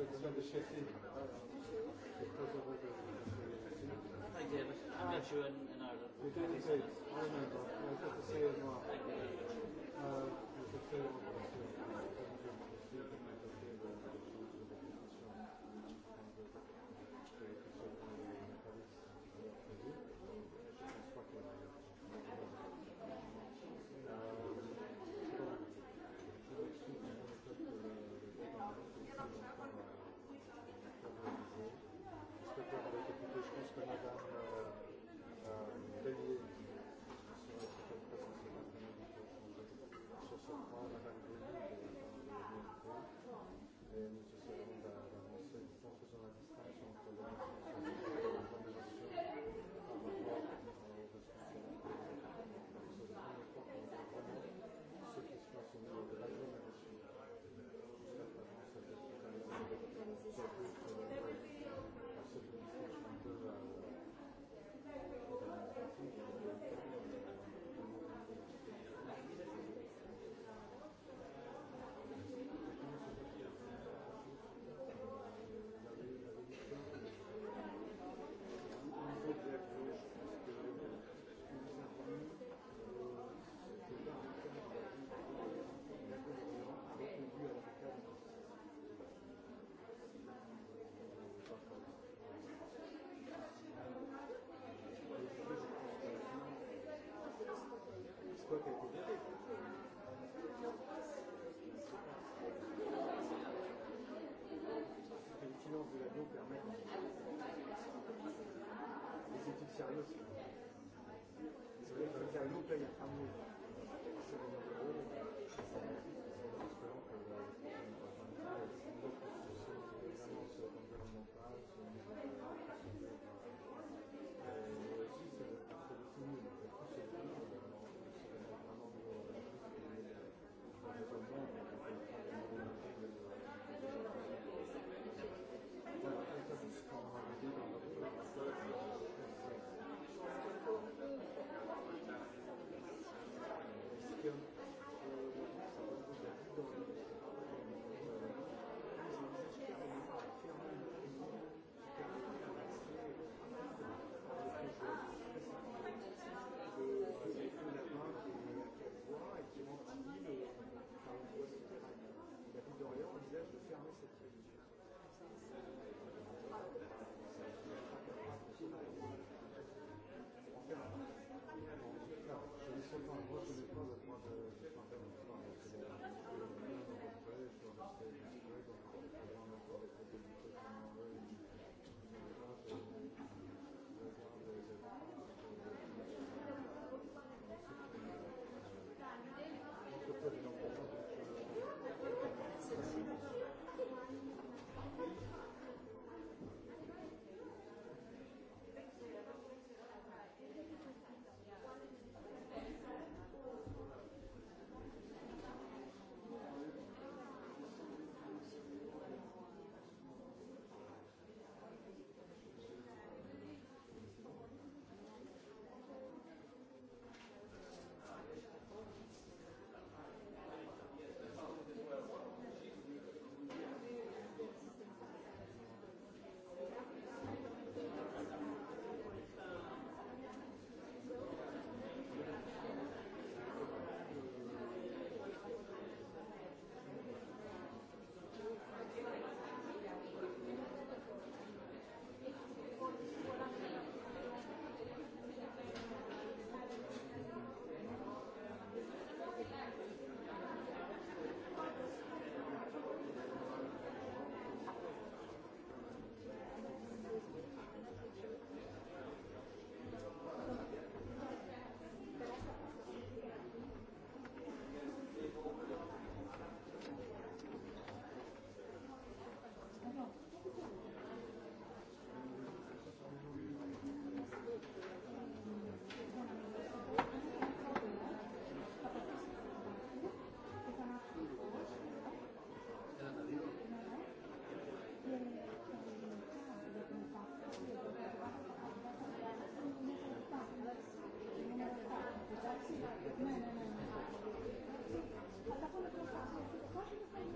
I did. I met you in, in Ireland. You did indeed. I remember. I was at the CNY. Uh, it was a film. silence de l'avion permet des études sérieuses. Désolé, dans les avions, là, il y a un mot. Thank you. Ναι, ναι, ναι. Αλλά θα πω με το φάσμα. Το φάσμα θα είναι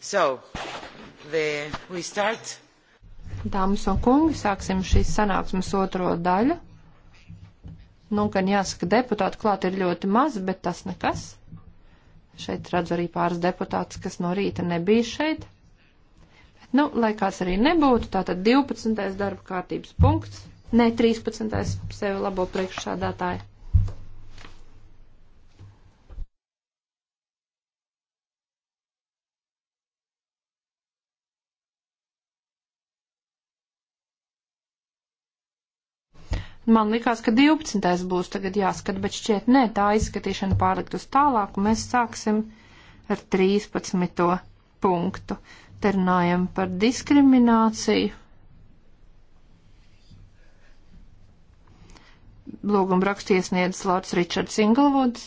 So, the, we start. Dāmas un kungi, sāksim šīs sanāksmes otro daļu. Nu, gan jāsaka, deputāti klāt ir ļoti maz, bet tas nekas. Šeit redzu arī pāris deputātus, kas no rīta nebija šeit. Bet, nu, lai kāds arī nebūtu, tātad 12. darba kārtības punkts, ne 13. sevi labo priekšsādātāju. Man likās, ka 12. būs tagad jāskat, bet šķiet nē, tā izskatīšana pārlikt uz tālāk, un mēs sāksim ar 13. punktu. Te runājam par diskrimināciju. Lūgumu rakstu iesniedz Lārds Ričards Inglvuds.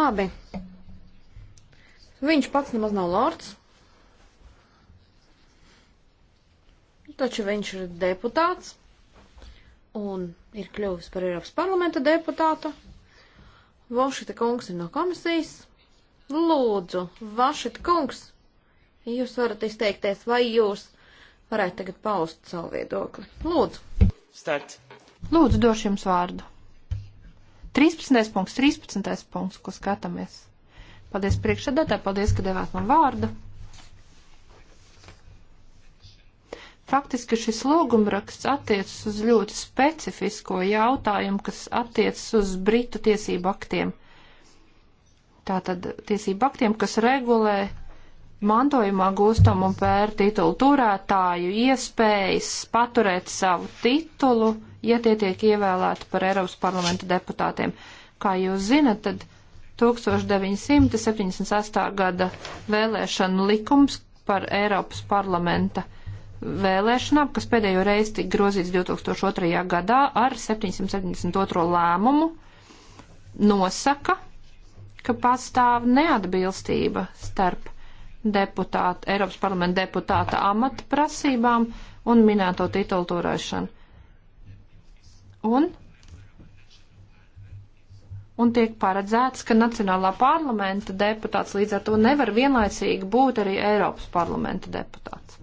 Labi. Viņš pats nemaz nav lords. Taču viņš ir deputāts un ir kļuvis par Eiropas parlamenta deputātu. Vošita kungs ir no komisijas. Lūdzu, Vašita kungs, jūs varat izteikties, vai jūs varētu tagad paust savu viedokli. Lūdzu. Start. Lūdzu, došu jums vārdu. 13. punkts, 13. punkts, ko skatāmies. Paldies priekšsēdētāji, paldies, ka devāt man vārdu. Faktiski šis lūgumraksts attiecas uz ļoti specifisko jautājumu, kas attiecas uz Britu tiesību aktiem. Tātad tiesību aktiem, kas regulē uh, mantojumā gūstamu pēr titulu turētāju iespējas paturēt savu titulu, ja tie tiek ievēlēti par Eiropas parlamenta deputātiem. Kā jūs zinat, tad 1978. gada vēlēšanu likums par Eiropas parlamenta vēlēšanām, kas pēdējo reizi tika grozīts 2002. gadā ar 772. lēmumu, nosaka, ka pastāv neatbilstība starp deputāta, Eiropas parlamenta deputāta amata prasībām un minēto titulu turēšanu. Un, un tiek paredzēts, ka Nacionālā parlamenta deputāts līdz ar to nevar vienlaicīgi būt arī Eiropas parlamenta deputāts.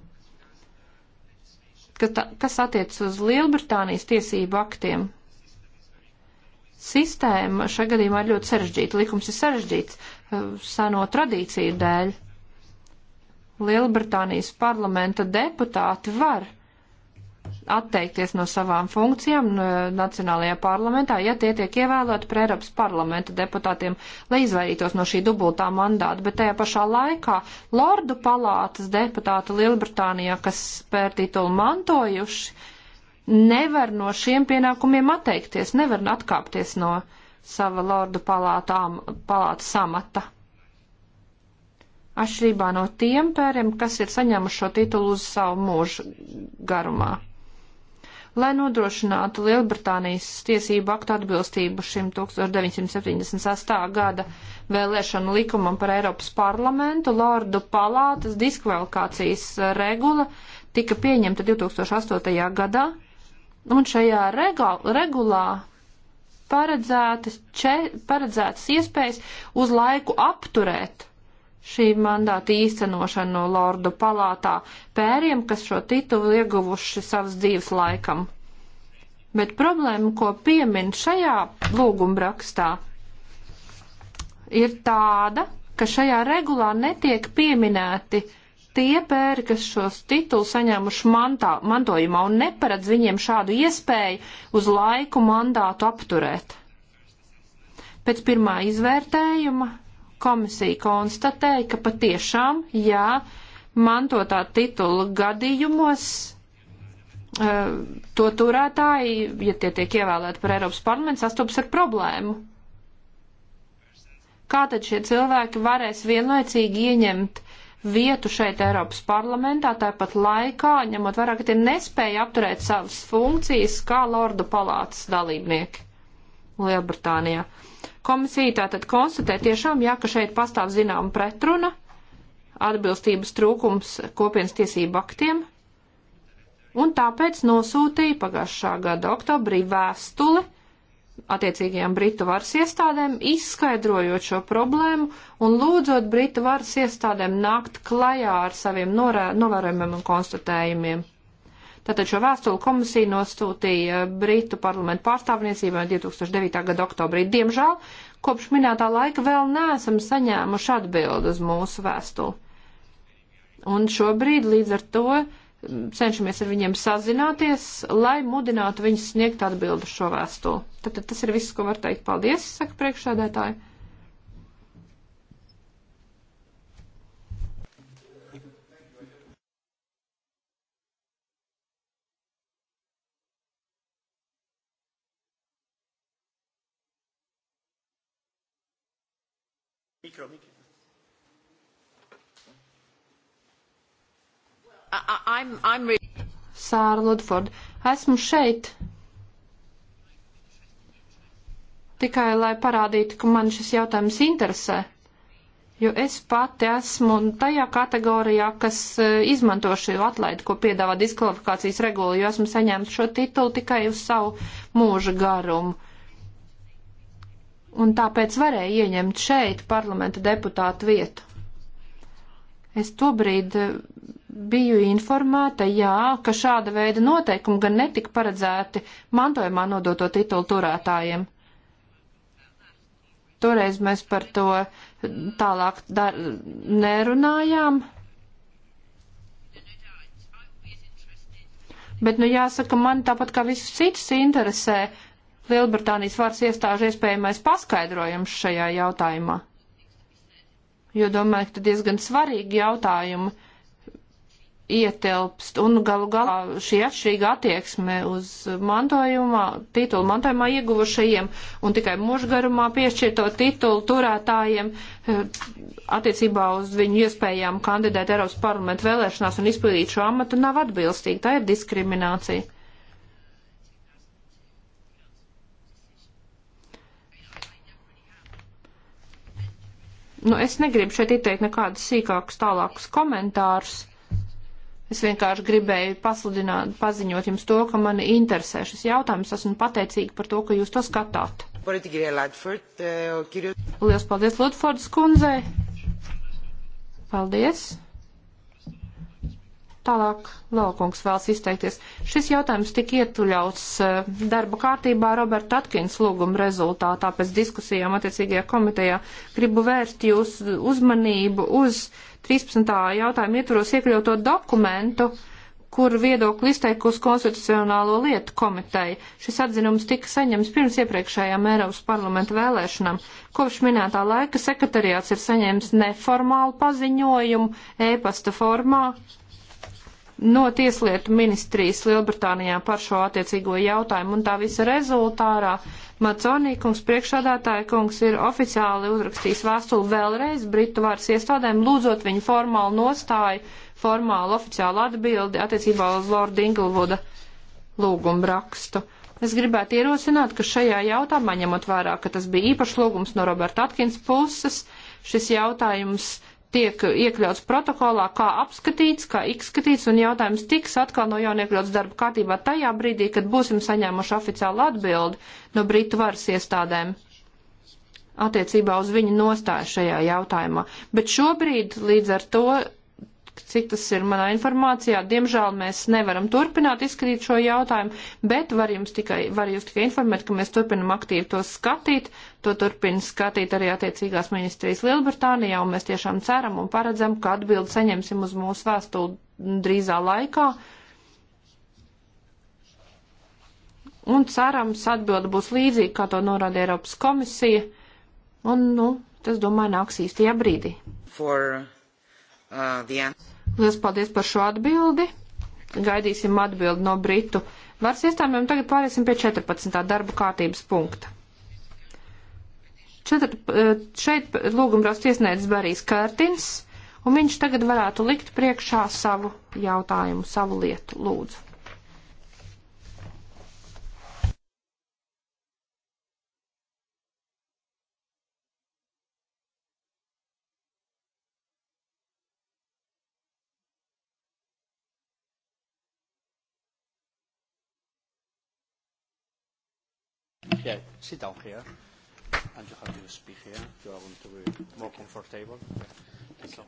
Kas, tā, kas attiec uz Lielbritānijas tiesību aktiem, sistēma šajā gadījumā ir ļoti sarežģīta. Likums ir sarežģīts eh, seno tradīciju dēļ. Lielbritānijas parlamenta deputāti var atteikties no savām funkcijām Nacionālajā parlamentā, ja tie tiek ievēlēti par Eiropas parlamenta deputātiem, lai izvairītos no šī dubultā mandāta. Bet tajā pašā laikā Lordu palātas deputāti Lielbritānijā, kas spēr titulu mantojuši, nevar no šiem pienākumiem atteikties, nevar atkāpties no sava Lordu palātām, palātas amata atšķirībā no tiem pēriem, kas ir saņēmuši šo titulu uz savu mūžu garumā. Lai nodrošinātu Lielbritānijas tiesību aktu atbilstību šim 1978. gada vēlēšanu likumam par Eiropas parlamentu, Lordu palātas diskvalifikācijas regula tika pieņemta 2008. gadā, un šajā regulā paredzētas, če, paredzētas iespējas uz laiku apturēt šī mandāta īstenošanu no Lordu palātā pēriem, kas šo titulu ieguvuši savas dzīves laikam. Bet problēma, ko piemin šajā lūgumrakstā, ir tāda, ka šajā regulā netiek pieminēti tie pēri, kas šos titulus saņēmuši mantā, mantojumā un neparedz viņiem šādu iespēju uz laiku mandātu apturēt. Pēc pirmā izvērtējuma Komisija konstatēja, ka patiešām, jā, mantotā titula gadījumos eh, to turētāji, ja tie tiek ievēlēti par Eiropas parlamentu, sastopas ar problēmu. Kā tad šie cilvēki varēs vienlaicīgi ieņemt vietu šeit Eiropas parlamentā, tāpat laikā, ņemot vairāk, ka tie nespēja apturēt savas funkcijas kā Lordu palātas dalībnieki Lielbritānijā? Uh, Komisija tātad konstatē tiešām, jā, ka šeit pastāv zinām pretruna, atbilstības trūkums kopienas tiesību aktiem, un tāpēc nosūtīja pagājušā gada oktobrī vēstuli attiecīgajām Britu varas iestādēm, izskaidrojot šo problēmu un lūdzot Britu varas iestādēm nākt klajā ar saviem norā, novērojumiem un konstatējumiem. Tātad šo vēstuli komisija nosūtīja Britu parlamentu pārstāvniecībai 2009. gada oktobrī. Diemžēl kopš minētā laika vēl neesam saņēmuši atbildi uz mūsu vēstuli. Un šobrīd līdz ar to cenšamies ar viņiem sazināties, lai mudinātu viņus sniegt atbildi uz šo vēstuli. Tātad tas ir viss, ko var teikt. Paldies, saka priekšsēdētāji. I'm, I'm re... Sāra Ludford, esmu šeit. Tikai lai parādītu, ka man šis jautājums interesē. Jo es pati esmu tajā kategorijā, kas e, izmanto šo atlaidi, ko piedāvā diskvalifikācijas regula, jo esmu saņēmis šo titulu tikai uz savu mūža garumu. Un tāpēc varēju ieņemt šeit parlamenta deputātu vietu. Es tobrīd e, biju informēta, jā, ka šāda veida noteikumi gan netika paredzēti mantojumā nodoto titulu turētājiem. Toreiz mēs par to tālāk nerunājām. Bet, nu, jāsaka, man tāpat kā visus citus interesē Lielbritānijas varas iestāžu iespējamais paskaidrojums šajā jautājumā. Jo domāju, ka diezgan svarīgi jautājumi ietilpst, un galu galā šī atšķirīga attieksme uz mantojumā, titulu mantojumā ieguvušajiem un tikai mužgarumā piešķirto titulu turētājiem eh, attiecībā uz viņu iespējām kandidēt Eiropas parlamentu vēlēšanās un izpildīt šo amatu nav atbilstīgi. Tā ir diskriminācija. Nu, es negribu šeit ieteikt nekādus sīkākus tālākus komentārus. Es vienkārši gribēju pasludināt, paziņot jums to, ka mani interesē šis jautājums. Esmu pateicīga par to, ka jūs to skatāt. Lielas paldies Lutfordas kundzei. Paldies. Tālāk Laukungs vēlas izteikties. Šis jautājums tika ietuļauts eh, darba kārtībā Roberta Atkins lūguma rezultātā pēc diskusijām attiecīgajā komitejā. Gribu vērst jūs uzmanību uz 13. jautājumu ietvaros iekļauto dokumentu, kur viedokli izteikusi konstitucionālo lietu komiteja. Šis atzinums tika saņemts pirms iepriekšējām Eiropas parlamenta vēlēšanām. Kopš minētā laika sekretariāts ir saņēmis neformālu paziņojumu e-pasta formā no Tieslietu ministrijas Lielbritānijā par šo attiecīgo jautājumu, un tā visa rezultārā Maconī kungs priekšādātāja kungs ir oficiāli uzrakstījis vēstuli vēlreiz Britu varas iestādēm, lūdzot viņu formālu nostāju, formālu oficiālu atbildi attiecībā uz Lorda Inglevuda lūgumu rakstu. Es gribētu ierosināt, ka šajā jautājumā, ņemot vērā, ka tas bija īpašs lūgums no Roberta Atkins puses, šis jautājums tiek iekļauts protokolā, kā apskatīts, kā izskatīts, un jautājums tiks atkal no jauna iekļauts darba kārtībā tajā brīdī, kad būsim saņēmuši oficiālu atbildi no Britu varas iestādēm attiecībā uz viņu nostāju šajā jautājumā. Bet šobrīd līdz ar to, cik tas ir manā informācijā, diemžēl mēs nevaram turpināt izskatīt šo jautājumu, bet var jums tikai, var jūs tikai informēt, ka mēs turpinam aktīvi to skatīt To turpina skatīt arī attiecīgās ministrijas Lielbritānijā, un mēs tiešām ceram un paredzam, ka atbildi saņemsim uz mūsu vēstuli drīzā laikā. Un cerams, atbildi būs līdzīga, kā to norāda Eiropas komisija. Un, nu, tas, domāju, nāks īstajā brīdī. For, uh, the... Lielas paldies par šo atbildi. Gaidīsim atbildi no Britu varas iestājumiem. Tagad pāriesim pie 14. darba kārtības punkta. Četr, eh, šeit lūgumrakstu iesniedz Barijs Kārtins, un viņš tagad varētu likt priekšā savu jautājumu, savu lietu. Lūdzu. Yeah, sit down here and you have to speak here. You are going to be more comfortable. Yeah. So,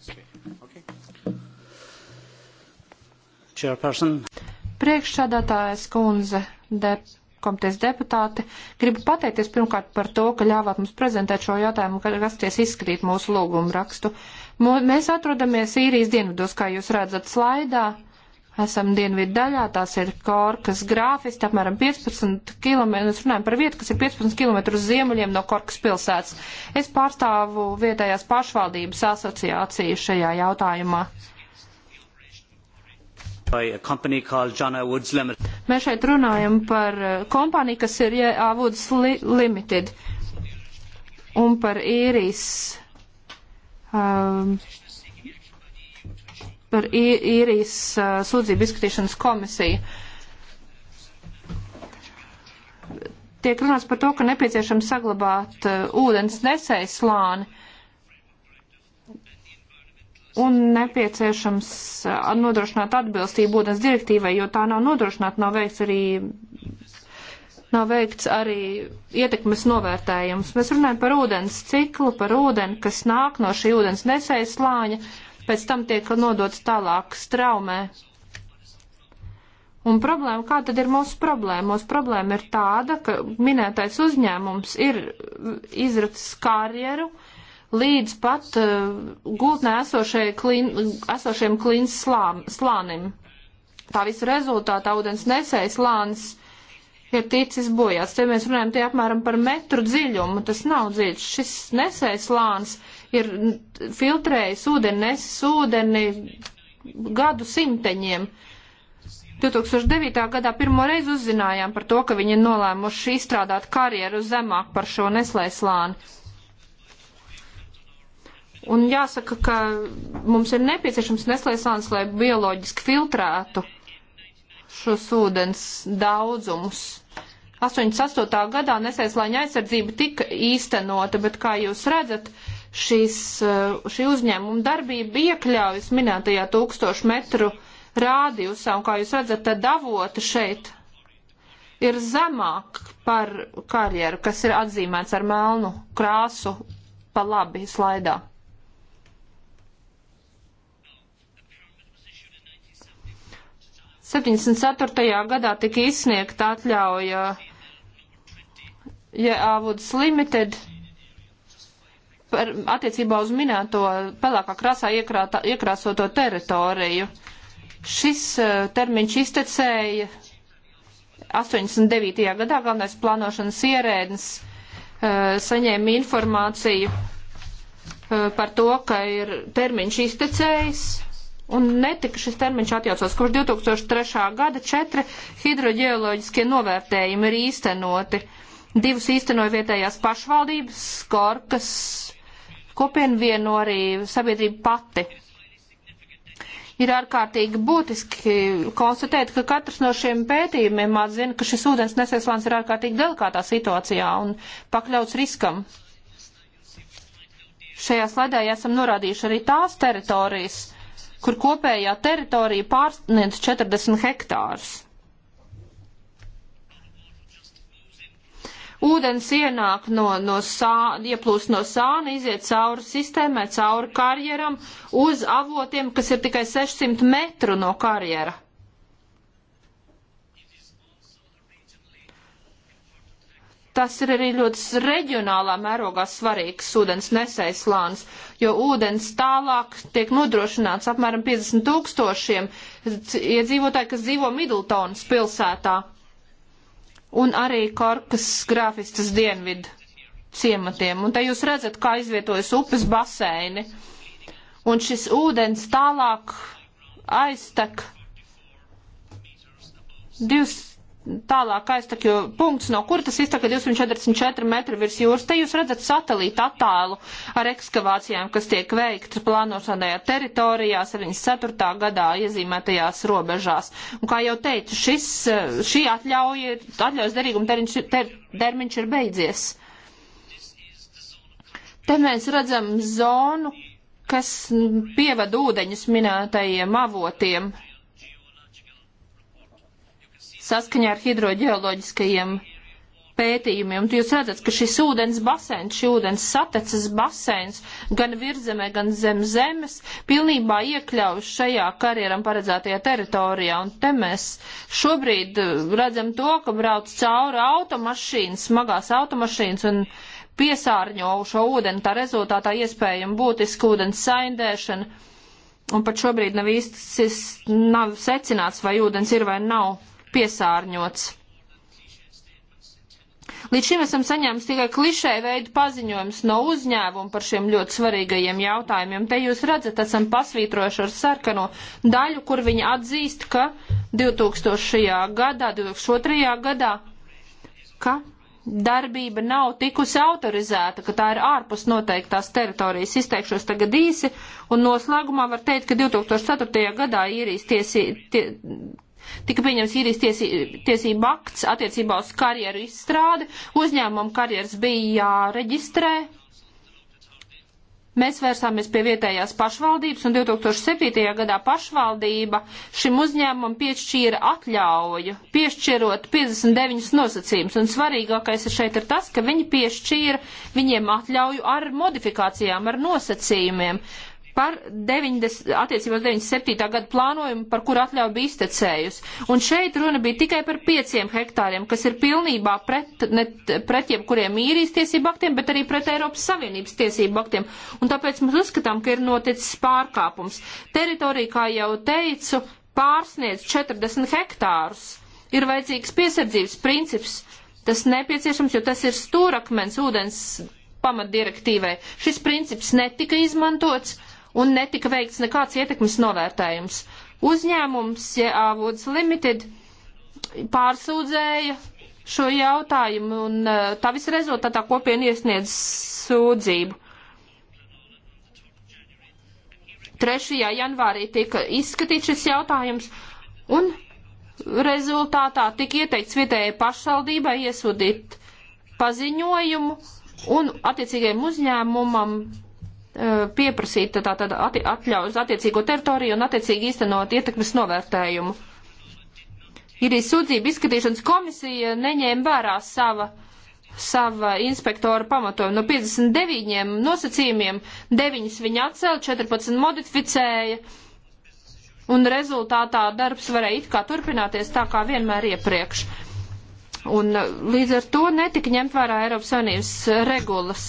speak. Okay. Chairperson. Priekšsādātājas kundze, dep komitejas deputāti. Gribu pateikties pirmkārt par to, ka ļāvāt mums prezentēt šo jautājumu, ka rasties izskatīt mūsu lūgumu rakstu. Mēs atrodamies īrijas dienvidos, kā jūs redzat slaidā esam dienvidu daļā, tās ir Korkas grāfis, apmēram 15 km, es runāju par vietu, kas ir 15 km uz ziemeļiem no Korkas pilsētas. Es pārstāvu vietējās pašvaldības asociāciju šajā jautājumā. Mēs šeit runājam par uh, kompāniju, kas ir JA Woods li Limited un par īrijas um, par īrijas sūdzību izskatīšanas komisiju. Tiek runāts par to, ka nepieciešams saglabāt ūdens nesēju slāni un nepieciešams nodrošināt atbilstību ūdens direktīvai, jo tā nav nodrošināta, nav veikts arī nav veikts arī ietekmes novērtējums. Mēs runājam par ūdens ciklu, par ūdeni, kas nāk no šī ūdens nesējas slāņa pēc tam tiek nodots tālāk straumē. Un problēma, kā tad ir mūsu problēma? Mūsu problēma ir tāda, ka minētais uzņēmums ir izracis karjeru līdz pat uh, gultnē klin, esošajam klīns slām, slānim. Tā visa rezultātā ūdens nesējas slānis ir ticis bojāts. Te mēs runājam tie apmēram par metru dziļumu, tas nav dziļs. Šis nesējas slānis ir filtrējis ūdeni, nesis ūdeni gadu simteņiem. 2009. gadā pirmo reizi uzzinājām par to, ka viņi ir nolēmuši izstrādāt karjeru zemāk par šo neslēslāni. Un jāsaka, ka mums ir nepieciešams neslēslāns, lai bioloģiski filtrētu šos ūdens daudzumus. 88. gadā neslēslāņa aizsardzība tika īstenota, bet kā jūs redzat, uh, šīs, eh, šī uzņēmuma darbība iekļaujas minētajā tūkstošu metru rādījusā, un kā jūs redzat, tad avota šeit ir zemāk par karjeru, kas ir atzīmēts ar melnu krāsu pa labi slaidā. Septiņdesmit ceturtajā gadā tika izsniegta atļauja Jeavuds ja Limited par, attiecībā uz minēto pelēkā krāsā iekrāta, iekrāsoto teritoriju. Šis uh, termiņš iztecēja 89. gadā, galvenais plānošanas ierēdnis uh, saņēma informāciju uh, par to, ka ir termiņš iztecējis. Un netika šis termiņš atjaucos, kurš 2003. gada četri hidroģeoloģiskie novērtējumi ir īstenoti. Divus īstenoja vietējās pašvaldības, Skorkas kopienvieno arī sabiedrība pati. Ir ārkārtīgi būtiski konstatēt, ka katrs no šiem pētījumiem atzina, ka šis ūdens nesēslāns ir ārkārtīgi delikātā situācijā un pakļauts riskam. Šajā slaidā esam norādījuši arī tās teritorijas, kur kopējā teritorija pārsniedz 40 hektārus. Ūdens ienāk no, no sāna, ieplūst no sāna, iziet cauri sistēmai, cauri karjeram, uz avotiem, kas ir tikai 600 metru no karjera. Tas ir arī ļoti reģionālā mērogā svarīgs ūdens nesējs slānis, jo ūdens tālāk tiek nodrošināts apmēram 50 tūkstošiem iedzīvotāji, kas dzīvo Midltonas pilsētā un arī Korkas grāfistas dienvidu ciematiem. Un te jūs redzat, kā izvietojas upes baseini. Un šis ūdens tālāk aiztek 200 tālāk aiztak, jo punkts, no kur tas iztaka 244 metru virs jūras, te jūs redzat satelīta attēlu ar ekskavācijām, kas tiek veiktas plānošanajā teritorijā 74. gadā iezīmētajās robežās. Un kā jau teicu, šis, šī atļauja, atļaujas derīguma termiņš, ter, termiņš ir beidzies. Te mēs redzam zonu, kas pievada ūdeņus minētajiem avotiem saskaņā ar hidroģeoloģiskajiem pētījumiem. Jūs redzat, ka šis ūdens basēns, šī ūdens satecas basēns gan virzemē, gan zem zemes pilnībā iekļaujas šajā karjeram paredzētajā teritorijā. Un te mēs šobrīd uh, redzam to, ka brauc cauri automašīnas, smagās automašīnas un piesārņo šo ūdeni. Tā rezultātā iespējama būtiska ūdens saindēšana. Un pat šobrīd nav īsti nav secināts, vai ūdens ir vai nav piesārņots. Līdz šim esam saņēmuši tikai klišē veidu paziņojumus no uzņēmuma par šiem ļoti svarīgajiem jautājumiem. Te jūs redzat, esam pasvītrojuši ar sarkano daļu, kur viņi atzīst, ka 2000. gadā, 2002. gadā, ka darbība nav tikusi autorizēta, ka tā ir ārpus noteiktās teritorijas. Izteikšos tagad īsi, un noslēgumā var teikt, ka 2004. gadā īrijas tiesī, tie, Tika pieņems īrijas tiesī, tiesība akts attiecībā uz karjeru izstrādi. Uzņēmumam karjeras bija jāreģistrē. Mēs vērsāmies pie vietējās pašvaldības, un 2007. gadā pašvaldība šim uzņēmumam piešķīra atļauju, piešķirot 59 nosacījumus. Un svarīgākais šeit ir tas, ka viņi piešķīra viņiem atļauju ar modifikācijām, ar nosacījumiem par 90, attiecībā uz 97. gadu plānojumu, par kuru atļauju bija iztecējusi. Un šeit runa bija tikai par 5 hektāriem, kas ir pilnībā pret, ne, pret jebkuriem īrijas tiesību aktiem, bet arī pret Eiropas Savienības tiesību aktiem. Un tāpēc mēs uzskatām, ka ir noticis pārkāpums. Teritorija, kā jau teicu, pārsniedz 40 hektārus. Ir vajadzīgs piesardzības princips. Tas nepieciešams, jo tas ir stūrakmens ūdens pamatdirektīvai. Šis princips netika izmantots, un netika veikts nekāds ietekmes novērtējums. Uzņēmums Avods Limited pārsūdzēja šo jautājumu un tā visa rezultātā kopiena iesniedz sūdzību. 3. janvārī tika izskatīts šis jautājums un rezultātā tika ieteikts vietējai pašvaldībai iesūtīt paziņojumu un attiecīgajam uzņēmumam Eh, pieprasīt tātad atļauju uz attiecīgo teritoriju un attiecīgi īstenot ietekmes novērtējumu. Irijas sūdzību izskatīšanas komisija neņēma vērā sava, sava inspektora pamatojumu. No 59 nosacījumiem 9 viņa atcēla, 14 modificēja un rezultātā darbs varēja it kā turpināties tā kā vienmēr iepriekš. Un eh, līdz ar to netika ņemt vērā Eiropas Savienības regulas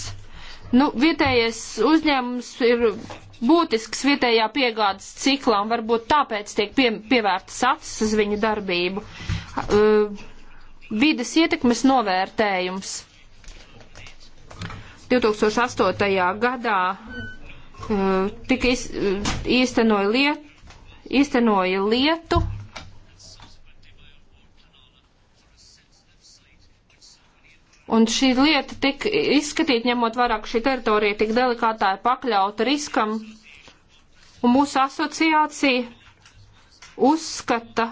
Nu, vietējais uzņēmums ir būtisks vietējā piegādes ciklā un varbūt tāpēc tiek pie, pievērtas acis uz viņu darbību. Uh, vides ietekmes novērtējums 2008. gadā uh, tika iz, uh, īstenoja, liet, īstenoja lietu Un šī lieta tika izskatīta, ņemot vairāk šī teritorija tik delikātā ir pakļauta riskam. Un mūsu asociācija uzskata,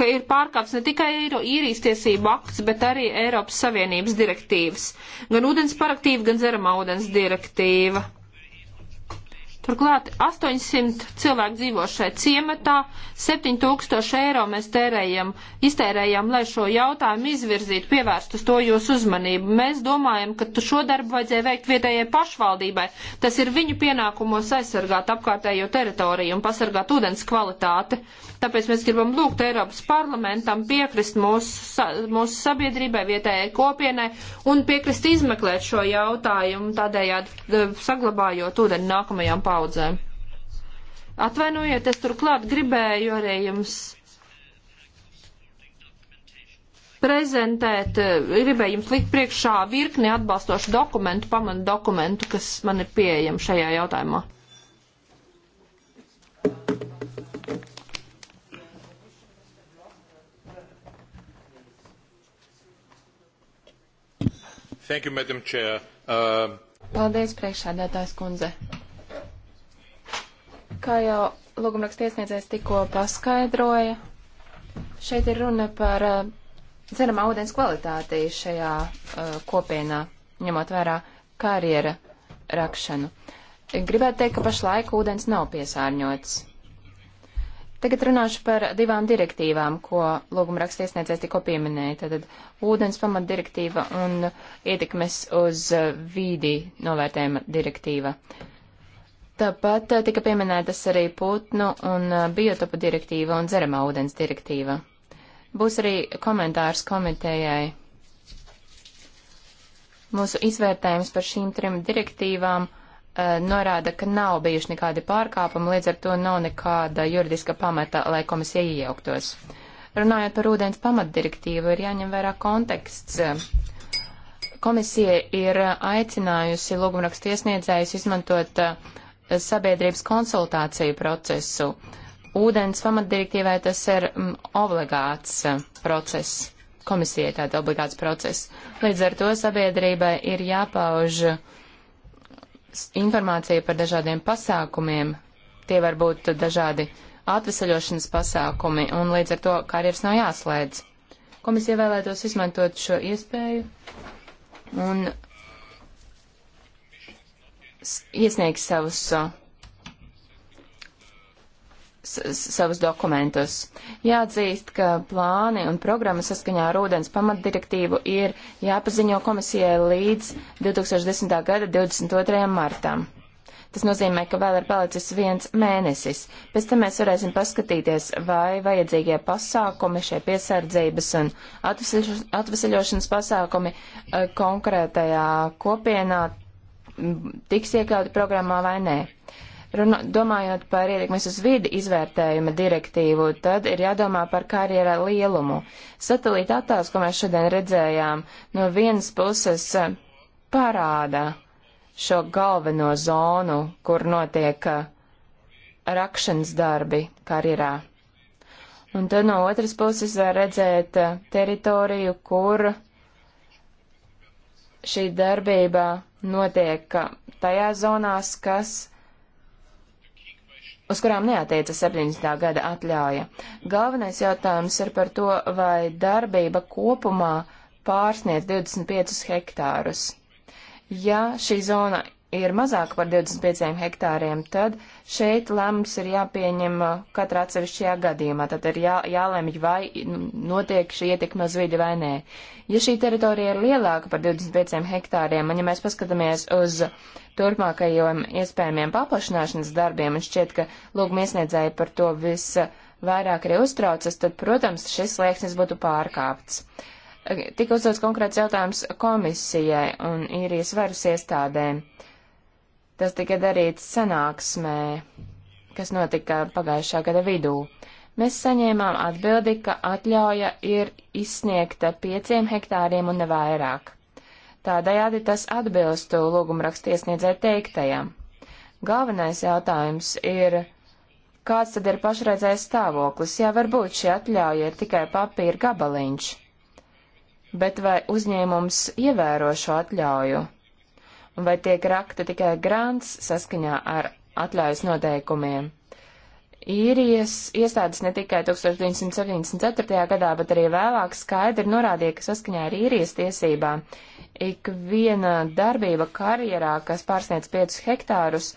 ka ir pārkāps ne tikai īrijas tiesību akts, bet arī Eiropas Savienības direktīvas. Gan ūdens paraktīva, gan dzeramā ūdens direktīva. Turklāt 800 cilvēku dzīvo šeit ciematā, 7000 eiro mēs tērējam, iztērējam, lai šo jautājumu izvirzītu, pievērstu to jūsu uzmanību. Mēs domājam, ka šo darbu vajadzēja veikt vietējai pašvaldībai. Tas ir viņu pienākumos aizsargāt apkārtējo teritoriju un pasargāt ūdens kvalitāti. Tāpēc mēs gribam lūgt Eiropas parlamentam piekrist mūsu, mūsu sabiedrībai, vietējai kopienai un piekrist izmeklēt šo jautājumu, tādējādi eh, saglabājot ūdeni nākamajām pārējām paudzēm. Atvainojiet, es turklāt gribēju arī jums prezentēt, gribēju jums likt priekšā virkni atbalstošu dokumentu, pamatu dokumentu, kas man ir pieejami šajā jautājumā. Thank you, Madam Chair. Uh... Paldies, priekšsēdētājs kundze. Kā jau lūgumraksta iesniedzējs tikko paskaidroja, šeit ir runa par eh, dzeramā ūdens kvalitāti šajā uh, kopienā, ņemot vērā karjera rakšanu. Gribētu teikt, ka pašlaik ūdens nav piesārņots. Tagad runāšu par divām direktīvām, ko lūguma rakstiesniedzējs tikko pieminēja. Tātad ūdens pamat direktīva un ietekmes uz eh, vīdi novērtējuma direktīva. Uh, Tāpat eh, tika pieminētas arī putnu un eh, biotopu direktīva un dzeramā ūdens direktīva. Būs arī komentārs komitejai. Mūsu izvērtējums par šīm trim direktīvām eh, norāda, ka nav bijuši nekādi pārkāpumi, līdz ar to nav nekāda juridiska pamata, lai komisija iejauktos. Runājot par ūdens pamatdirektīvu, ir jāņem vērā konteksts. Komisija ir aicinājusi lūgumrakstu iesniedzējus izmantot uh, sabiedrības konsultāciju procesu. Ūdens pamatdirektīvai tas ir m, mm, obligāts eh, process, komisijai tāda obligāts process. Līdz ar to sabiedrībai ir jāpauž eh, informācija par dažādiem pasākumiem. Tie var būt dažādi atvesaļošanas pasākumi, un līdz ar to karjeras nav jāslēdz. Komisija vēlētos izmantot šo iespēju un iesniegs savus, savus dokumentus. Jāatzīst, ka plāni un programma saskaņā ar ūdens pamatdirektīvu ir jāpaziņo komisijai līdz 2010. gada 22. martam. Tas nozīmē, ka vēl ir palicis viens mēnesis. Pēc tam mēs varēsim paskatīties, vai vajadzīgie pasākumi, šie piesardzības un atvesaļošanas pasākumi e, konkrētajā kopienā tiks iekļauti programmā vai nē. Runa, domājot par ietekmes uz vidi izvērtējuma direktīvu, tad ir jādomā par karjera lielumu. Satelīta attēls, ko mēs šodien redzējām, no vienas puses eh, parāda šo galveno zonu, kur notiek eh, rakšanas darbi karjerā. Un tad no otras puses var redzēt eh, teritoriju, kur šī darbība notiek tajās zonās, kas, uz kurām neatieca 70. gada atļauja. Galvenais jautājums ir par to, vai darbība kopumā pārsniedz 25 hektārus. Ja šī zona ir mazāk par 25 hektāriem, tad šeit lēmums ir jāpieņem uh, katrā atsevišķajā gadījumā. Tad ir jā, jālemj, vai notiek šī ietekme uz vidi vai nē. Ja šī teritorija ir lielāka par 25 hektāriem, un ja mēs paskatāmies uz turpmākajiem iespējamiem paplašināšanas darbiem, un šķiet, ka lūguma iesniedzēji par to visvairāk arī uztraucas, tad, protams, šis slieksnis būtu pārkāpts. Tika uzdots konkrēts jautājums komisijai un īrijas varas iestādēm. Uh, Tas tika darīts sanāksmē, kas notika pagājušā gada vidū. Mēs saņēmām atbildi, ka atļauja ir izsniegta pieciem hektāriem un nevairāk. Tādējādi tas atbilstu lūgumrakstiesniedzē teiktajam. Galvenais jautājums ir, kāds tad ir pašreizējais stāvoklis, ja varbūt šī atļauja ir tikai papīra gabaliņš. Bet vai uzņēmums ievēro šo atļauju? vai tiek rakta tikai grants saskaņā ar atļaujas noteikumiem. Īrijas iestādes ne tikai 1974. gadā, bet arī vēlāk skaidri norādīja, ka saskaņā ar īrijas tiesībām ik viena darbība karjerā, kas pārsniec 5 hektārus,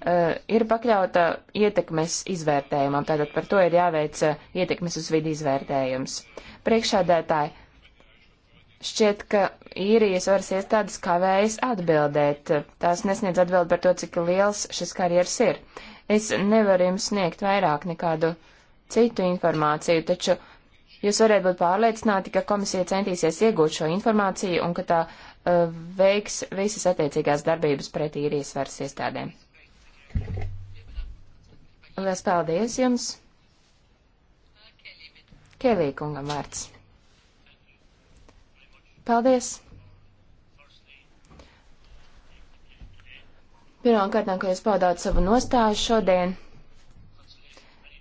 eh, ir pakļauta ietekmes izvērtējumam, tātad par to ir jāveic eh, ietekmes uz vidi izvērtējums. Priekšādētāji, Šķiet, ka īrijas varas iestādes kavējas atbildēt. Tās nesniedz atbildi par to, cik liels šis karjers ir. Es nevaru jums sniegt vairāk nekādu citu informāciju, taču jūs varat būt pārliecināti, ka komisija centīsies iegūt šo informāciju un ka tā uh, veiks visas attiecīgās darbības pret īrijas varas iestādēm. Lielas paldies jums! Kelī kungam vārds. Paldies! Pirmkārt, ka jūs paudāt savu nostāju šodien,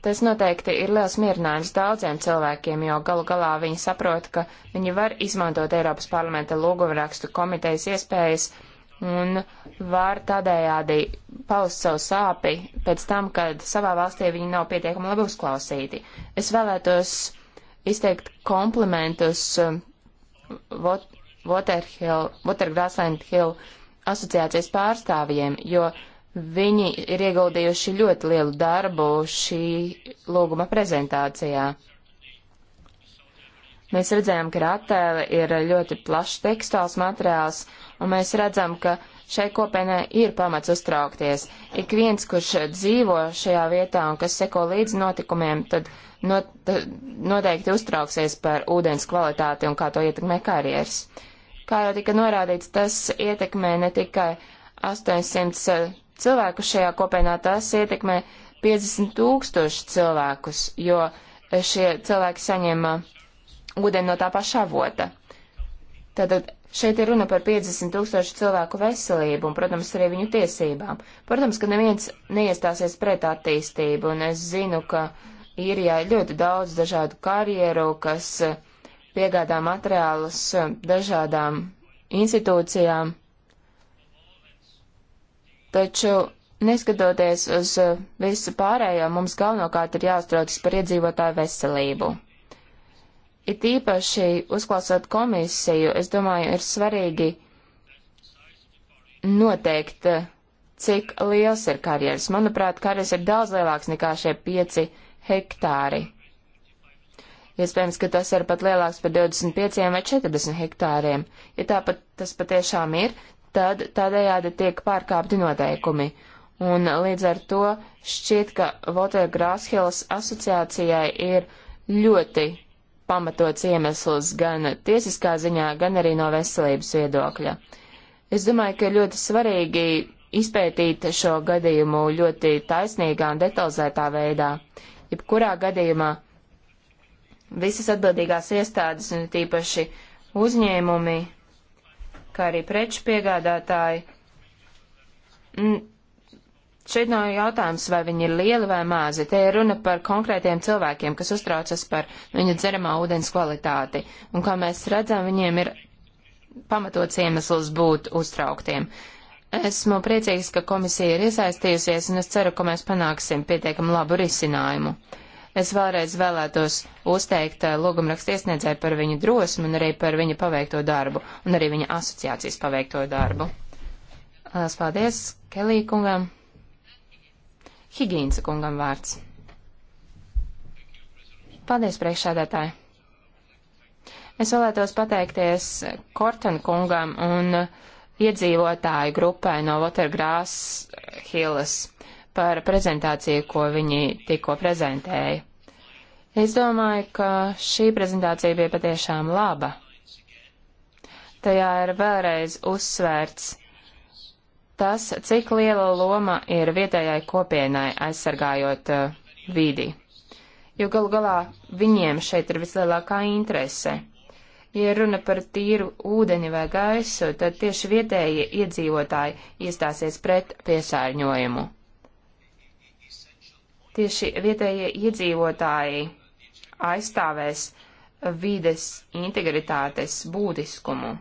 tas noteikti ir liels mierinājums daudziem cilvēkiem, jo galu galā viņi saprot, ka viņi var izmantot Eiropas parlamenta lūgumrakstu komitejas iespējas un var tādējādi paust savu sāpi pēc tam, kad savā valstī viņi nav pietiekami labi uzklausīti. Es vēlētos izteikt komplementus Waterhill, Watergrassland Hill asociācijas pārstāvjiem, jo viņi ir ieguldījuši ļoti lielu darbu šī lūguma prezentācijā. Mēs redzējām, ka attēle ir ļoti plašs tekstuāls materiāls, un mēs redzam, ka šai kopienai ir pamats uztraukties. Ik viens, kurš dzīvo šajā vietā un kas seko līdz notikumiem, tad not, noteikti uztrauksies par ūdens kvalitāti un kā to ietekmē karjeras. Kā jau tika norādīts, tas ietekmē ne tikai 800 cilvēku šajā kopienā, tas ietekmē 50 tūkstoši cilvēkus, jo šie cilvēki saņēma uh, ūdeni no tā paša avota. Tātad šeit ir runa par 50 tūkstošu cilvēku veselību un, protams, arī viņu tiesībām. Protams, ka neviens neiestāsies pret attīstību, un es zinu, ka uh, Īrijā ir ļoti daudz dažādu karjeru, kas eh, piegādā materiālus eh, dažādām institūcijām. Taču, neskatoties uz eh, visu pārējo, mums galvenokārt ir jāuztraucas par iedzīvotāju veselību. It īpaši uzklausot komisiju, es domāju, ir svarīgi noteikt, cik liels ir karjeras. Manuprāt, karjeras ir daudz lielāks nekā šie pieci hektāri. Iespējams, ka tas ir pat lielāks par 25 vai 40 hektāriem. Ja tāpat tas patiešām ir, tad tādējādi tiek pārkāpti noteikumi. Un līdz ar to šķiet, ka Votoja Grāshils asociācijai ir ļoti pamatots iemesls gan tiesiskā ziņā, gan arī no veselības viedokļa. Es domāju, ka ļoti svarīgi izpētīt šo gadījumu ļoti taisnīgā un detalizētā veidā jebkurā gadījumā visas atbildīgās iestādes, un tīpaši uzņēmumi, kā arī preču piegādātāji, šeit nav jautājums, vai viņi ir lieli vai mazi. Te ir runa par konkrētiem cilvēkiem, kas uztraucas par viņu dzeramā ūdens kvalitāti. Un kā mēs redzam, viņiem ir pamatots iemesls būt uztrauktiem. Esmu priecīgs, ka komisija ir iesaistījusies, un es ceru, ka mēs panāksim pietiekam labu risinājumu. Es vēlreiz vēlētos uzteikt eh, lūgumrakstu iesniedzēju par viņu drosmi un arī par viņa paveikto darbu, un arī viņa asociācijas paveikto darbu. Lielas paldies Kelī kungam. Higīnsa kungam vārds. Paldies, priekšsēdētāji. Es vēlētos pateikties Korten kungam un uh, iedzīvotāju grupai no Watergrass Hillas par prezentāciju, ko viņi tikko prezentēja. Es domāju, ka šī prezentācija bija patiešām laba. Tajā ir vēlreiz uzsvērts tas, cik liela loma ir vietējai kopienai aizsargājot uh, vidi. Jo galu galā viņiem šeit ir vislielākā interese. Ja runa par tīru ūdeni vai gaisu, tad tieši vietējie iedzīvotāji iestāsies pret piesārņojumu. Tieši vietējie iedzīvotāji aizstāvēs vides integritātes būtiskumu,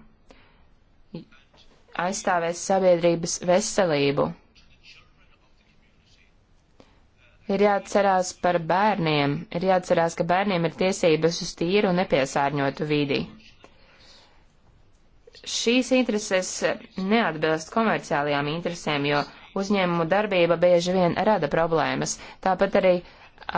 aizstāvēs sabiedrības veselību. ir jāatcerās par bērniem, ir jāatcerās, ka bērniem ir tiesības uz tīru un nepiesārņotu vidi šīs intereses neatbilst komerciālajām interesēm, jo uzņēmumu darbība bieži vien rada problēmas. Tāpat arī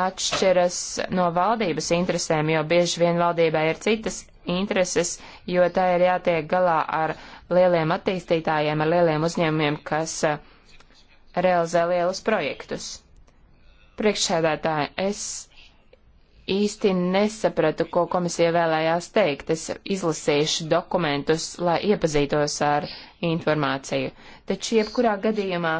atšķiras no valdības interesēm, jo bieži vien valdībai ir citas intereses, jo tā ir jātiek galā ar lieliem attīstītājiem, ar lieliem uzņēmumiem, kas eh, realizē lielus projektus. Priekšsēdētāji, es īsti nesapratu, ko komisija vēlējās teikt. Es izlasīšu dokumentus, lai iepazītos ar informāciju. Taču jebkurā gadījumā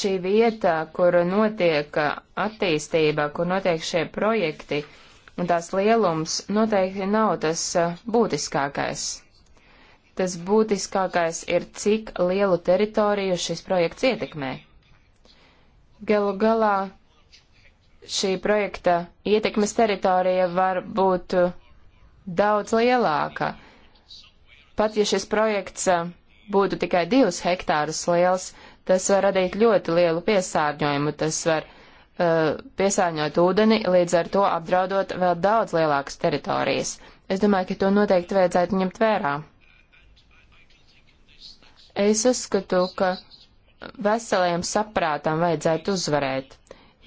šī vieta, kur notiek attīstība, kur notiek šie projekti un tās lielums, noteikti nav tas būtiskākais. Tas būtiskākais ir, cik lielu teritoriju šis projekts ietekmē. Galu galā šī projekta ietekmes teritorija var būt daudz lielāka. Pat ja šis projekts eh, būtu tikai divus hektārus liels, tas var radīt ļoti lielu piesārņojumu. Tas var uh, piesārņot ūdeni, līdz ar to apdraudot vēl daudz lielākas teritorijas. Es domāju, ka to noteikti vajadzētu ņemt vērā. Es uzskatu, ka veselajam saprātam vajadzētu uzvarēt.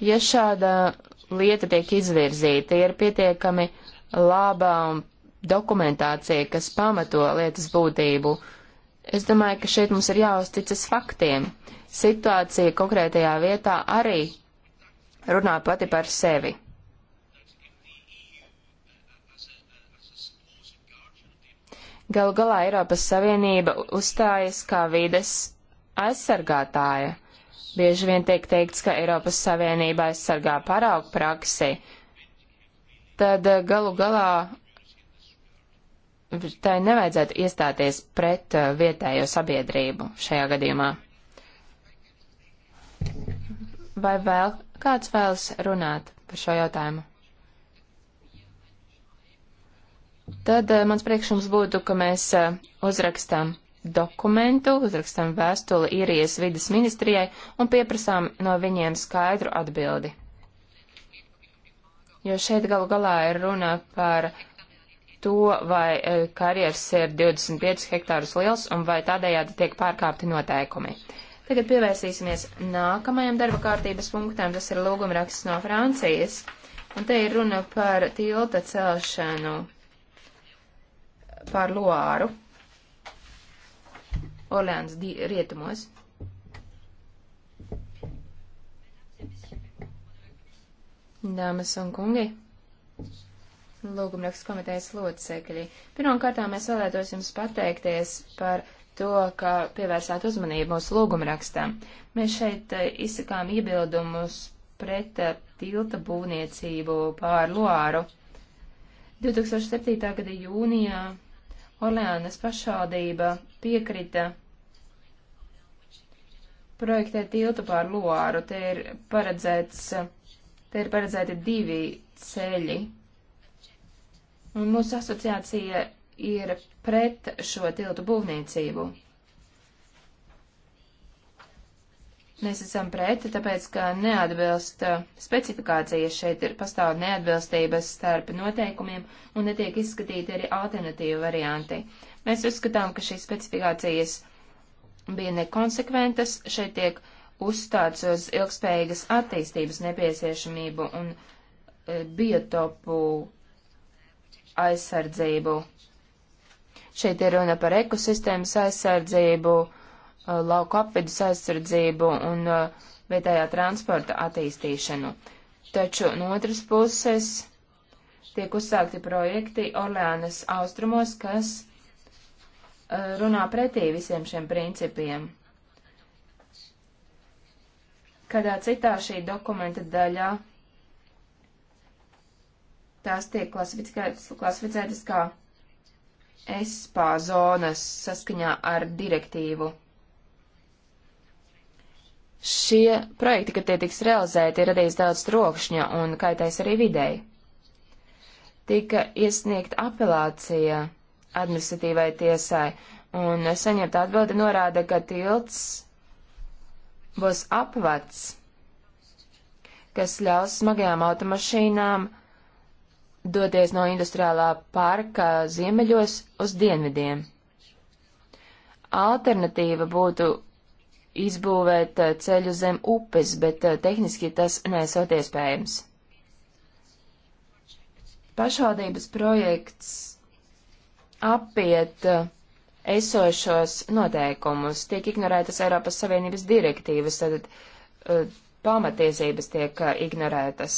Ja šāda lieta tiek izvirzīta, ir pietiekami laba dokumentācija, kas pamato lietas būtību. Es domāju, ka šeit mums ir jāuzticas faktiem. Situācija konkrētajā vietā arī runā pati par sevi. Galu galā Eiropas Savienība uzstājas kā vides aizsargātāja. Bieži vien tiek teikts, ka Eiropas Savienība aizsargā paraugu praksi, tad eh, galu galā tai nevajadzētu iestāties pret eh, vietējo sabiedrību šajā gadījumā. Vai vēl kāds vēlas runāt par šo jautājumu? Tad eh, mans priekšums būtu, ka mēs uzrakstam dokumentu, uzrakstam vēstuli īrijas vidas ministrijai un pieprasām no viņiem skaidru atbildi. Jo šeit galu galā ir runa par to, vai e, karjeras ir 25 hektārus liels un vai tādējādi tiek pārkāpti noteikumi. Tagad pievērsīsimies nākamajam darba kārtības punktam, tas ir lūguma raksts no Francijas, un te ir runa par tilta celšanu pār Loāru. Orleans rietumos. Dāmas un kungi, lūgumrakstu komitejas locekļi. Pirmkārt, mēs vēlētos jums pateikties par to, ka pievērsāt uzmanību mūsu lūgumrakstam. Mēs šeit eh, izsakām iebildumus pret eh, tilta būvniecību pār Loāru. 2007. gada jūnijā Orleānas pašvaldība piekrita projektē tiltu pār Luāru. Te ir, paredzēts, te ir paredzēti divi ceļi. Un mūsu asociācija ir pret šo tiltu būvniecību. Mēs esam preti, tāpēc, ka neatbilst uh, specifikācijas šeit ir pastāv neatbilstības starp noteikumiem un netiek izskatīti arī alternatīvi varianti. Mēs uzskatām, ka šīs specifikācijas bija nekonsekventas, šeit tiek uzstāts uz ilgspējīgas attīstības nepieciešamību un uh, biotopu aizsardzību. Šeit ir runa par ekosistēmas aizsardzību, Uh, lauku apvidus aizsardzību un uh, vietējā transporta attīstīšanu. Taču no otras puses tiek uzsākti projekti Orleānas austrumos, kas uh, runā pretī visiem šiem principiem. Kādā citā šī dokumenta daļā tās tiek klasificētas, klasificētas kā SPA zonas saskaņā ar direktīvu Šie projekti, kad tie tiks realizēti, ir radījis daudz trokšņa un kaitēs arī videi. Tika iesniegta apelācija administratīvai tiesai, un saņemta atbilde norāda, ka tilts būs apvats, kas ļaus smagajām automašīnām doties no industriālā parka ziemeļos uz dienvidiem. Alternatīva būtu izbūvēt eh, ceļu zem upes, bet eh, tehniski tas nesot iespējams. Pašvaldības projekts apiet eh, esošos noteikumus, tiek ignorētas Eiropas Savienības direktīvas, tad uh, pamatiesības tiek ignorētas.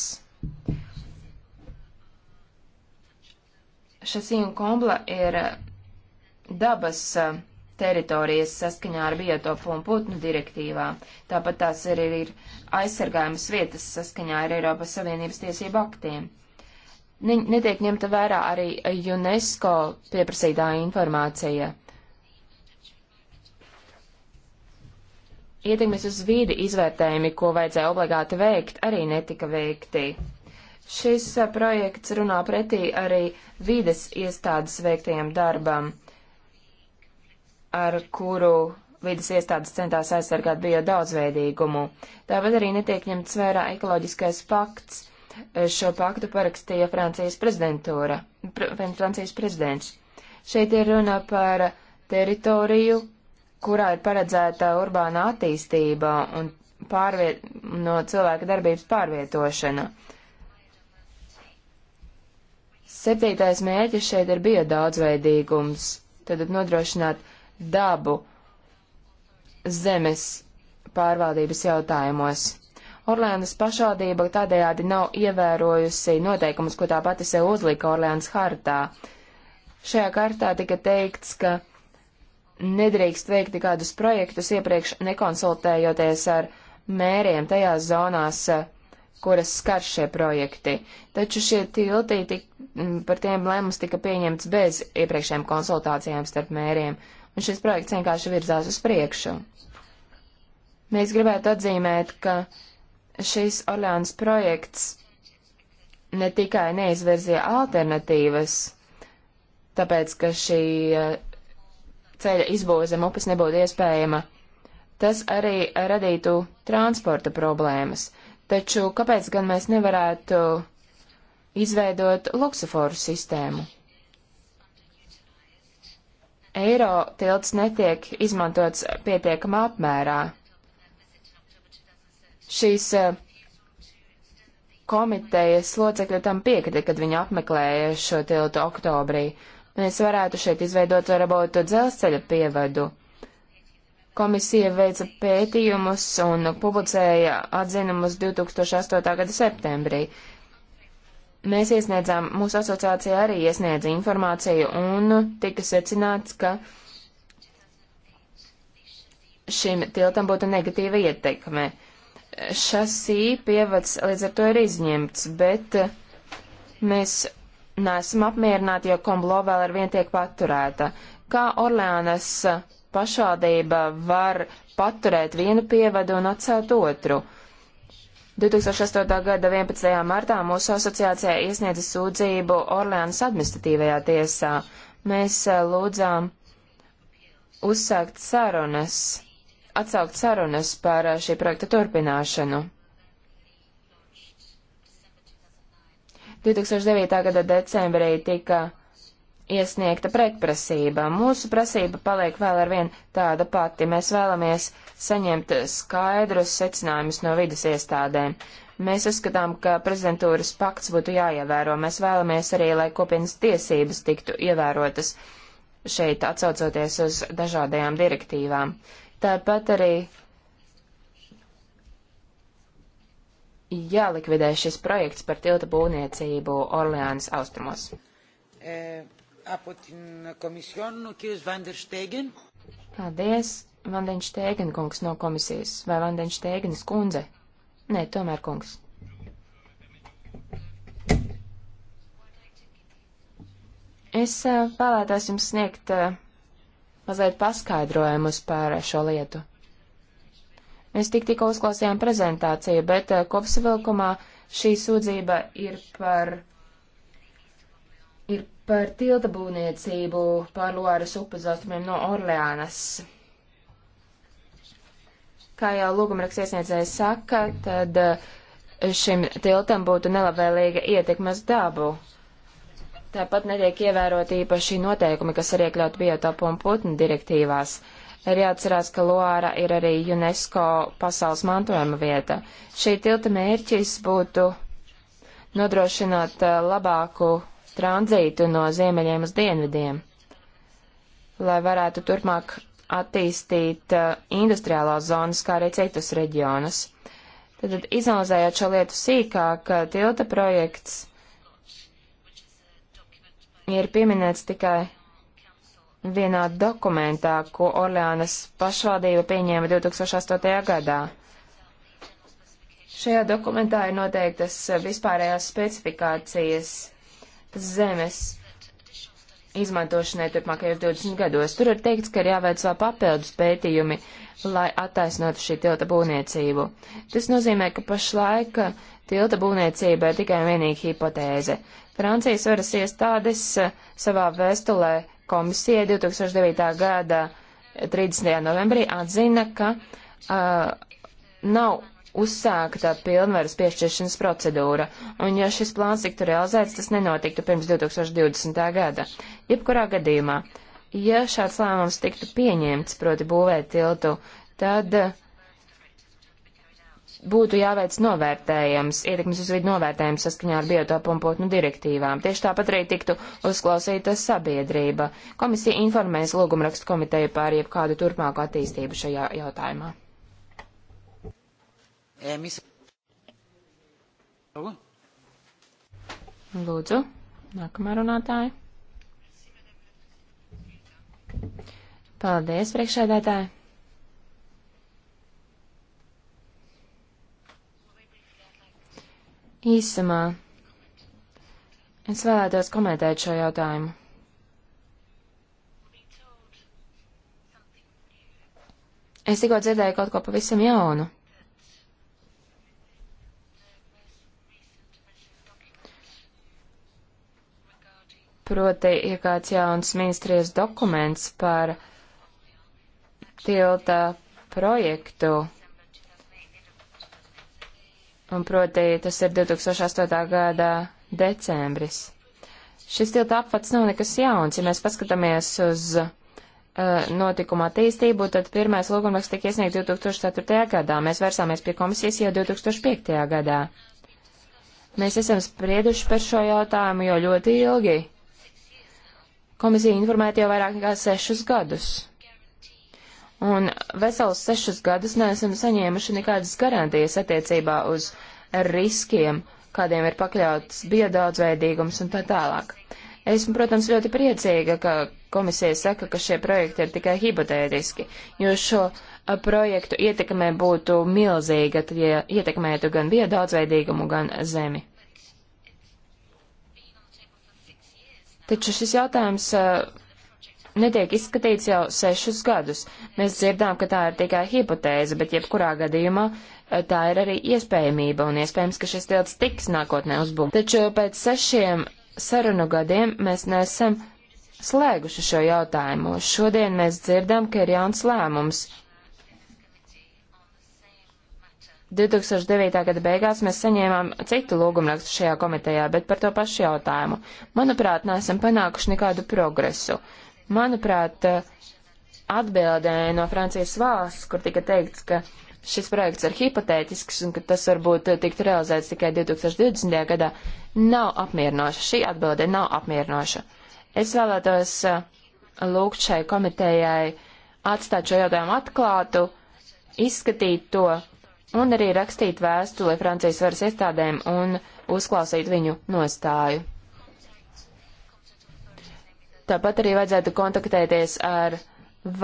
Šasīna kombla ir dabas uh, teritorijas saskaņā ar biotopu un putnu direktīvā. Tāpat tās ir, ir aizsargājamas vietas saskaņā ar Eiropas Savienības tiesību aktiem. Netiek ņemta vērā arī UNESCO pieprasītā informācija. Ietekmes uz vīdi izvērtējumi, ko vajadzēja obligāti veikt, arī netika veikti. Šis projekts runā pretī arī vīdes iestādes veiktajam darbam ar kuru vidas iestādes centās aizsargāt bio daudzveidīgumu. Tāpat arī netiek ņemts vērā ekoloģiskais pakts. Šo paktu parakstīja Francijas prezidentūra, pr Francijas prezidents. Šeit ir runa par teritoriju, kurā ir paredzēta urbāna attīstība un pārviet, no cilvēka darbības pārvietošana. Septītais mēķis šeit ir biodaudzveidīgums, tad nodrošināt dabu zemes pārvaldības jautājumos. Orlēnas pašvaldība tādējādi nav ievērojusi noteikumus, ko tā pati sev uzlika Orlēnas hartā. Šajā kartā tika teikts, ka nedrīkst veikt kādus projektus iepriekš nekonsultējoties ar mēriem tajās zonās, kuras skar šie projekti. Taču šie tilti, tik, par tiem lēmums tika pieņemts bez iepriekšējām konsultācijām starp mēriem un šis projekts vienkārši virzās uz priekšu. Mēs gribētu atzīmēt, ka šis Orleāns projekts ne tikai neizvirzīja alternatīvas, tāpēc, ka šī eh, ceļa izbūve zem upes nebūtu iespējama, tas arī radītu transporta problēmas. Taču kāpēc gan mēs nevarētu izveidot luksuforu sistēmu? eiro tilts netiek izmantots pietiekamā apmērā. Šīs eh, komitejas locekļi tam piekrita, kad viņi apmeklēja šo tiltu oktobrī. Mēs varētu šeit izveidot varbūt dzelzceļa pievadu. Komisija veica pētījumus un publicēja atzinumus 2008. gada septembrī mēs iesniedzām, mūsu asociācija arī iesniedza informāciju un tika secināts, ka šim tiltam būtu negatīva ietekme. Šasī pievads līdz ar to ir izņemts, bet mēs neesam apmierināti, jo komblo vēl ar vien tiek paturēta. Kā Orleānas pašvaldība var paturēt vienu pievadu un atcelt otru? Uh, 2008. gada 11. martā mūsu asociācijā iesniedza sūdzību Orleānas administratīvajā tiesā. Mēs eh, lūdzām uzsākt sarunas, atsaukt sarunas par eh, šī projekta turpināšanu. 2009. gada decembrī tika iesniegta pretprasība. Mūsu prasība paliek vēl ar vien tāda pati. Mēs vēlamies saņemt skaidrus secinājumus no vidas iestādēm. Mēs uzskatām, ka prezidentūras pakts būtu jāievēro. Mēs vēlamies arī, lai kopienas tiesības tiktu ievērotas šeit atsaucoties uz dažādajām direktīvām. Tāpat arī jālikvidē šis projekts par tilta būvniecību Orleānas austrumos. E από την Komisjon, no Kīrs Vandersteigen. Paldies, Vandensteigen kungs no komisijas, vai Vandensteigenis kundze? Nē, tomēr kungs. Es vēlētos jums sniegt mazliet paskaidrojumus par šo lietu. Mēs tik tikko uzklausījām prezentāciju, bet kopsavilkumā šī sūdzība ir par par tilta būvniecību pār Loāras upes austrumiem no Orleānas. Kā jau lūgumraks iesniedzējs saka, tad eh, šim tiltam būtu nelabvēlīga ietekmes dabu. Tāpat netiek ievēroti īpaši noteikumi, kas ir iekļauti biotopu un putnu direktīvās. Ir jāatcerās, ka Loāra ir arī UNESCO pasaules mantojuma vieta. Šī tilta mērķis būtu nodrošināt eh, labāku tranzītu no ziemeļiem uz dienvidiem, lai varētu turpmāk attīstīt uh, industriālās zonas, kā arī citus reģionus. Tad, izanalizējot šo lietu sīkāk, uh, tilta projekts ir pieminēts tikai vienā dokumentā, ko Orleānas pašvaldība pieņēma 2008. gadā. Šajā dokumentā ir noteiktas vispārējās specifikācijas zemes izmantošanai turpmākajos 20 gados. Tur ir teikts, ka ir jāveic vēl papildus pētījumi, lai attaisnotu šī tilta būvniecību. Tas nozīmē, ka pašlaik tilta būvniecība ir tikai un vienīgi hipotēze. Francijas varas iestādes eh, savā vēstulē komisija 2009. gada 30. novembrī atzina, ka uh, nav uzsākta uh, pilnvaras piešķiršanas procedūra, un ja šis plāns tiktu realizēts, tas nenotiktu pirms 2020. gada. Jebkurā gadījumā, ja šāds lēmums tiktu pieņemts, proti būvēt tiltu, tad uh, būtu jāveic novērtējums, ietekmes uz vidu novērtējums saskaņā ar biotopu un putnu direktīvām. Tieši tāpat arī tiktu uzklausīta sabiedrība. Komisija informēs lūgumrakstu komiteju par jebkādu turpmāku attīstību šajā jautājumā. Emis. Eh, Lūdzu, nākamā runātāja. Paldies, priekšēdētāji. Īsumā es vēlētos komentēt šo jautājumu. Es tikko dzirdēju kaut ko pavisam jaunu. Proti, ja kāds jauns ministrijas dokuments par tilta projektu, un proti, tas ir 2008. gada decembris. Šis tilta apvats nav nekas jauns. Ja mēs paskatāmies uz uh, notikuma attīstību, tad pirmais lūgumraksts tika iesniegts 2004. gadā. Mēs vērsāmies pie komisijas jau 2005. gadā. Mēs esam sprieduši par šo jautājumu jau ļoti ilgi komisija informēta jau vairāk nekā sešus gadus. Un vesels sešus gadus neesam saņēmuši nekādas garantijas attiecībā uz riskiem, kādiem ir pakļauts biodaudzveidīgums un tā tālāk. Esmu, protams, ļoti priecīga, ka komisija saka, ka šie projekti ir tikai hipotētiski, jo šo projektu ietekmē būtu milzīga, tad ja ietekmētu gan biodaudzveidīgumu, gan zemi. Taču šis jautājums eh, netiek izskatīts jau sešus gadus. Mēs dzirdām, ka tā ir tikai hipotēze, bet jebkurā gadījumā eh, tā ir arī iespējamība un iespējams, ka šis tilts tiks nākotnē uzbūvēts. Taču pēc sešiem sarunu gadiem mēs nesam slēguši šo jautājumu. Šodien mēs dzirdam, ka ir jauns lēmums. 2009. gada beigās mēs saņēmām citu lūgumrakstu šajā komitejā, bet par to pašu jautājumu. Manuprāt, neesam panākuši nekādu progresu. Manuprāt, atbildē no Francijas valsts, kur tika teikts, ka šis projekts ir hipotētisks un ka tas varbūt tikt realizēts tikai 2020. gadā, nav apmierinoša. Šī atbilde nav apmierinoša. Es vēlētos uh, lūgt šai komitejai atstāt šo jautājumu atklātu, izskatīt to un arī rakstīt vēstuli Francijas varas iestādēm un uzklausīt viņu nostāju. Tāpat arī vajadzētu kontaktēties ar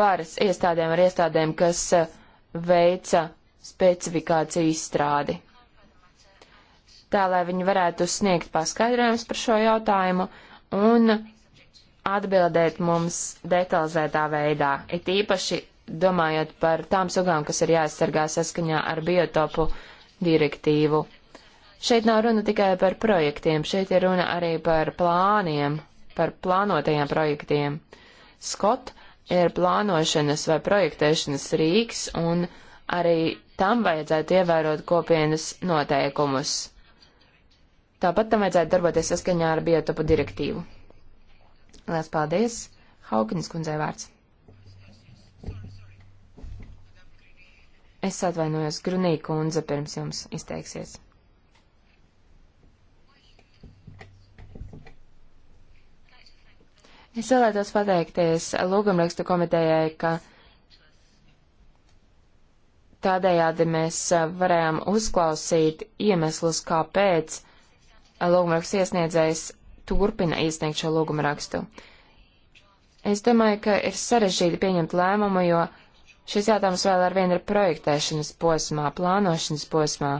varas iestādēm, ar iestādēm, kas eh, veica specifikāciju izstrādi. Tā, lai viņi varētu sniegt paskaidrojumus par šo jautājumu un atbildēt mums detalizētā veidā, it īpaši domājot par tām sugām, kas ir jāaizsargā saskaņā ar biotopu direktīvu. Šeit nav runa tikai par projektiem, šeit ir runa arī par plāniem, par plānotajiem projektiem. Skot ir plānošanas vai projektēšanas rīks, un arī tam vajadzētu ievērot kopienas noteikumus. Tāpat tam vajadzētu darboties saskaņā ar biotopu direktīvu. Lielas paldies! Haukinis kundzei vārds. Es atvainojos, Grunī kundze pirms jums izteiksies. Es vēlētos pateikties lūgumrakstu komitejai, ka tādējādi mēs varējām uzklausīt iemeslus, kāpēc lūgumraksts iesniedzējs turpina iesniegt šo lūgumrakstu. Es domāju, ka ir sarežģīti pieņemt lēmumu, jo Šis jautājums vēl ar vienu ir projektēšanas posmā, plānošanas posmā.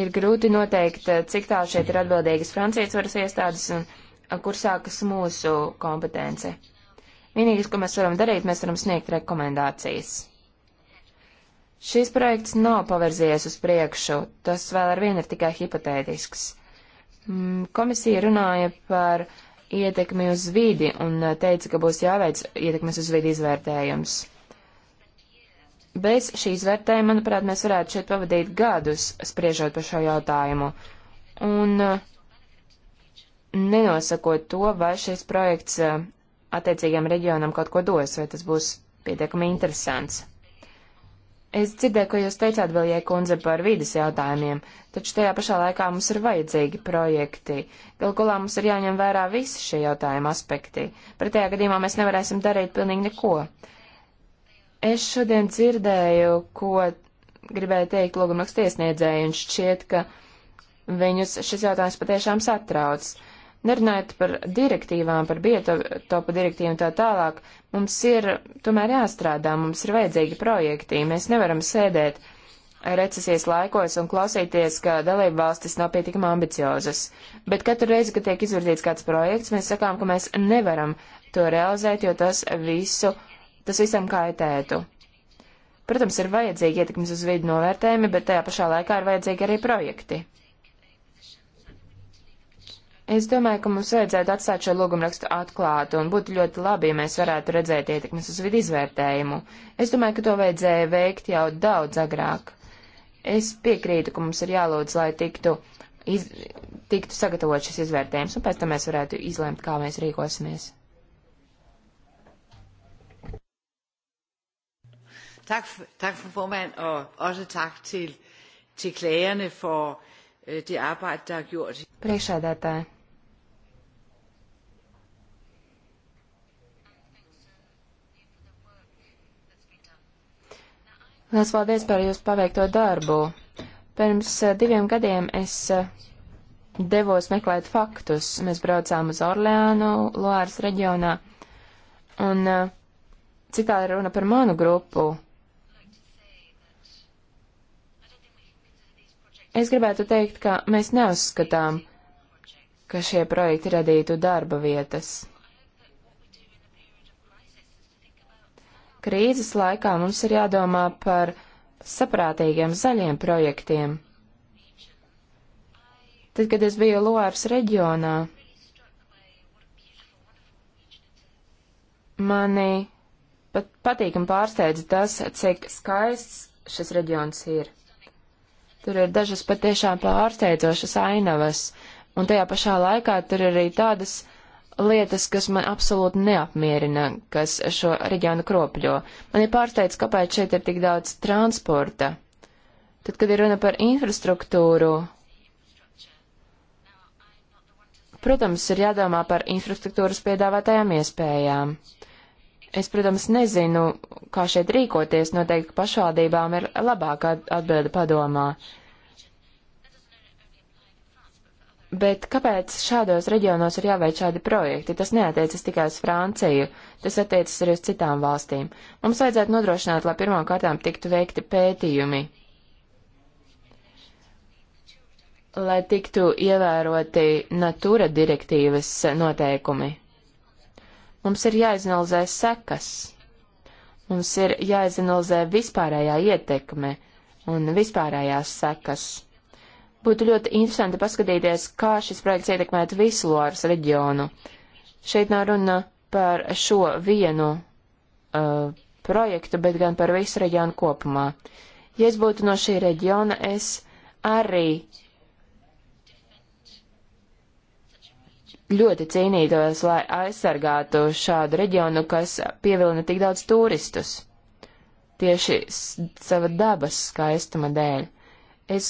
Ir grūti noteikt, cik tālu šeit ir atbildīgas Francijas varas iestādes un kur sākas mūsu kompetence. Vienīgais, ko mēs varam darīt, mēs varam sniegt rekomendācijas. Šis projekts nav pavirzies uz priekšu, tas vēl ar vienu ir tikai hipotētisks. Mm, komisija runāja par uh, ietekmi uz vidi un eh, teica, ka būs jāveic ietekmes uz vidi izvērtējums. Bez šī izvērtējuma, manuprāt, mēs varētu šeit pavadīt gadus spriežot par šo jautājumu un eh, nenosakot to, vai šis projekts eh, attiecīgiem reģionam kaut ko dos, vai tas būs pietiekami interesants. Es dzirdēju, ko jūs teicāt vēl, ja kundze par vīdes jautājumiem, taču tajā pašā laikā mums ir vajadzīgi projekti. Galgulā mums ir jāņem vērā visi šie jautājuma aspekti. Pretējā gadījumā mēs nevarēsim darīt pilnīgi neko. Es šodien dzirdēju, ko gribēju teikt lūgumrakstiesniedzēju, un šķiet, ka viņus šis jautājums patiešām satrauc. Uh, Nerunājot par direktīvām, par biotopu direktīvu un tā tālāk, mums ir tomēr jāstrādā, mums ir vajadzīgi projekti. Mēs nevaram sēdēt recesijas laikos un klausīties, ka dalība valstis nav pietiekami ambiciozas. Bet katru reizi, kad tiek izvirzīts kāds projekts, mēs sakām, ka mēs nevaram to realizēt, jo tas visu, tas visam kaitētu. Protams, ir vajadzīgi ietekmes uz vidu novērtējumi, bet tajā pašā laikā ir vajadzīgi arī projekti. Es domāju, ka mums vajadzētu atstāt šo lūgumrakstu atklātu, un būtu ļoti labi, ja mēs varētu redzēt ietekmes uz vidu izvērtējumu. Es domāju, ka to vajadzēja veikt jau daudz agrāk. Es piekrītu, ka mums ir jālūdz, lai tiktu, iz, tiktu sagatavot šis izvērtējums, un pēc tam mēs varētu izlemt, kā mēs rīkosimies. Tak, tak for formand, og også tak til, til klagerne for øh, det arbejde, der er gjort. Priekšādātāji. Lielas paldies par jūsu paveikto darbu. Pirms eh, diviem gadiem es eh, devos meklēt faktus. Mēs braucām uz Orleānu, Loāras reģionā, un eh, citā ir runa par manu grupu. Es gribētu teikt, ka mēs neuzskatām, ka šie projekti radītu darba vietas. Krīzes laikā mums ir jādomā par saprātīgiem zaļiem projektiem. Tad, kad es biju Loārs reģionā, mani pat patīkam pārsteidza tas, cik skaists šis reģions ir. Tur ir dažas patiešām pārsteidzošas ainavas, un tajā pašā laikā tur ir arī tādas lietas, kas man absolūti neapmierina, kas šo reģionu kropļo. Man ir pārsteigts, kāpēc šeit ir tik daudz transporta. Tad, kad ir runa par infrastruktūru, protams, ir jādomā par infrastruktūras piedāvātajām iespējām. Es, protams, nezinu, kā šeit rīkoties, noteikti pašvaldībām ir labāka atbilde padomā. Uh, Bet kāpēc šādos reģionos ir jāveic šādi projekti? Tas neatiecas tikai uz Franciju, tas attiecas arī uz citām valstīm. Mums vajadzētu nodrošināt, lai pirmām kārtām tiktu veikti pētījumi, lai tiktu ievēroti Natura direktīvas noteikumi. Mums ir jāizanalizē sekas, mums ir jāizanalizē vispārējā ietekme un vispārējās sekas. Būtu ļoti interesanti paskatīties, kā šis projekts ietekmētu visu Loāras reģionu. Šeit nav runa par šo vienu uh, projektu, bet gan par visu reģionu kopumā. Ja es būtu no šī reģiona, es arī ļoti cīnītos, lai aizsargātu šādu reģionu, kas pievilina tik daudz turistus. Tieši sava dabas skaistuma dēļ. Es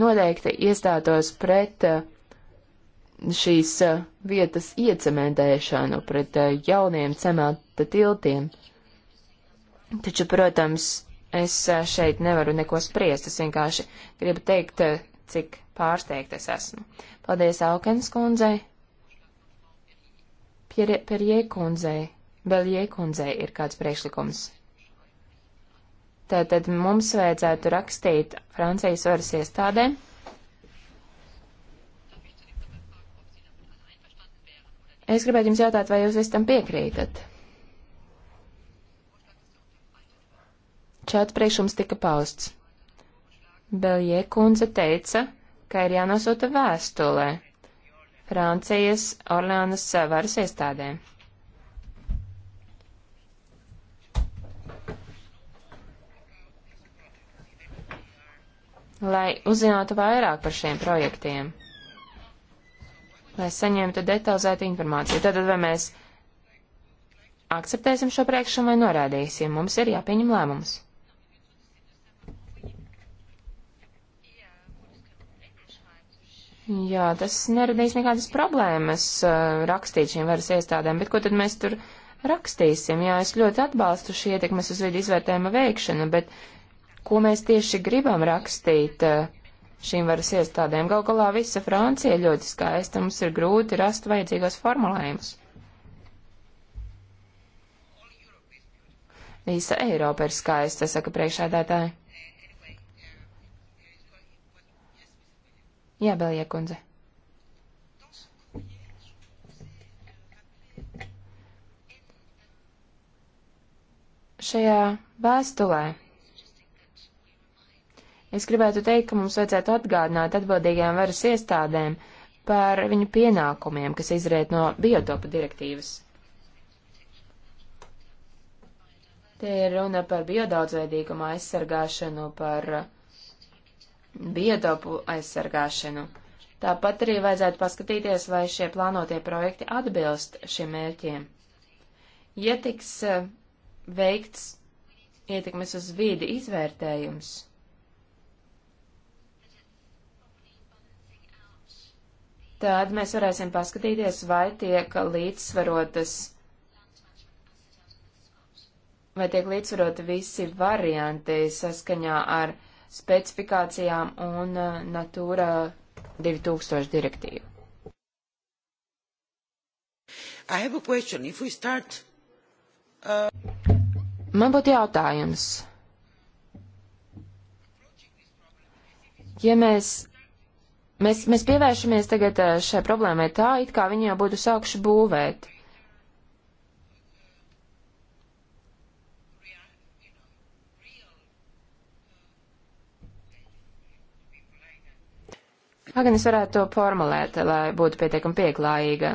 noteikti iestātos pret uh, šīs uh, vietas iecementēšanu, pret uh, jauniem cementa tiltiem. Taču, protams, es šeit nevaru neko spriest, es vienkārši gribu teikt, cik pārsteigta es esmu. Paldies Aukens kundzei, Perjē kundzei, Beljē kundzei ir kāds priekšlikums. Tātad mums vajadzētu rakstīt Francijas varas iestādēm. Es gribētu jums jautāt, vai jūs visam piekrītat? Šāds priekšums tika pausts. Belie kundze teica, ka ir jānosūta vēstulē Francijas Orleānas varas iestādēm. lai uzzinātu vairāk par šiem projektiem, lai saņemtu detalizētu informāciju. Tātad, vai mēs akceptēsim šo priekšlikumu vai norādīsim, mums ir jāpieņem lēmums. Jā, tas neradīs nekādas problēmas uh, rakstīt šīm varas iestādēm, bet ko tad mēs tur rakstīsim? Jā, es ļoti atbalstu šī ietekmes uz vidu izvērtējuma veikšanu, bet ko mēs tieši gribam rakstīt eh, šīm varas iestādēm. Gal galā visa Francija ļoti skaista, mums ir grūti rast vajadzīgos formulējumus. Visa Eiropa ir skaista, saka priekšādātāji. Jā, Belija kundze. Šajā vēstulē Es gribētu teikt, ka mums vajadzētu atgādināt atbildīgajām varas iestādēm par viņu pienākumiem, kas izriet no biotopa direktīvas. Te ir runa par biodaudzveidīgumu aizsargāšanu, par biotopu aizsargāšanu. Tāpat arī vajadzētu paskatīties, vai šie plānotie projekti atbilst šiem mērķiem. Ja tiks eh, veikts ietekmes uz vīdi izvērtējums, tad mēs varēsim paskatīties, vai tiek līdzsvarotas, vai tiek līdzsvaroti visi varianti saskaņā ar specifikācijām un eh, Natūra 2000 direktīvu. I have a question. If we start, uh... Man būtu jautājums. Ja mēs Mēs, mēs pievēršamies tagad eh, šai problēmai tā, it kā viņi jau būtu sākuši būvēt. Agnes varētu to formulēt, lai būtu pietiekami pieklājīga.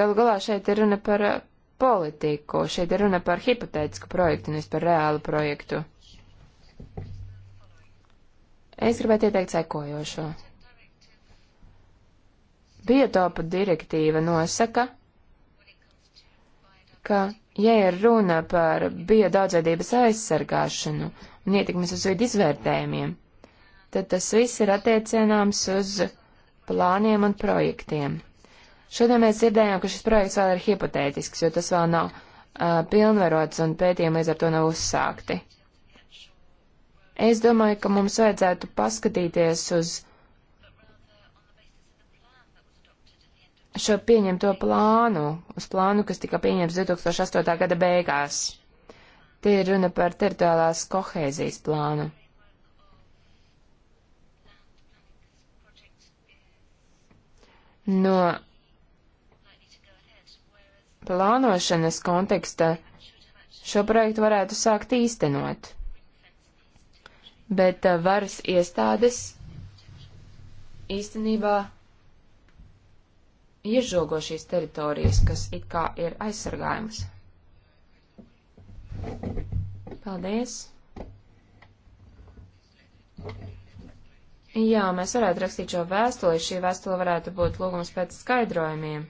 Galu galā šeit ir runa par eh, politiku, šeit ir runa par hipotētisku projektu, nevis par reālu projektu. Es gribētu ieteikt sekojošo. Biotopa direktīva nosaka, ka, ja ir runa par biodaudzveidības aizsargāšanu un ietekmes uz vidu izvērtējumiem, tad tas viss ir attiecināms uz plāniem un projektiem. Šodien mēs dzirdējām, ka šis projekts vēl ir hipotētisks, jo tas vēl nav uh, pilnvarots un pētījumi līdz ar to nav uzsākti. Es domāju, ka mums vajadzētu paskatīties uz šo pieņemto plānu, uz plānu, kas tika pieņemts 2008. gada beigās. Tie ir runa par teritoriālās kohēzijas plānu. No plānošanas konteksta šo projektu varētu sākt īstenot bet uh, varas iestādes īstenībā iežogo šīs teritorijas, kas it kā ir aizsargājamas. Paldies! Jā, mēs varētu rakstīt šo vēstuli, šī vēstule varētu būt lūgums pēc skaidrojumiem.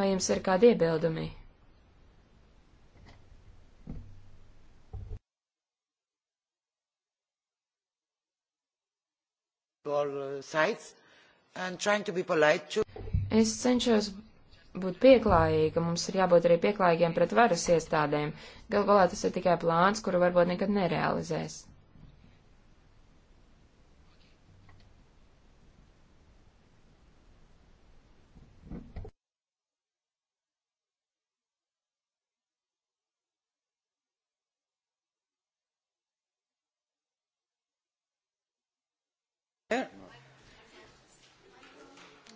Vai jums ir kādi iebildumi? all uh, sides and trying to be polite to. Es cenšos būt pieklājīga, mums ir jābūt arī pieklājīgiem pret varas iestādēm. Galu galā tas ir tikai plāns, kuru varbūt nekad nerealizēs.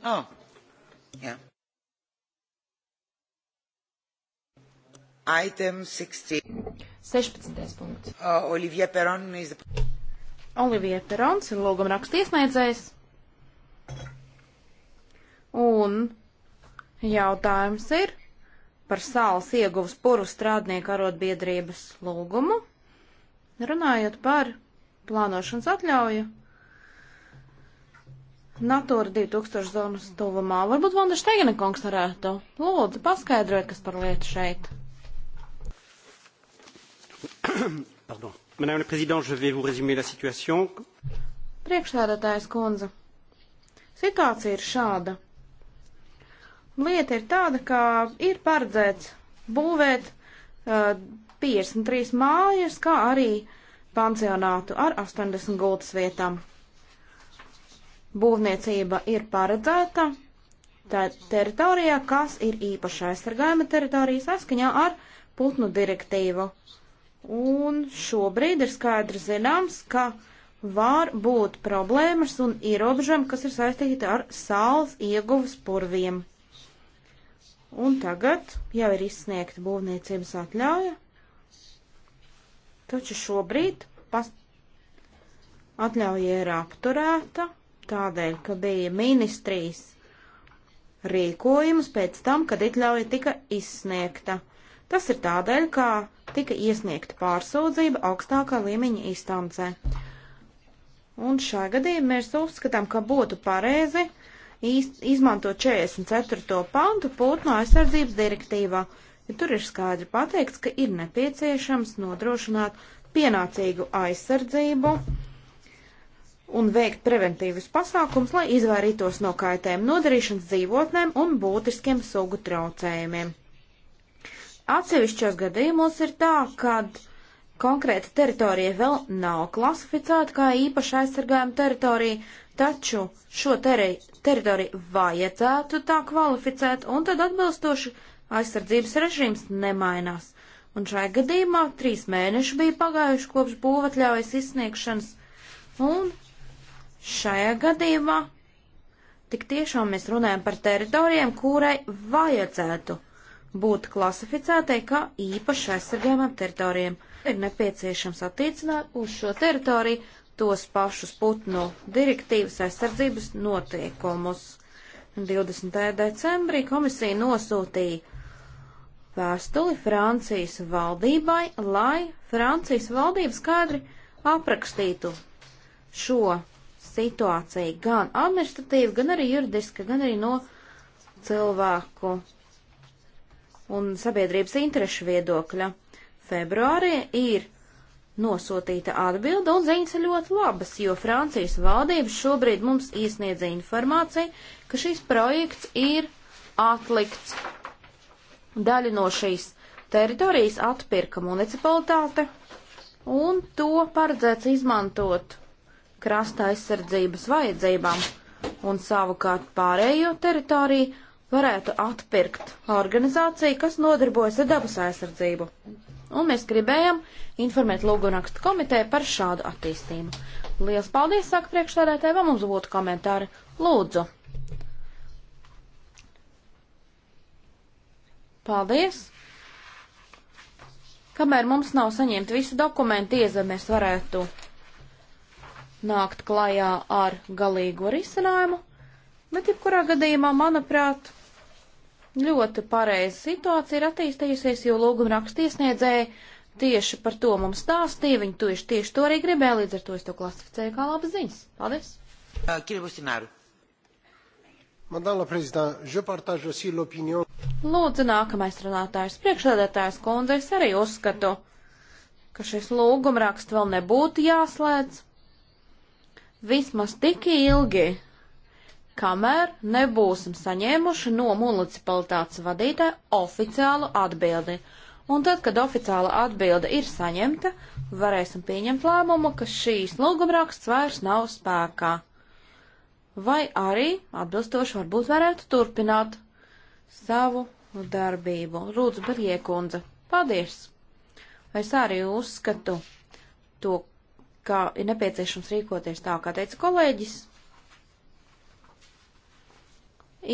Oh, yeah. Item 16. 16. punkts. Uh, Olivier Peron is the... Olivier Perons ir lūguma raksta iesniedzējs. Un jautājums ir par sāls ieguvas puru strādnieku arotbiedrības lūgumu, runājot par plānošanas atļauju Natūra 2000 zonas tuvumā. Varbūt Vanda Šteigina kungs varētu. Lūdzu, paskaidrojiet, kas par lietu šeit. Pardon. Madame la Présidente, je vais vous résumer la situation. Priekšsēdētājs kundze. Situācija ir šāda. Lieta ir tāda, ka ir paredzēts būvēt uh, 53 mājas, kā arī pansionātu ar 80 gultas vietām būvniecība ir paredzēta teritorijā, kas ir īpaši aizsargājama teritorija saskaņā ar putnu direktīvu. Un šobrīd ir skaidrs zināms, ka var būt problēmas un ierobežojumi, kas ir saistīti ar sāls ieguvas purviem. Un tagad jau ir izsniegta būvniecības atļauja, taču šobrīd pas... atļauja ir apturēta tādēļ, ka bija ministrijas rīkojums pēc tam, kad itļauja tika izsniegta. Tas ir tādēļ, ka tika iesniegta pārsūdzība augstākā līmeņa instancē. Un šā gadījumā mēs uzskatām, ka būtu pareizi izmantot 44. pantu putnu aizsardzības direktīvā, jo ja tur ir skaidri pateikts, ka ir nepieciešams nodrošināt pienācīgu aizsardzību un veikt preventīvus pasākums, lai izvairītos no kaitēm nodarīšanas dzīvotnēm un būtiskiem sugu traucējumiem. Atsevišķos gadījumos ir tā, kad konkrēta teritorija vēl nav klasificēta kā īpaši aizsargājuma teritorija, taču šo teri teritoriju vajadzētu tā kvalificēt, un tad atbilstoši aizsardzības režīms nemainās. Un šajā gadījumā trīs mēneši bija pagājuši kopš būvatļaujas izsniegšanas, un Šajā gadījumā tik tiešām mēs runājam par teritorijām, kurai vajadzētu būt klasificētai kā īpaši aizsargājumam teritorijam. Ir nepieciešams attiecināt uz šo teritoriju tos pašus putnu direktīvas aizsardzības noteikumus. 20. decembrī komisija nosūtīja vēstuli Francijas valdībai, lai Francijas valdība skaidri aprakstītu šo situācija gan administratīva, gan arī juridiska, gan arī no cilvēku un sabiedrības interešu viedokļa. Februārī ir nosūtīta atbilda un ziņas ir ļoti labas, jo Francijas valdība šobrīd mums iesniedz informāciju, ka šis projekts ir atlikts. Daļa no šīs teritorijas atpirka municipalitāte un to paredzēts izmantot krasta aizsardzības vajadzībām, un savukārt pārējo teritoriju varētu atpirkt organizācija, kas nodarbojas ar dabas aizsardzību. Un mēs gribējam informēt Lūgunakstu komiteju par šādu attīstību. Lielas paldies, saka priekšsēdētāji, vai mums būtu komentāri? Lūdzu! Paldies! Kamēr mums nav saņemti visi dokumenti, iezvēr mēs varētu nākt klajā ar galīgo risinājumu, bet jebkurā gadījumā, manuprāt, ļoti pareiza situācija ir attīstījusies, jo lūguma rakstiesniedzēja tieši par to mums stāstīja, viņi tieši, tieši to arī gribēja, līdz ar to es to klasificēju kā labas ziņas. Paldies! Uh, Kiribusināru. Madame la Présidente, je partage aussi l'opinion. Lūdzu, nākamais runātājs, priekšsēdētājs kundze, es arī uzskatu, ka šis lūgumraksts vēl nebūtu jāslēdz vismaz tik ilgi, kamēr nebūsim saņēmuši no municipalitātes vadītāja oficiālu atbildi. Un tad, kad oficiāla atbilde ir saņemta, varēsim pieņemt lēmumu, ka šīs lūgumraksts vairs nav spēkā. Vai arī atbilstoši varbūt varētu turpināt savu darbību. Lūdzu, Berjē kundze, paldies! Es arī uzskatu to, ka ir nepieciešams rīkoties tā, kā teica kolēģis.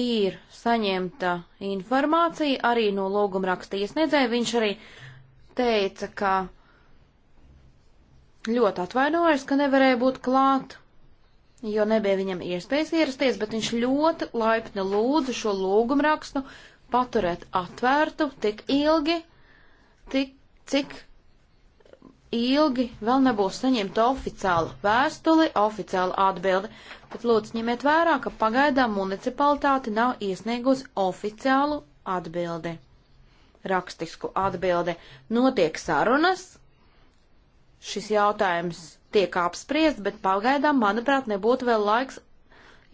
Ir saņemta informācija arī no lūguma raksta iesniedzēja. Viņš arī teica, ka ļoti atvainojas, ka nevarēja būt klāt, jo nebija viņam iespējas ierasties, bet viņš ļoti laipni lūdza šo lūgumrakstu paturēt atvērtu tik ilgi, tik, cik ilgi vēl nebūs saņemta oficiāla vēstuli, oficiāla atbilde, bet lūdzu ņemiet vērā, ka pagaidām municipalitāte nav iesniegusi oficiālu atbildi. Rakstisku atbildi. Notiek sarunas, šis jautājums tiek apspriests, bet pagaidām, manuprāt, nebūtu vēl laiks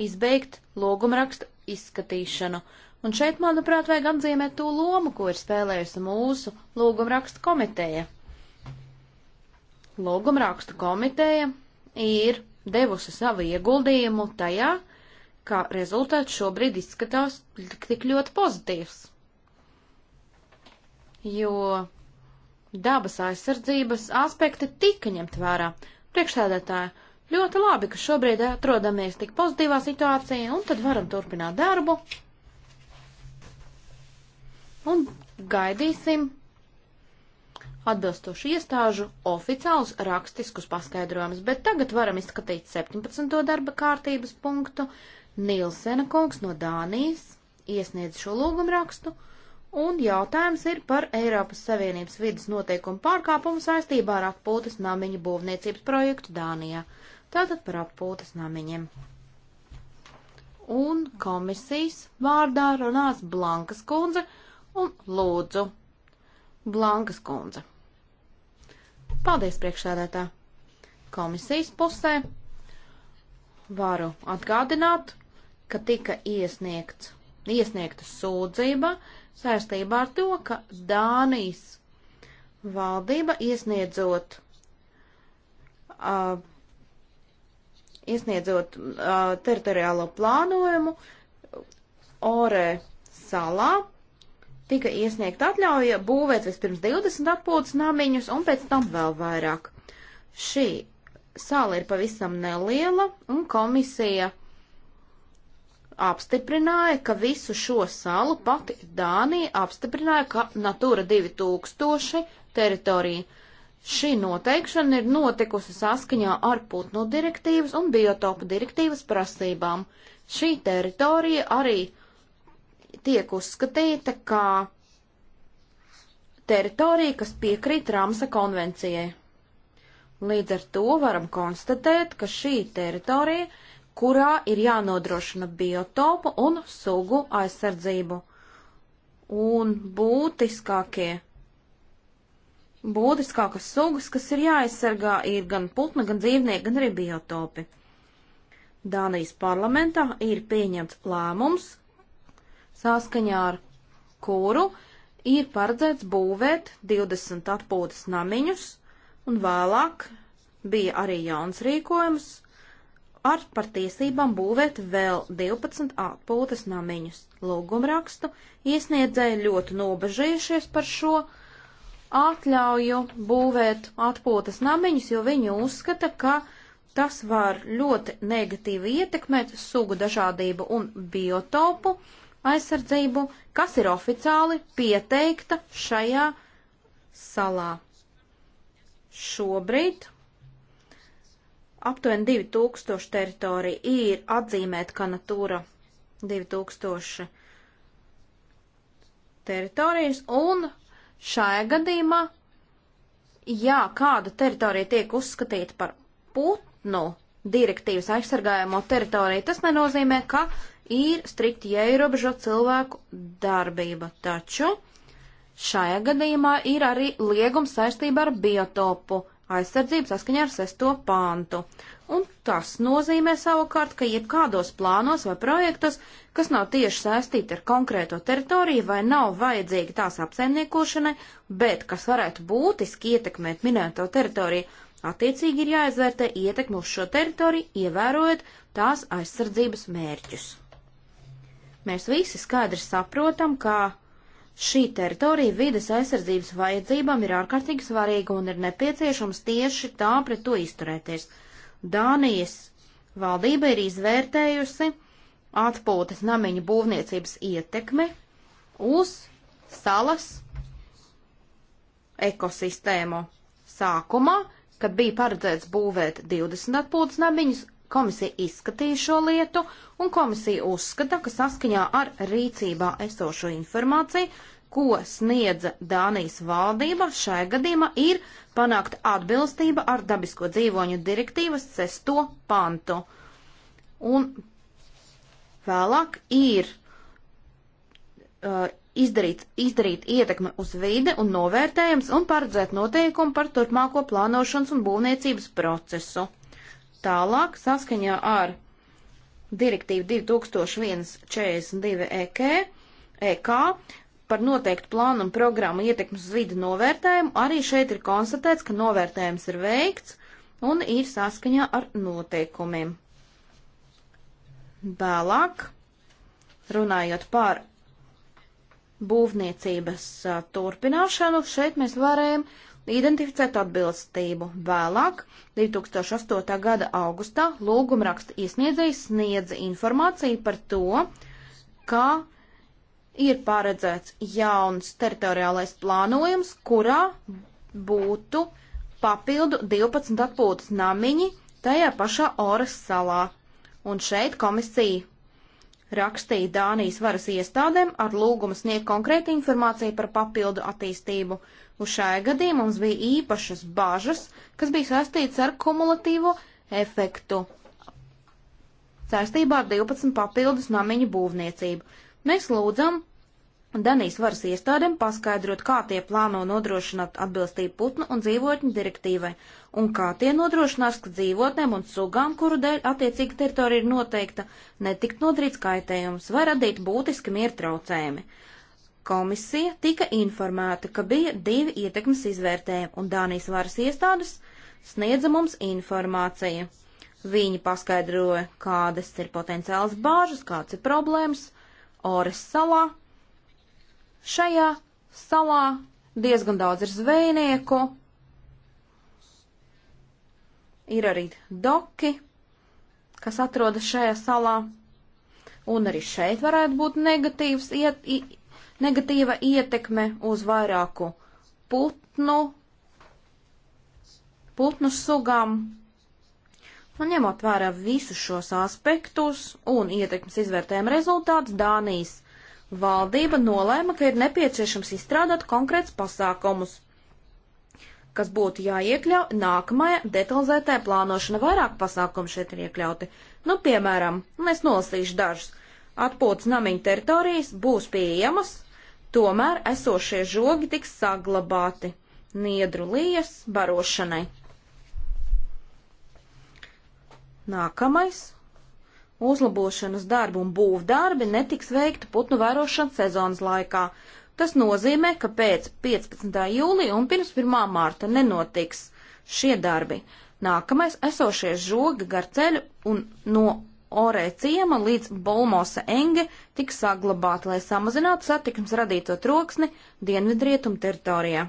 izbeigt logumrakstu izskatīšanu. Un šeit, manuprāt, vajag atzīmēt to lomu, ko ir spēlējusi mūsu lūgumrakstu komiteja. Lūgumrakstu komiteja ir devusi savu ieguldījumu tajā, ka rezultāts šobrīd izskatās tik ļoti pozitīvs. Jo dabas aizsardzības aspekti tika ņemt vērā. Priekšsēdētāji, ļoti labi, ka šobrīd atrodamies tik pozitīvā situācijā, un tad varam turpināt darbu. Un gaidīsim atbilstoši iestāžu oficiālus rakstiskus paskaidrojumus, bet tagad varam izskatīt 17. darba kārtības punktu. Nilsena kungs no Dānijas iesniedz šo lūgumu rakstu, un jautājums ir par Eiropas Savienības vidas noteikumu pārkāpumu saistībā ar atpūtas namiņu būvniecības projektu Dānijā. Tātad par atpūtas namiņiem. Un komisijas vārdā runās Blankas kundze un lūdzu Blankas kundze. Paldies, priekšsēdētā. Komisijas pusē varu atgādināt, ka tika iesniegts, iesniegta sūdzība saistībā ar to, ka Dānijas valdība iesniedzot, uh, iesniedzot uh, teritoriālo plānojumu Ore salā tika iesniegta atļauja būvēt vispirms 20 atpūtas namiņus un pēc tam vēl vairāk. Šī sāla ir pavisam neliela un komisija apstiprināja, ka visu šo salu pati Dānija apstiprināja, ka Natūra 2000 teritorija. Šī noteikšana ir notikusi saskaņā ar putnu direktīvas un biotopu direktīvas prasībām. Šī teritorija arī uh, tiek uzskatīta kā teritorija, kas piekrīt Rāmsa konvencijai. Līdz ar to varam konstatēt, ka šī teritorija, kurā ir jānodrošina biotopu un sugu aizsardzību, un būtiskākie, būtiskākas sugas, kas ir jāaizsargā, ir gan putna, gan dzīvnieki, gan arī biotopi. Dānijas parlamentā ir pieņemts lēmums, saskaņā ar kuru ir paredzēts būvēt 20 atpūtas namiņus, un vēlāk bija arī jauns rīkojums ar par tiesībām būvēt vēl 12 atpūtas namiņus. Lūgumrakstu iesniedzēja ļoti nobežījušies par šo atļauju būvēt atpūtas namiņus, jo viņi uzskata, ka tas var ļoti negatīvi ietekmēt sugu dažādību un biotopu uh, aizsardzību, kas ir oficiāli pieteikta šajā salā. Šobrīd aptuveni 2000 teritorija ir atzīmēta kā Natūra 2000 teritorijas, un šajā gadījumā, ja kāda teritorija tiek uzskatīta par putnu direktīvas aizsargājamo teritoriju, tas nenozīmē, ka ir strikti jāierobežo cilvēku darbība, taču šajā gadījumā ir arī liegums saistībā ar biotopu aizsardzību saskaņā ar sesto pāntu. Un tas nozīmē savukārt, ka jebkādos plānos vai projektos, kas nav tieši saistīti ar konkrēto teritoriju vai nav vajadzīgi tās apsaimniekošanai, bet kas varētu būtiski ietekmēt minēto teritoriju, attiecīgi ir jāizvērtē ietekme uz šo teritoriju, ievērojot tās aizsardzības mērķus. Mēs visi skaidri saprotam, ka šī teritorija vides aizsardzības vajadzībām ir ārkārtīgi svarīga un ir nepieciešams tieši tā pret to izturēties. Dānijas valdība ir izvērtējusi atpūtas namiņu būvniecības ietekmi uz salas ekosistēmu. Sākumā, kad bija paredzēts būvēt 20 atpūtas namiņus, Komisija izskatīja šo lietu, un komisija uzskata, ka saskaņā ar rīcībā esošo informāciju, ko sniedza Dānijas valdība, šai gadījumā ir panākta atbilstība ar dabisko dzīvoņu direktīvas sesto pantu. Un vēlāk ir uh, izdarīt, izdarīt ietekmi uz vide un novērtējums un paredzēt noteikumu par turpmāko plānošanas un būvniecības procesu. Tālāk, saskaņā ar direktīvu 2001-42 EK, EK par noteiktu plānu un programmu ietekmes uz vidu novērtējumu, arī šeit ir konstatēts, ka novērtējums ir veikts un ir saskaņā ar noteikumiem. Vēlāk, runājot par būvniecības a, turpināšanu, šeit mēs varējām identificēt atbilstību. Vēlāk, 2008. gada augustā, lūgumraksta iesniedzējs sniedza informāciju par to, ka ir paredzēts jauns teritoriālais plānojums, kurā būtu papildu 12 atpūtas namiņi tajā pašā Oras salā. Un šeit komisija rakstīja Dānijas varas iestādēm ar lūgumu sniegt konkrētu informāciju par papildu attīstību. Uz šajā gadījumā mums bija īpašas bažas, kas bija saistīts ar kumulatīvo efektu saistībā ar 12 papildus namiņu būvniecību. Mēs lūdzam Danijas varas iestādēm paskaidrot, kā tie plāno nodrošināt atbilstību putnu un dzīvotņu direktīvai, un kā tie nodrošinās, ka dzīvotnēm un sugām, kuru dēļ attiecīga teritorija ir noteikta, netikt nodrīts kaitējums vai radīt būtiski miertraucējumi. traucējumi. Komisija tika informēta, ka bija divi ietekmes izvērtējumi, un Dānijas varas iestādes sniedza mums informāciju. Viņi paskaidroja, kādas ir potenciālas bāžas, kāds ir problēmas Ores salā. Šajā salā diezgan daudz ir zvejnieku, ir arī doki, kas atrodas šajā salā, un arī šeit varētu būt negatīvs iet, negatīva ietekme uz vairāku putnu, putnu sugām. Un ņemot vērā visus šos aspektus un ietekmes izvērtējuma rezultātus, Dānijas valdība nolēma, ka ir nepieciešams izstrādāt konkrēts pasākumus, kas būtu jāiekļau nākamajā detalizētajā plānošana. Vairāk pasākumu šeit ir iekļauti. Nu, piemēram, un es nolasīšu dažus. Atpūtas namiņu teritorijas būs pieejamas Tomēr esošie žogi tiks saglabāti niedru lijas barošanai. Nākamais - uzlabošanas darbu un būvdarbi netiks veikti putnu vērošanas sezonas laikā. Tas nozīmē, ka pēc 15. jūlija un pirms 1. mārta nenotiks šie darbi. Nākamais esošie žogi gar ceļu un no Orē ciema līdz Bolmosa enge tiks saglabāta, lai samazinātu satiksmes radīto troksni dienvidrietumu teritorijā.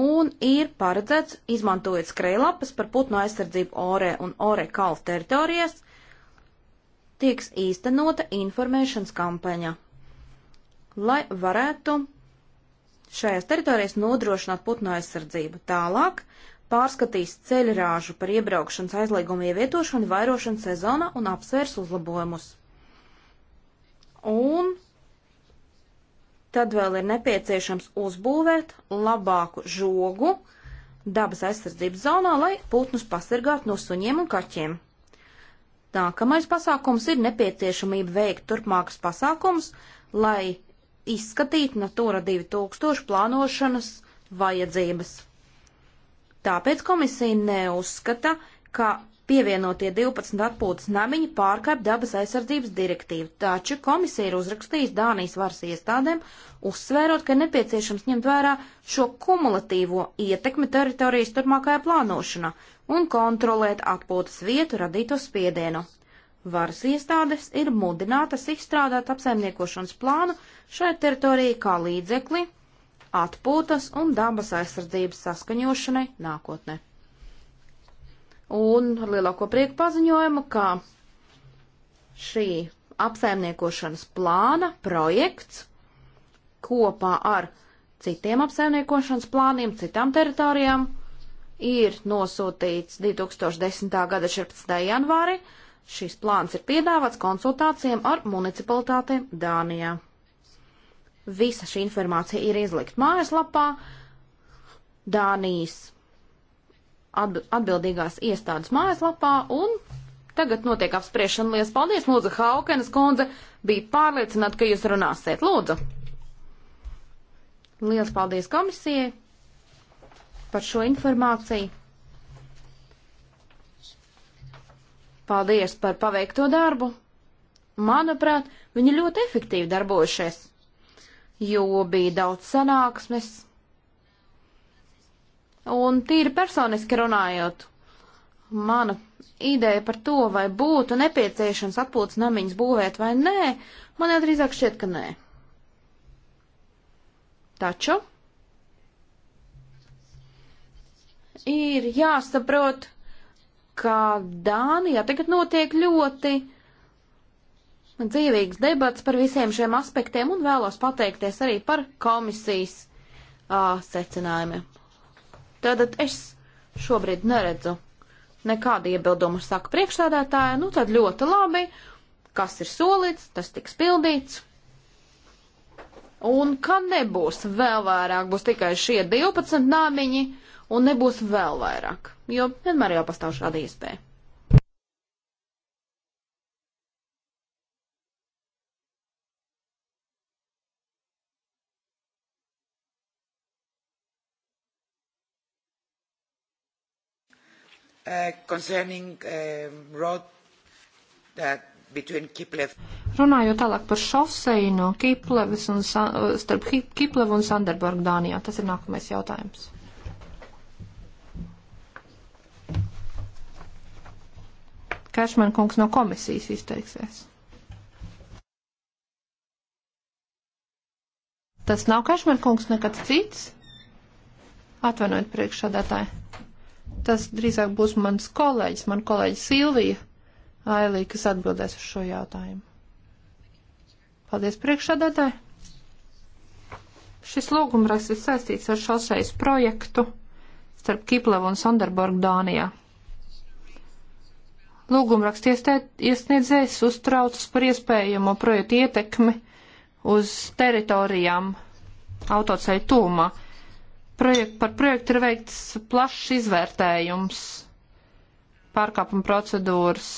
Un ir paredzēts, izmantojot skrejlapas par putnu aizsardzību Orē un Orē kalvu teritorijas, tieks īstenota informēšanas kampaņa, lai varētu šajās teritorijās nodrošināt putnu aizsardzību. Tālāk pārskatīs ceļrāžu par iebraukšanas aizliegumu ievietošanu vairošanas sezonā un apsvērs uzlabojumus. Un tad vēl ir nepieciešams uzbūvēt labāku žogu dabas aizsardzības zonā, lai putnus pasargātu no suņiem un kaķiem. Nākamais pasākums ir nepieciešamība veikt turpmākas pasākums, lai izskatītu Natūra 2000 plānošanas vajadzības. Tāpēc komisija neuzskata, ka pievienotie 12 atpūtas namiņi pārkāpj dabas aizsardzības direktīvu, taču komisija ir uzrakstījusi Dānijas varas iestādēm, uzsvērot, ka nepieciešams ņemt vērā šo kumulatīvo ietekmi teritorijas turpmākajā plānošanā un kontrolēt atpūtas vietu radīto spiedienu. Varas iestādes ir mudinātas izstrādāt apsaimniekošanas plānu šai teritorijai kā līdzekli atpūtas un dabas aizsardzības saskaņošanai nākotnē. Un ar lielāko prieku paziņojumu, ka šī apsaimniekošanas plāna projekts kopā ar citiem apsaimniekošanas plāniem, citām teritorijām ir nosūtīts 2010. gada 14. janvāri. Šis plāns ir piedāvāts konsultācijām ar municipalitātēm Dānijā. Visa šī informācija ir izlikt mājaslapā. Dānijas atbildīgās iestādes mājaslapā un tagad notiek apspriešana. Lielas paldies, Lūdzu, Haukenes kundze, bija pārliecināta, ka jūs runāsiet. Lūdzu! Lielas paldies komisijai par šo informāciju. Paldies par paveikto darbu. Manuprāt, viņi ļoti efektīvi darbojušies jo bija daudz sanāksmes. Un tīri personiski runājot, mana ideja par to, vai būtu nepieciešams atpūtas namiņus būvēt vai nē, man jau drīzāk šķiet, ka nē. Taču ir jāsaprot, ka Dānijā tagad notiek ļoti dzīvīgs debats par visiem šiem aspektiem un vēlos pateikties arī par komisijas uh, secinājumiem. Tātad es šobrīd neredzu nekādu iebildumu, saka priekšstādātāja, nu tad ļoti labi, kas ir solīts, tas tiks pildīts. Un ka nebūs vēl vairāk, būs tikai šie 12 nāmiņi un nebūs vēl vairāk, jo vienmēr jau pastāv šāda iespēja. uh, concerning um, road that Runājot tālāk par šoseju no Kiplevas un uh, starp Kiplevu un Sanderburgu Dānijā. Tas ir nākamais jautājums. Kašman kungs no komisijas izteiksies. Tas nav Kašman kungs, nekāds cits? Atvainojiet priekšsādātāji. Tas drīzāk būs mans kolēģis, man kolēģis Silvija Ailī, kas atbildēs uz šo jautājumu. Paldies priekšādātāji! Šis lūgumraksts ir saistīts ar šosejas projektu starp Kiplevu un Sanderborgu Dānijā. Lūgumraksts iesniedzējs uztraucas par iespējamo projektu ietekmi uz teritorijām autoceļu tūmā. Projekt, par projektu ir veikts plašs izvērtējums pārkāpuma procedūras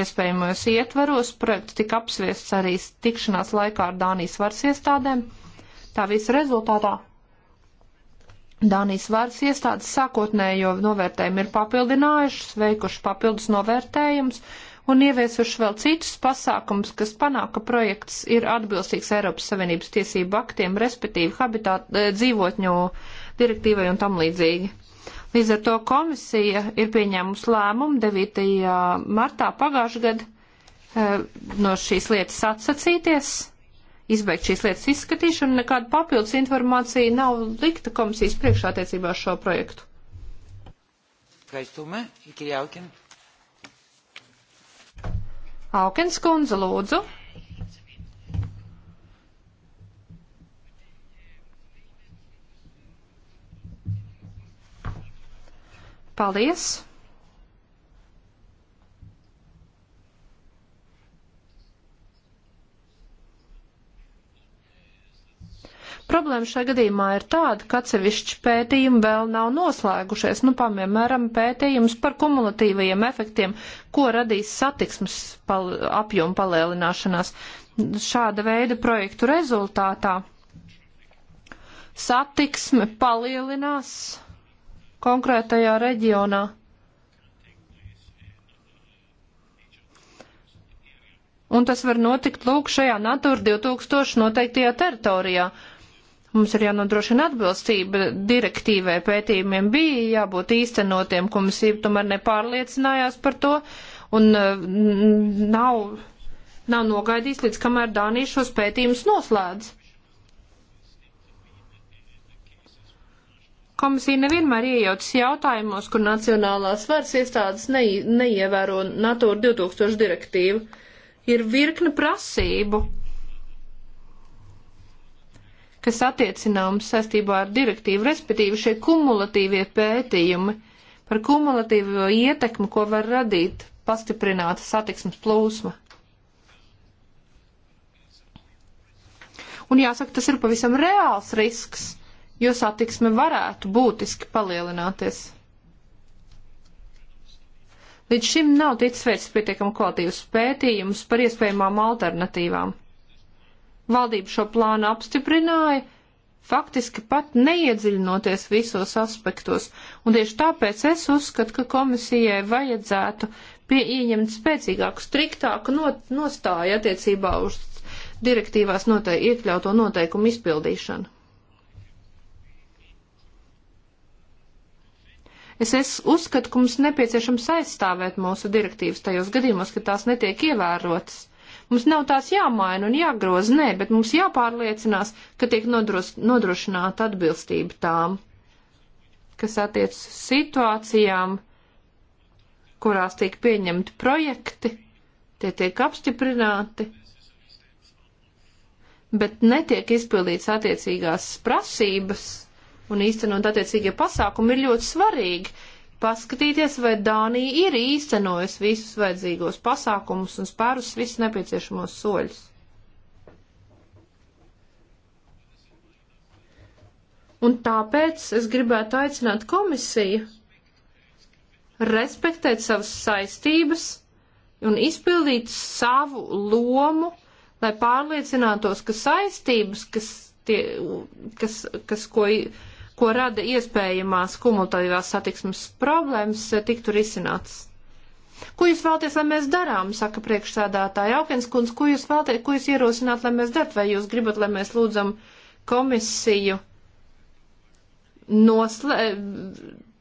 iespējamajos ietvaros. Projekts tika apsviests arī tikšanās laikā ar Dānijas varas iestādēm. Tā visa rezultātā Dānijas varas iestādes sākotnējo novērtējumu ir papildinājušas, veikuši papildus novērtējumus un ieviesuši vēl citus pasākumus, kas panāk, ka projekts ir atbilstīgs Eiropas Savienības tiesību aktiem, respektīvi habitāt, eh, dzīvotņu uh, direktīvai un tam līdzīgi. Līdz ar to komisija ir pieņēmusi lēmumu 9. martā pagājušā gada eh, no šīs lietas atsacīties, izbeigt šīs lietas izskatīšanu, nekāda papildus informācija nav likta komisijas priekšā attiecībā ar šo projektu. Ευχαριστούμε. Η κυρία Όκεν. Aukenskundze, lūdzu. Paldies! Problēma šajā gadījumā ir tāda, ka atsevišķi pētījumi vēl nav noslēgušies. Nu, piemēram, pētījums par kumulatīvajiem efektiem, ko radīs satiksmes pal apjomu palielināšanās. Šāda veida projektu rezultātā satiksme palielinās konkrētajā reģionā. Un tas var notikt lūk šajā Natura 2000 noteiktajā teritorijā. Mums ir jānodrošina atbilstība direktīvai pētījumiem bija jābūt īstenotiem, komisija tomēr nepārliecinājās par to un eh, nav, nav nogaidījis līdz kamēr Dānija šos pētījumus noslēdz. Komisija nevienmēr iejaucas jautājumos, kur nacionālās varas iestādes ne, neievēro NATO 2000 direktīvu. Ir virkne prasību, kas attiecināms saistībā ar direktīvu, respektīvi šie kumulatīvie pētījumi par kumulatīvo ietekmi, ko var radīt pastiprināta satiksmes plūsma. Un jāsaka, tas ir pavisam reāls risks jo satiksme varētu būtiski palielināties. Līdz šim nav ticis vērts pietiekami kvalitīvs pētījums par iespējamām alternatīvām. Valdība šo plānu apstiprināja, faktiski pat neiedziļinoties visos aspektos, un tieši tāpēc es uzskatu, ka komisijai vajadzētu pieņemt spēcīgāku, striktāku not, nostāju attiecībā uz direktīvās note iekļauto noteikumu izpildīšanu. Es, es uzskatu, ka mums nepieciešams aizstāvēt mūsu direktīvas tajos gadījumos, ka tās netiek ievērotas. Mums nav tās jāmaina un jāgroza, nē, bet mums jāpārliecinās, ka tiek nodros, nodrošināta atbilstība tām, kas attiec uz situācijām, kurās tiek pieņemti projekti, tie tiek apstiprināti, bet netiek izpildīts attiecīgās prasības un īstenot attiecīgie pasākumi ir ļoti svarīgi. Paskatīties, vai Dānija ir īstenojusi visus vajadzīgos pasākumus un spērus visus nepieciešamos soļus. Un tāpēc es gribētu aicināt komisiju respektēt savas saistības un izpildīt savu lomu, lai pārliecinātos, ka saistības, kas, tie, kas, kas ko ko rada iespējamās kumulatīvās satiksmes problēmas, eh, tiktu risināts. Ko jūs vēlaties, lai mēs darām, saka priekšsādātāja Aukens kundze, ko jūs vēlaties, ko jūs ierosināt, lai mēs darām, vai jūs gribat, lai mēs lūdzam komisiju noslē,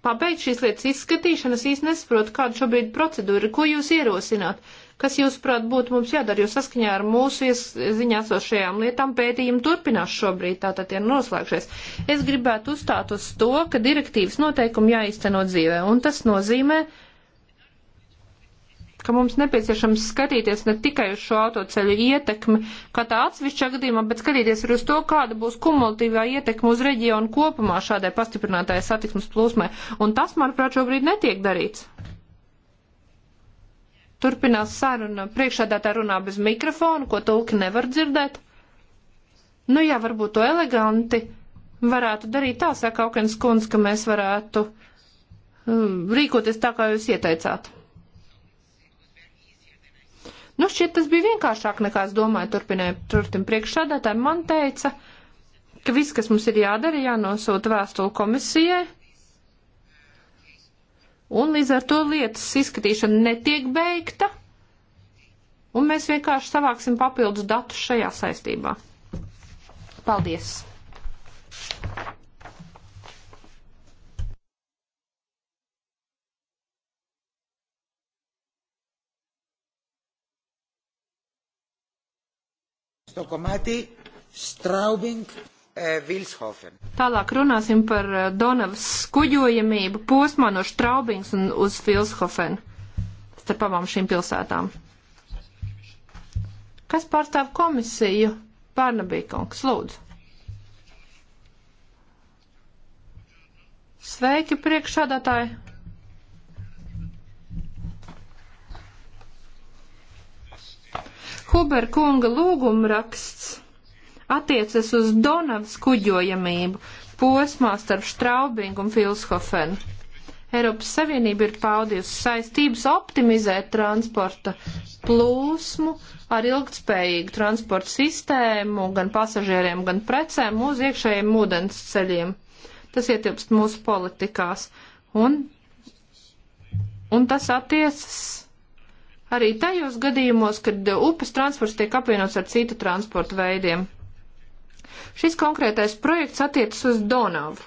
pabeigt šīs lietas izskatīšanu, es īsti nesaprotu, kāda šobrīd procedūra, ko jūs ierosināt, Kas, jūsuprāt, būtu mums jādara, jo saskaņā ar mūsu ziņā esošajām lietām pētījumi turpinās šobrīd, tātad tie ir noslēgšies. Es gribētu uzstāt uz to, ka direktīvas noteikumi jāizteno dzīvē, un tas nozīmē, ka mums nepieciešams skatīties ne tikai uz šo autoceļu ietekmi, kā tā atsevišķā gadījumā, bet skatīties arī uz to, kāda būs kumulatīvā ietekme uz reģionu kopumā šādai pastiprinātāja satiksmes plūsmai. Un tas, manuprāt, šobrīd netiek darīts. Turpinās saruna. Priekšādātā runā bez mikrofona, ko tulki nevar dzirdēt. Nu jā, varbūt to eleganti varētu darīt tā, saka Aukens kundze, ka mēs varētu um, rīkoties tā, kā jūs ieteicāt. Nu, šķiet, tas bija vienkāršāk nekā es domāju, turpināja turtim priekšādātāji. Man teica, ka viss, kas mums ir jādara, jānosūta vēstuli komisijai un līdz ar to lietas izskatīšana netiek beigta, un mēs vienkārši savāksim papildus datus šajā saistībā. Paldies! στο κομμάτι Straubing Vilshofen. Äh, Tālāk runāsim par äh, Donavas kuģojamību posmā no Štraubings un uz Vilshofen starp abām šīm pilsētām. Kas pārstāv komisiju? Pārnabīkungs, lūdzu. Sveiki, priekšādātāji! Huber kunga lūgumraksts attiecas uz Donavas kuģojamību posmā starp Straubingu un Filshofenu. Eiropas Savienība ir paudījusi saistības optimizēt transporta plūsmu ar ilgtspējīgu transporta sistēmu gan pasažieriem, gan precēm uz iekšējiem ūdens ceļiem. Tas ietilpst mūsu politikās. Un, un tas attiecas arī tajos gadījumos, kad upes transports tiek apvienots ar citu transporta veidiem. Šis konkrētais projekts attiecas uz Donavu.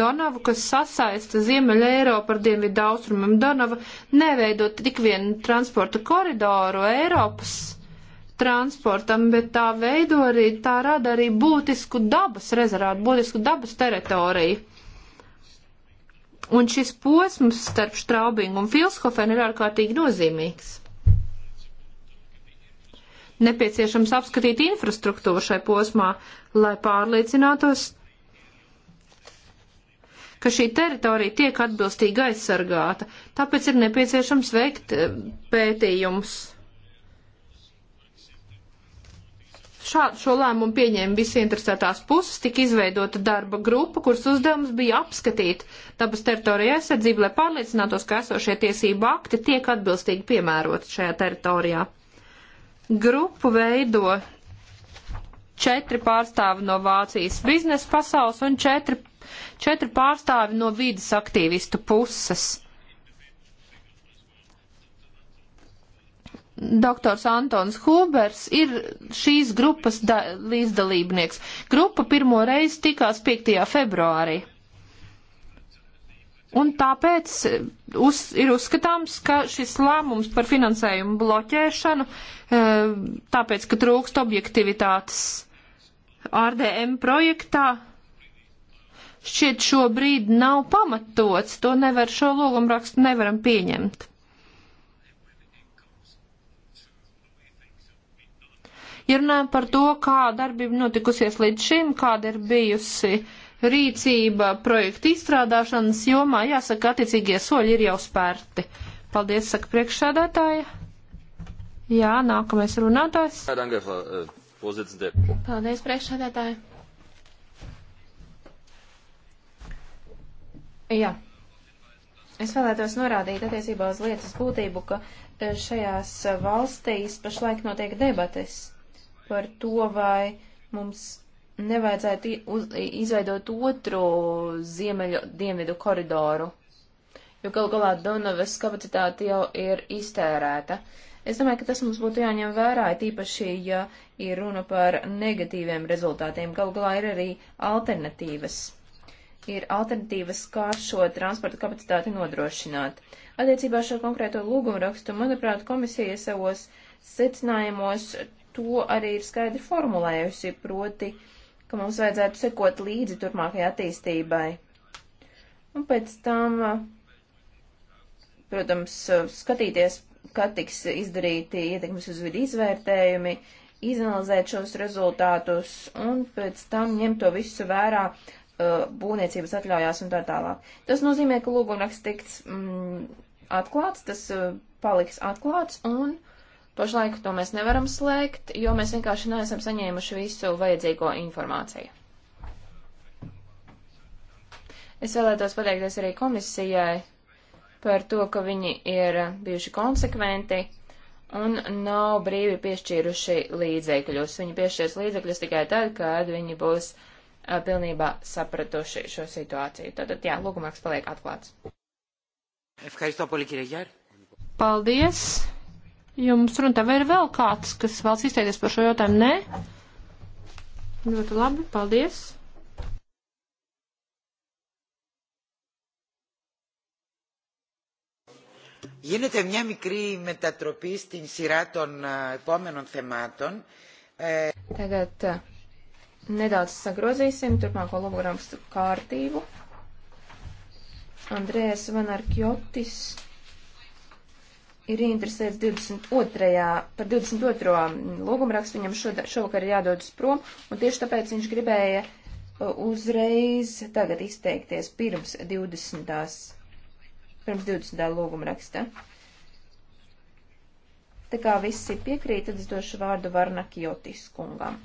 Donavu, kas sasaista Ziemeļa Eiropu ar Dienvidu austrumiem. Donava neveidot tik vienu transporta koridoru Eiropas transportam, bet tā veido arī, tā rada arī būtisku dabas rezervātu, būtisku dabas teritoriju. Un šis posms starp Straubingu un Filshofenu ir ārkārtīgi nozīmīgs nepieciešams apskatīt infrastruktūru šai posmā, lai pārliecinātos, ka šī teritorija tiek atbilstīgi aizsargāta. Tāpēc ir nepieciešams veikt eh, pētījumus. Šādu šo lēmumu pieņēma visi interesētās puses, tika izveidota darba grupa, kuras uzdevums bija apskatīt dabas teritoriju aizsardzību, lai pārliecinātos, ka esošie tiesību akti tiek atbilstīgi piemēroti šajā teritorijā. Grupu veido četri pārstāvi no Vācijas biznesa pasaules un četri, četri pārstāvi no vīdas aktīvistu puses. Doktors Antons Hubers ir šīs grupas līdzdalībnieks. Grupa pirmo reizi tikās 5. februārī. Un tāpēc eh, uz, ir uzskatāms, ka šis lēmums par finansējumu bloķēšanu, eh, tāpēc, ka trūkst objektivitātes RDM projektā, šķiet šobrīd nav pamatots, to nevar šo logumrakstu nevaram pieņemt. Ja runājam par to, kā darbība notikusies līdz šim, kāda ir bijusi uh, rīcība projektu izstrādāšanas jomā, jāsaka, attiecīgie soļi ir jau spērti. Paldies, saka priekšsādātāja. Jā, nākamais runātājs. Paldies, priekšsādātāja. Jā. Es vēlētos norādīt attiecībā uz lietas būtību, ka e, šajās valstīs pašlaik notiek debates par to, vai mums nevajadzētu uz, izveidot otru ziemeļu dienvidu koridoru, jo gal galā Donavas kapacitāte jau ir iztērēta. Es domāju, ka tas mums būtu jāņem vērā, tīpaši, ja ir runa par negatīviem rezultātiem. Gal galā ir arī alternatīvas. Ir alternatīvas, kā šo transporta kapacitāti nodrošināt. Attiecībā šo konkrēto lūgumu rakstu, manuprāt, komisija savos secinājumos to arī ir skaidri formulējusi, proti uh, ka mums vajadzētu sekot līdzi turpmākajai attīstībai. Un pēc tam, eh, protams, eh, skatīties, kā tiks izdarīti ietekmes uz vidi izvērtējumi, izanalizēt šos rezultātus un pēc tam ņemt to visu vērā eh, būvniecības atļaujās un tā tālāk. Tas nozīmē, ka lūgumraksts tiks mm, atklāts, tas uh, paliks atklāts un uh, Pašlaik to mēs nevaram slēgt, jo mēs vienkārši neesam saņēmuši visu vajadzīgo informāciju. Es vēlētos pateikties arī komisijai par to, ka viņi ir bijuši konsekventi un nav brīvi piešķīruši līdzekļus. Viņi piešķirs līdzekļus tikai tad, kad viņi būs a, pilnībā sapratuši šo situāciju. Tātad, jā, lūgumāks paliek atklāts. Paldies! Jums runā, vai ir vēl kāds, kas vēlas izteikties par šo jautājumu? Nē? Ļoti labi, paldies. Γίνεται μια μικρή μετατροπή στην σειρά των επόμενων θεμάτων. Tagad nedaudz sagrozīsim turpmāko logogrammas kārtību. Andrēs Vanarkjotis ir interesēts 22. par 22. Mm, lūgumrakstu, viņam šovakar ir jādodas prom, un tieši tāpēc viņš gribēja uh, uzreiz tagad izteikties pirms 20. pirms 20. lūgumraksta. Tā kā visi piekrīt, tad es došu vārdu Varnakijotis kungam.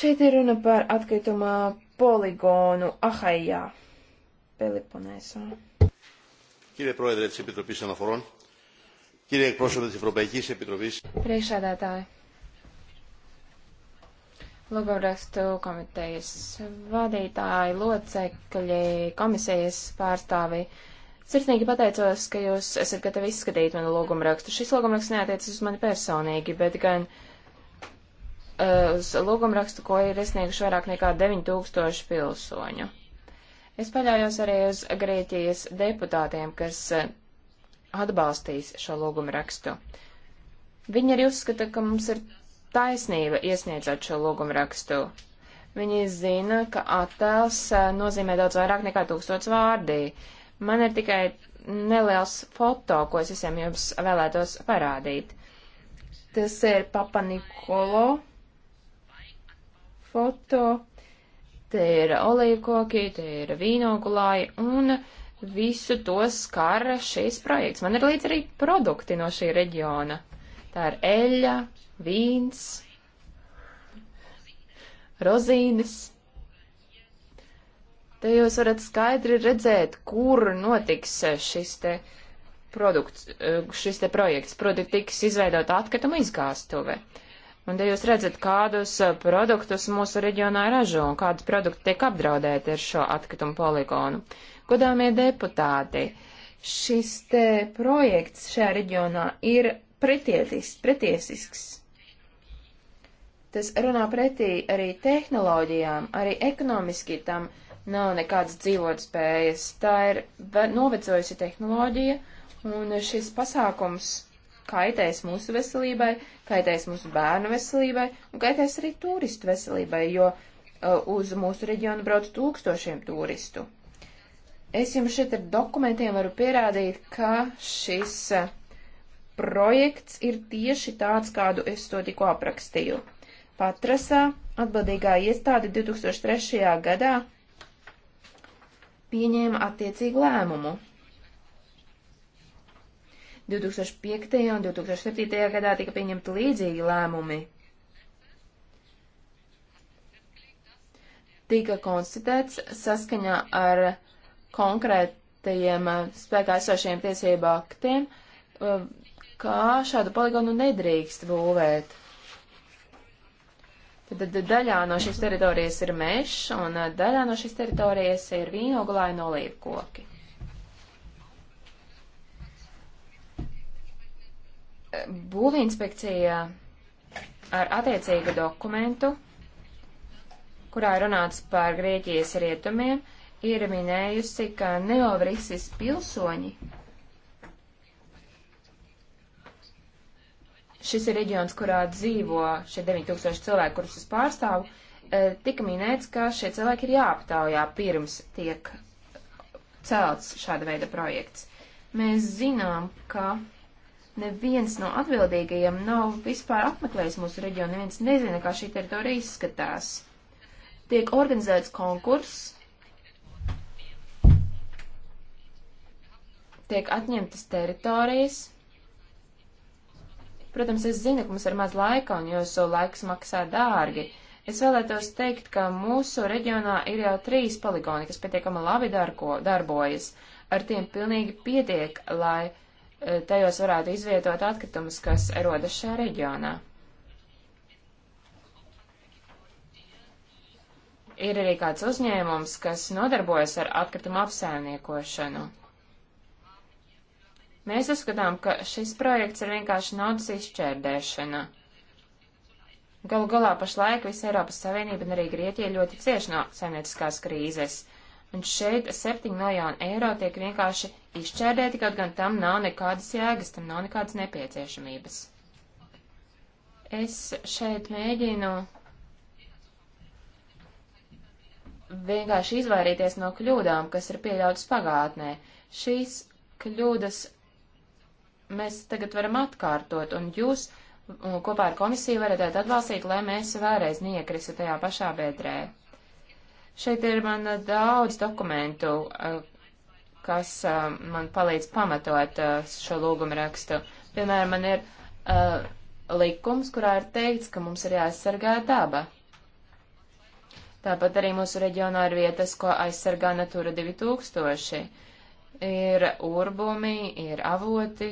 Šeit ir runa par atkritumā poligonu Ahajā, Peloponēsā. Κύριε Πρόεδρε της Επιτροπής Αναφορών, κύριε εκπρόσωπε της Ευρωπαϊκής Επιτροπής. Priekšādātāji, Lugavrakstu komitejas vadītāji, locekļi, komisijas pārstāvi. Sirsnīgi pateicos, ka jūs esat gatavi izskatīt manu lūgumrakstu. Šis lūgumraksts neatiecas uz mani personīgi, bet gan uh, Uh, uz lūgumrakstu, ko ir iesnieguši vairāk nekā 9000 pilsoņu. Es paļaujos arī uz Grieķijas deputātiem, kas uh, atbalstīs šo lūgumrakstu. Viņi arī uzskata, ka mums ir taisnība iesniedzot šo lūgumrakstu. Viņi zina, ka attēls uh, nozīmē daudz vairāk nekā tūkstots vārdī. Man ir tikai neliels foto, ko es visiem jums vēlētos parādīt. Tas ir Papa Nikolo foto. Te ir olīvkoki, te ir vīnogulāji un visu to skar šis projekts. Man ir līdz arī produkti no šī reģiona. Tā ir eļļa, vīns, rozīnes. Te jūs varat skaidri redzēt, kur notiks šis te produkts, šis te projekts. Proti tiks izveidota atkrituma izgāstuve. Uh, Un te jūs redzat, kādus eh, produktus mūsu reģionā ražo un kādi produkti tiek apdraudēti ar šo atkritumu poligonu. Godāmie deputāti, šis te projekts šajā reģionā ir pretiesisks. Tas runā pretī arī tehnoloģijām, arī ekonomiski tam nav nekādas dzīvotspējas. Tā ir novecojusi tehnoloģija, un šis pasākums kaitēs mūsu veselībai, kaitēs mūsu bērnu veselībai un kaitēs arī turistu veselībai, jo uh, uz mūsu reģionu brauc tūkstošiem turistu. Es jums šeit ar dokumentiem varu pierādīt, ka šis uh, projekts ir tieši tāds, kādu es to tikko aprakstīju. Patrasā atbildīgā iestāde 2003. gadā pieņēma attiecīgu lēmumu. 2005. un 2007. gadā tika pieņemti līdzīgi lēmumi. Tika konstatēts saskaņā ar konkrētajiem uh, spēkā esošajiem tiesību aktiem, uh, kā šādu poligonu nedrīkst būvēt. Tad daļā no šīs teritorijas ir mežs, un uh, daļā no šīs teritorijas ir vīnogulāja nolīvkoki. būvinspekcija ar attiecīgu dokumentu, kurā runāts par Grieķijas rietumiem, ir minējusi, ka neovrisis pilsoņi. Šis ir reģions, kurā dzīvo šie 9000 cilvēki, kurus es pārstāvu. E, tika minēts, ka šie cilvēki ir jāaptaujā pirms tiek celts šāda veida projekts. Mēs zinām, ka neviens no atbildīgajiem nav vispār apmeklējis mūsu reģionu, neviens nezina, kā šī teritorija izskatās. Tiek organizēts konkurss, tiek atņemtas teritorijas. Protams, es zinu, ka mums ir maz laika, un jūsu laiks maksā dārgi. Es vēlētos teikt, ka mūsu reģionā ir jau trīs poligoni, kas pietiekami labi darko, darbojas. Ar tiem pilnīgi pietiek, lai uh, Eh, tajos varētu izvietot atkritumus, kas rodas šajā reģionā. Ir arī kāds uzņēmums, kas nodarbojas ar atkritumu apsaimniekošanu. Mēs uzskatām, ka šis projekts ir vienkārši naudas izšķērdēšana. Galu galā pašlaik visa Eiropas Savienība un arī Grieķija ļoti cieši no saimnieciskās krīzes. Un šeit 7 miljoni eiro tiek vienkārši izšķērdēti, kaut gan tam nav nekādas jēgas, tam nav nekādas nepieciešamības. Es šeit mēģinu vienkārši izvairīties no kļūdām, kas ir pieļautas pagātnē. Šīs kļūdas mēs tagad varam atkārtot, un jūs uh, kopā ar komisiju varat atbalstīt, lai mēs vēlreiz niekristu tajā pašā bedrē. Šeit ir man eh, daudz dokumentu, eh, kas eh, man palīdz pamatot šo lūgumu rakstu. Piemēram, man ir uh, likums, kurā ir teikts, ka mums ir jāaizsargā daba. Tāpat arī mūsu reģionā ir vietas, ko aizsargā Natura 2000. Ir urbumi, ir avoti.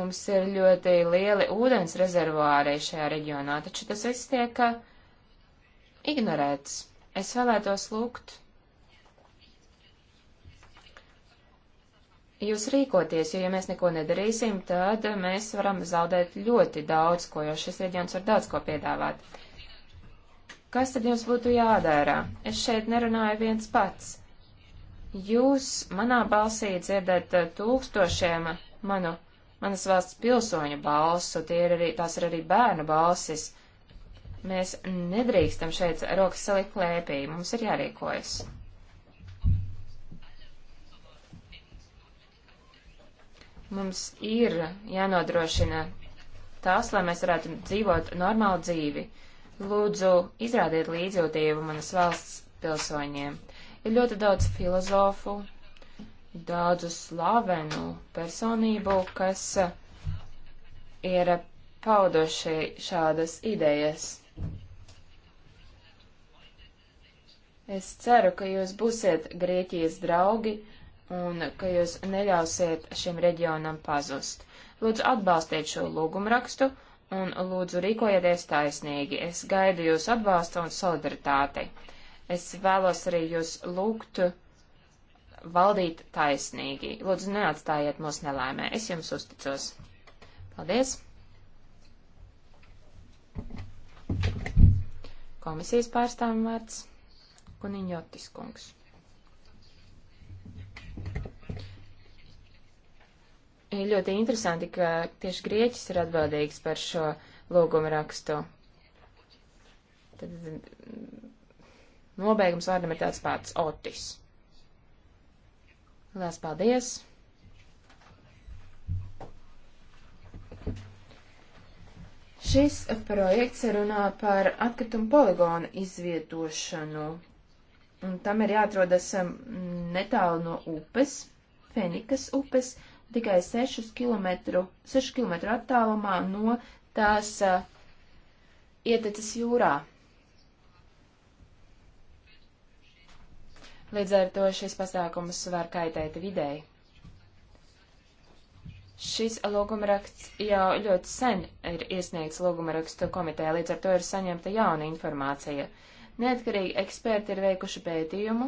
Mums ir ļoti lieli ūdens rezervāri šajā reģionā, taču tas viss tiek uh, ignorēts. Es vēlētos lūgt jūs rīkoties, jo ja mēs neko nedarīsim, tad mēs varam zaudēt ļoti daudz ko, jo šis reģions var daudz ko piedāvāt. Kas tad jums būtu jādara? Es šeit nerunāju viens pats. Jūs manā balsī dzirdat eh, tūkstošiem manu, manas valsts pilsoņu balsu, tie ir arī, tās ir arī bērnu balsis. Mēs nedrīkstam šeit rokas salikt klēpī, mums ir jārīkojas. Mums ir jānodrošina tas, lai mēs varētu dzīvot normālu dzīvi. Lūdzu, izrādiet līdzjūtību manas valsts pilsoņiem. Ir ļoti daudz filozofu, daudzu slavenu personību, kas ir paudoši šādas idejas. Es ceru, ka jūs būsiet Grieķijas draugi un ka jūs neļausiet šim reģionam pazust. Lūdzu, atbalstiet šo lūgumrakstu un lūdzu rīkojieties taisnīgi. Es gaidu jūs atbalstu un solidaritāti. Es vēlos arī jūs lūgt valdīt taisnīgi. Lūdzu, neatstājiet mūs nelēmē. Es jums uzticos. Paldies! Komisijas pārstāvim vārds Kuniņotis kungs. Ir ļoti interesanti, ka tieši Grieķis ir atbildīgs par šo lūgumu rakstu. Tad nobeigums vārdam ir tāds pats Otis. Lielas paldies! Šis projekts runā par atkritumu poligonu izvietošanu. Un tam ir jāatrodas um, netālu no upes, Fenikas upes, tikai 6 km, 6 km attālumā no tās uh, ietecas jūrā. Līdz ar to šis pasākums var kaitēt videi. Šis lūgumraksts jau ļoti sen ir iesniegts lūgumrakstu komitejā, līdz ar to ir saņemta jauna informācija. Neatkarīgi eksperti ir veikuši pētījumu,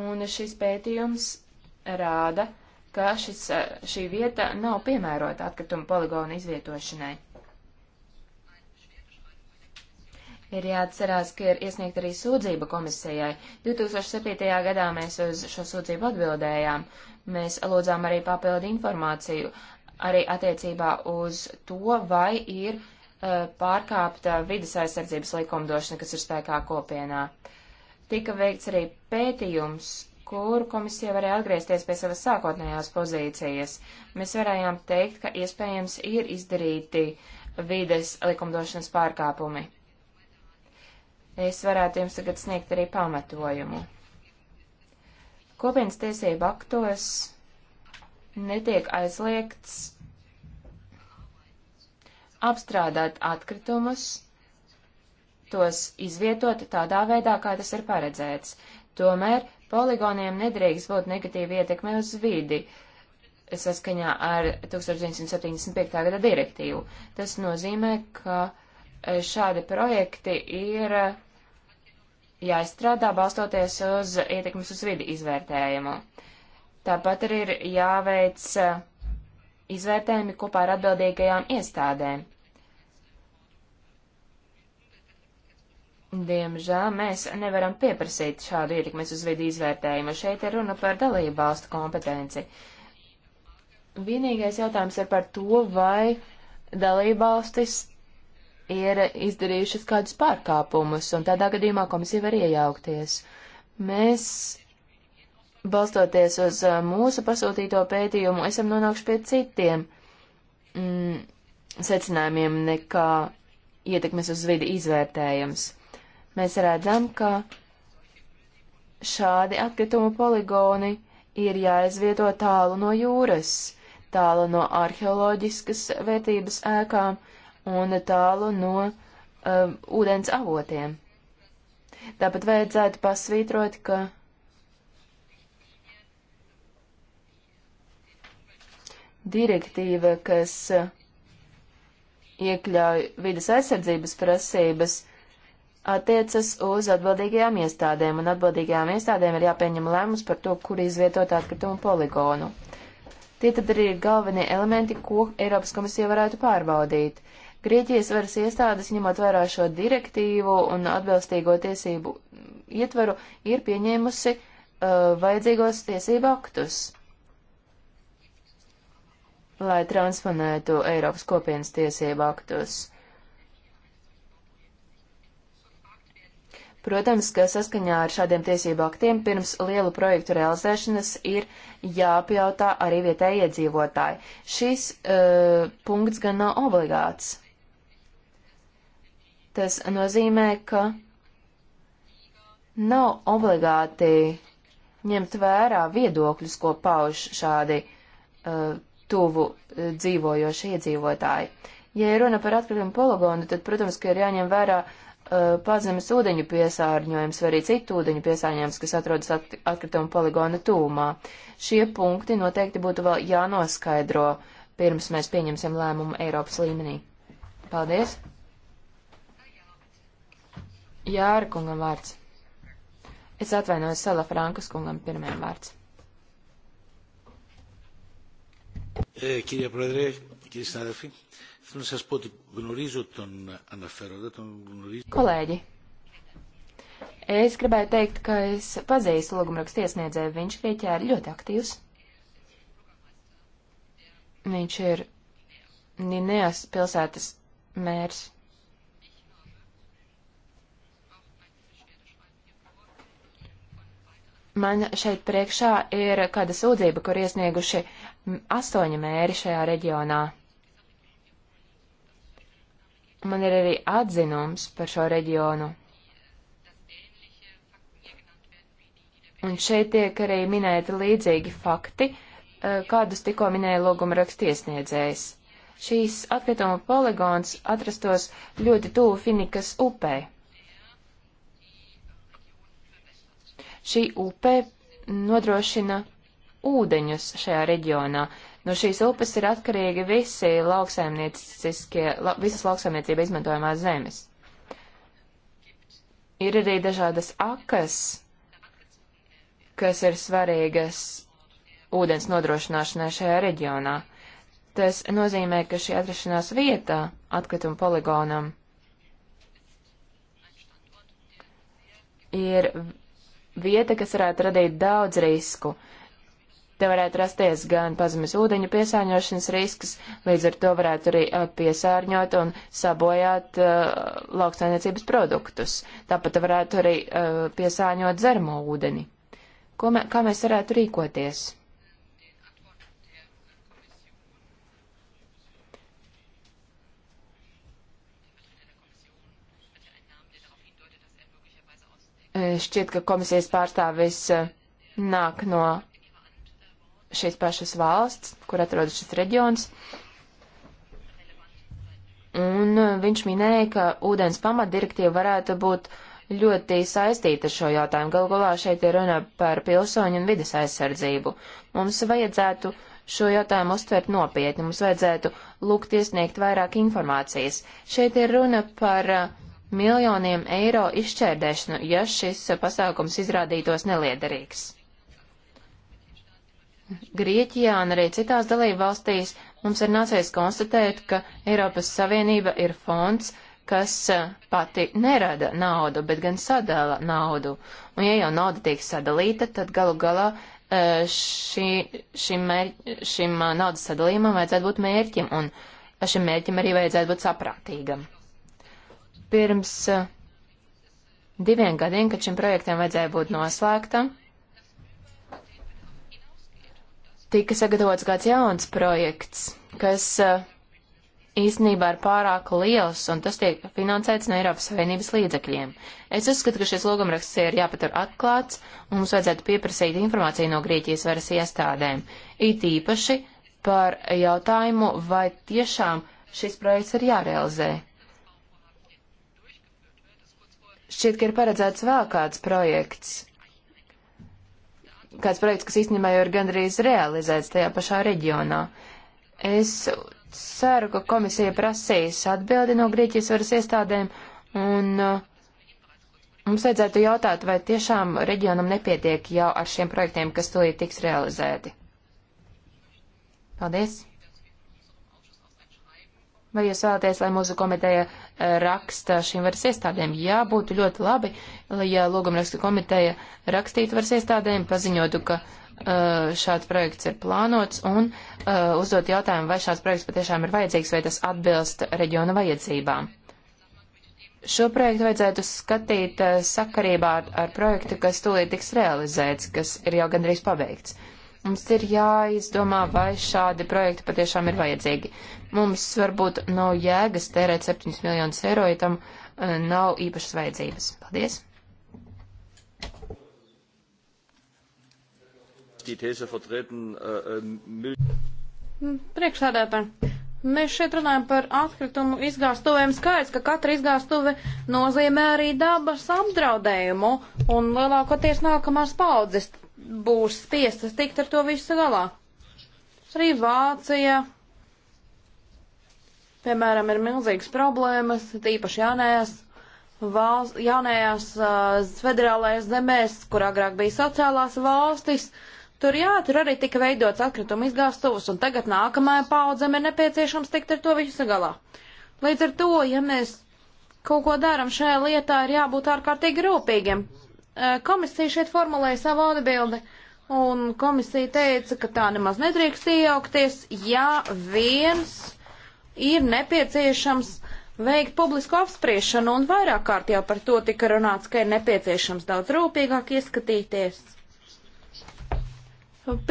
un šis pētījums rāda, ka šis, šī vieta nav piemērota atkrituma poligona izvietošanai. Ir jāatcerās, ka ir iesniegta arī sūdzība komisijai. 2007. gadā mēs uz šo sūdzību atbildējām. Mēs lūdzām arī papildu informāciju arī attiecībā uz to, vai ir uh, pārkāpta vidas aizsardzības likumdošana, kas ir spēkā kopienā. Tika veikts arī pētījums, kur komisija varēja atgriezties pie savas sākotnējās pozīcijas. Mēs varējām teikt, ka iespējams ir izdarīti vides likumdošanas pārkāpumi. Es varētu jums tagad sniegt arī pamatojumu. Kopienas tiesība aktos netiek aizliegts apstrādāt atkritumus, tos izvietot tādā veidā, kā tas ir paredzēts. Tomēr poligoniem nedrīkst būt negatīva ietekme uz vidi saskaņā ar 1975. gada direktīvu. Tas nozīmē, ka e, šādi projekti ir e, jāizstrādā balstoties uz ietekmes uz vidi izvērtējumu. Tāpat arī ir jāveic e, izvērtējumi kopā ar atbildīgajām iestādēm. Diemžēl mēs nevaram pieprasīt šādu ietekmes uz vidi izvērtējumu. Šeit ir runa par dalību valstu kompetenci. Vienīgais jautājums ir par to, vai dalību valstis ir izdarījušas kādus pārkāpumus, un tādā gadījumā komisija var iejaukties. Mēs, balstoties uz uh, mūsu pasūtīto pētījumu, esam nonākuši pie citiem mm, secinājumiem nekā ietekmes uz vidi izvērtējums. Mēs redzam, ka šādi atkritumu poligoni ir jāizvieto tālu no jūras, tālu no arheoloģiskas vērtības ēkām un tālu no um, uh, ūdens avotiem. Tāpat vajadzētu pasvītrot, ka direktīva, kas iekļauj vidas aizsardzības prasības, attiecas uz atbildīgajām iestādēm, un atbildīgajām iestādēm ir jāpieņem lēmums par to, kur izvietot atkritumu poligonu. Tie tad arī ir galvenie elementi, ko Eiropas komisija varētu pārbaudīt. Grieķijas varas iestādes, ņemot vērā šo direktīvu un atbilstīgo tiesību ietvaru, ir pieņēmusi uh, vajadzīgos tiesību aktus, lai transponētu Eiropas kopienas tiesību aktus. Protams, ka saskaņā ar šādiem tiesību aktiem pirms lielu projektu realizēšanas ir jāpajautā arī vietēji iedzīvotāji. Šis uh, punkts gan nav obligāts. Tas nozīmē, ka nav obligāti ņemt vērā viedokļus, ko pauž šādi uh, tuvu uh, eh, dzīvojošie iedzīvotāji. Ja runa par atkritumu poligonu, tad, protams, ka ir jāņem vērā uh, Eh, pazemes ūdeņu piesārņojums vai arī citu ūdeņu piesārņojums, kas atrodas atkrituma poligona tūmā. Šie punkti noteikti būtu vēl jānoskaidro, pirms mēs pieņemsim lēmumu Eiropas līmenī. Paldies! Jāra kungam vārds. Es atvainojos Sala Frankas kungam pirmajam vārds. Κύριε Πρόεδρε, κύριε συνάδελφοι, θέλω να σας πω ότι γνωρίζω τον αναφέροντα, τον γνωρίζω... Kolēģi, es gribēju teikt, ka es pazīstu logumrakstu iesniedzēju. Viņš Grieķijā ir ļoti aktīvs. Viņš ir Ninejas pilsētas mērs. Man šeit priekšā ir kāda sūdzība, kur iesnieguši astoņi mēri šajā reģionā. Man ir arī atzinums par šo reģionu. Un šeit tiek arī minēti līdzīgi fakti, eh, kādus tikko minēja loguma rakstiesniedzējs. Šīs atkrituma poligons atrastos ļoti tuvu Finikas upē. Šī upē nodrošina ūdeņus šajā reģionā, No šīs upes ir atkarīgi visi lauksaimnieciskie, la, visas lauksaimniecība izmantojamās zemes. Ir arī dažādas akas, kas ir svarīgas ūdens nodrošināšanai šajā reģionā. Tas nozīmē, ka šī atrašanās vietā atkrituma poligonam ir vieta, kas varētu radīt daudz risku. Te varētu rasties gan pazemes ūdeņu piesārņošanas risks, līdz ar to varētu arī piesārņot un sabojāt uh, lauksainiecības produktus. Tāpat varētu arī uh, piesārņot zermo ūdeni. Ko mē, kā mēs varētu rīkoties? šķiet, ka komisijas pārstāvis nāk no šīs pašas valsts, kur atrodas šis reģions. Un uh, viņš minēja, ka ūdens pamatdirektīva varētu būt ļoti saistīta ar šo jautājumu. Galu galā šeit ir runa par pilsoņu un vidas aizsardzību. Mums vajadzētu šo jautājumu uztvert nopietni, mums vajadzētu lūgt iesniegt vairāk informācijas. Šeit ir runa par uh, miljoniem eiro izšķērdēšanu, ja šis uh, pasākums izrādītos neliederīgs. Grieķijā un arī citās dalībvalstīs mums ir nācies konstatēt, ka Eiropas Savienība ir fonds, kas e, pati nerada naudu, bet gan sadala naudu. Un ja jau nauda tiek sadalīta, tad galu galā e, šī, šim, mēr, šim e, naudas sadalījumam vajadzētu būt mērķim, un šim mērķim arī vajadzētu būt saprātīgam. Pirms diviem gadiem, kad šim projektam vajadzēja būt noslēgtam, tika sagatavots kāds jauns projekts, kas eh, īstenībā ir pārāk liels, un tas tiek finansēts no Eiropas Savienības līdzekļiem. Es uzskatu, ka šis logumraksts ir jāpatur atklāts, un mums vajadzētu pieprasīt informāciju no Grieķijas varas iestādēm. It īpaši par jautājumu, vai tiešām šis projekts ir jārealizē. Šķiet, ka ir paredzēts vēl kāds projekts, kāds projekts, kas īstenībā jau ir gandrīz realizēts tajā pašā reģionā. Es ceru, ka komisija prasīs atbildi no Grieķijas varas iestādēm, un uh, mums vajadzētu jautāt, vai tiešām reģionam nepietiek jau ar šiem projektiem, kas tūlīt tiks realizēti. Paldies! Vai jūs vēlaties, lai mūsu komiteja eh, raksta šīm varas iestādēm? Jā, būtu ļoti labi, lai ja lūgumrakstu komiteja rakstītu varas iestādēm, paziņotu, ka eh, šāds projekts ir plānots un eh, uzdot jautājumu, vai šāds projekts patiešām ir vajadzīgs, vai tas atbilst reģiona vajadzībām. Šo projektu vajadzētu skatīt sakarībā ar, ar projektu, kas tūlīt tiks realizēts, kas ir jau gandrīz pabeigts. Uh, Mums ir jāizdomā, vai šādi projekti patiešām ir vajadzīgi. Mums varbūt nav jēgas tērēt 7 miljonus eiro, ja tam e, nav īpašas vajadzības. Paldies! Äh, ähm, mm, priekšsēdētāji, mēs šeit runājam par atkritumu izgāstuvēm. Skaidrs, ka katra izgāstuve nozīmē arī dabas apdraudējumu un lielākoties nākamās paudzes būs spiestas tikt ar to visu galā. Arī Vācija, piemēram, ir milzīgas problēmas, tīpaši jaunajās, valst, jaunajās uh, federālajās zemēs, kur agrāk bija sociālās valstis. Tur jā, tur arī tika veidots atkritumu izgāstuvus, un tagad nākamajai paudzēm ir nepieciešams tikt ar to visu galā. Līdz ar to, ja mēs kaut ko darām šajā lietā, ir jābūt ārkārtīgi rūpīgiem. Komisija šeit formulēja savu atbildi, un komisija teica, ka tā nemaz nedrīkst iejaukties, ja viens ir nepieciešams veikt publisku apspriešanu, un vairāk kārt jau par to tika runāts, ka ir nepieciešams daudz rūpīgāk ieskatīties.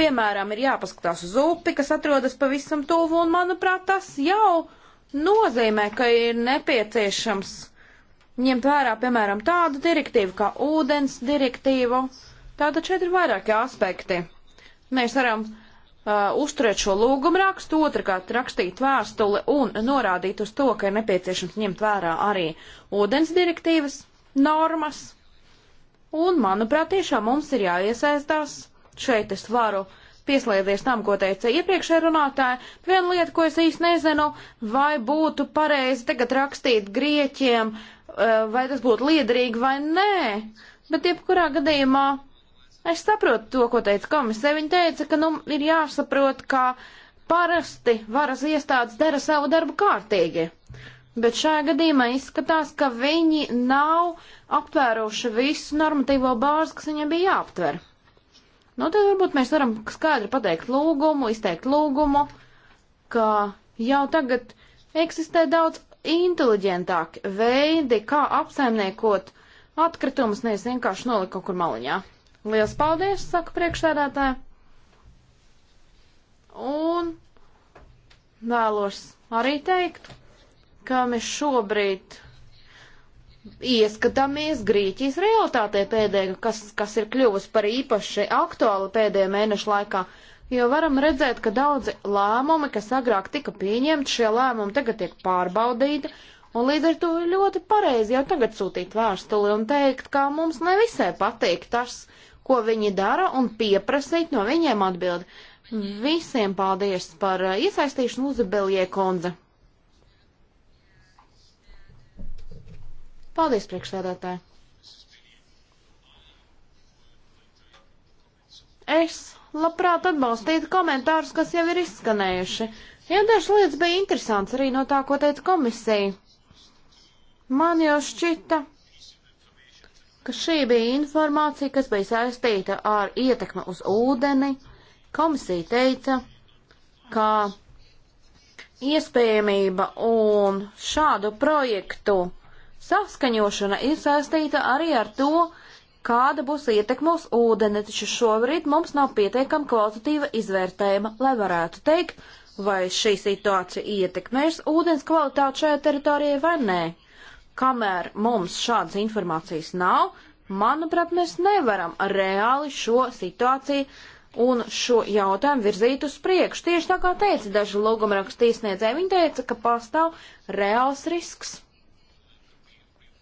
Piemēram, ir jāpaskatās uz upi, kas atrodas pavisam tuvu, un, manuprāt, tas jau nozīmē, ka ir nepieciešams ņemt vērā, piemēram, tādu direktīvu kā ūdens direktīvu. Tātad šeit ir vairāki aspekti. Mēs varam uh, uzturēt šo lūgumu rakstu, otrkārt rakstīt vēstuli un norādīt uz to, ka ir nepieciešams ņemt vērā arī ūdens direktīvas normas. Un, manuprāt, tiešām mums ir jāiesaistās. Šeit es varu pieslēdzies tam, ko teica iepriekšējā runātāja. Viena lieta, ko es īsti nezinu, vai būtu pareizi tagad rakstīt grieķiem uh, Eh, vai tas būtu liederīgi vai nē, bet jebkurā gadījumā es saprotu to, ko teica komisija. Viņa teica, ka nu, ir jāsaprot, ka parasti varas iestādes dara savu darbu kārtīgi. Bet šajā gadījumā izskatās, ka viņi nav aptvēruši visu normatīvo bāzi, kas viņiem bija jāaptver. Nu, tad varbūt mēs varam skaidri pateikt lūgumu, izteikt lūgumu, ka jau tagad eksistē daudz inteliģentāki veidi, kā apsaimniekot atkritumus, nevis vienkārši nolikt kaut kur maliņā. Lielas paldies, saka priekšsēdētāja. Un vēlos arī teikt, ka mēs šobrīd ieskatāmies Grieķijas realitātē pēdējā, kas, kas ir kļuvusi par īpaši aktuāli pēdējo mēnešu laikā. Uh, jo varam redzēt, ka daudzi lēmumi, kas agrāk tika pieņemti, šie lēmumi tagad tiek pārbaudīti, un līdz ar to ir ļoti pareizi jau tagad sūtīt vēstuli un teikt, ka mums nevisai patīk tas, ko viņi dara, un pieprasīt no viņiem atbildi. Visiem paldies par uh, iesaistīšanu Uzabelie kundze. Paldies, priekšsēdētāji. Es labprāt atbalstītu komentārus, kas jau ir izskanējuši. Jā, dažas lietas bija interesants arī no tā, ko teica komisija. Man jau šķita, ka šī bija informācija, kas bija saistīta ar ietekmi uz ūdeni. Komisija teica, ka iespējamība un šādu projektu saskaņošana ir saistīta arī ar to, kāda būs ietekme uz ūdeni, taču šobrīd mums nav pietiekama kvalitatīva izvērtējuma, lai varētu teikt, vai šī situācija ietekmēs ūdens kvalitāti šajā teritorijā vai nē. Kamēr mums šādas informācijas nav, manuprāt, mēs nevaram reāli šo situāciju un šo jautājumu virzīt uz priekšu. Tieši tā kā teica daži lūgumrakstu iesniedzēji, viņi teica, ka pastāv reāls risks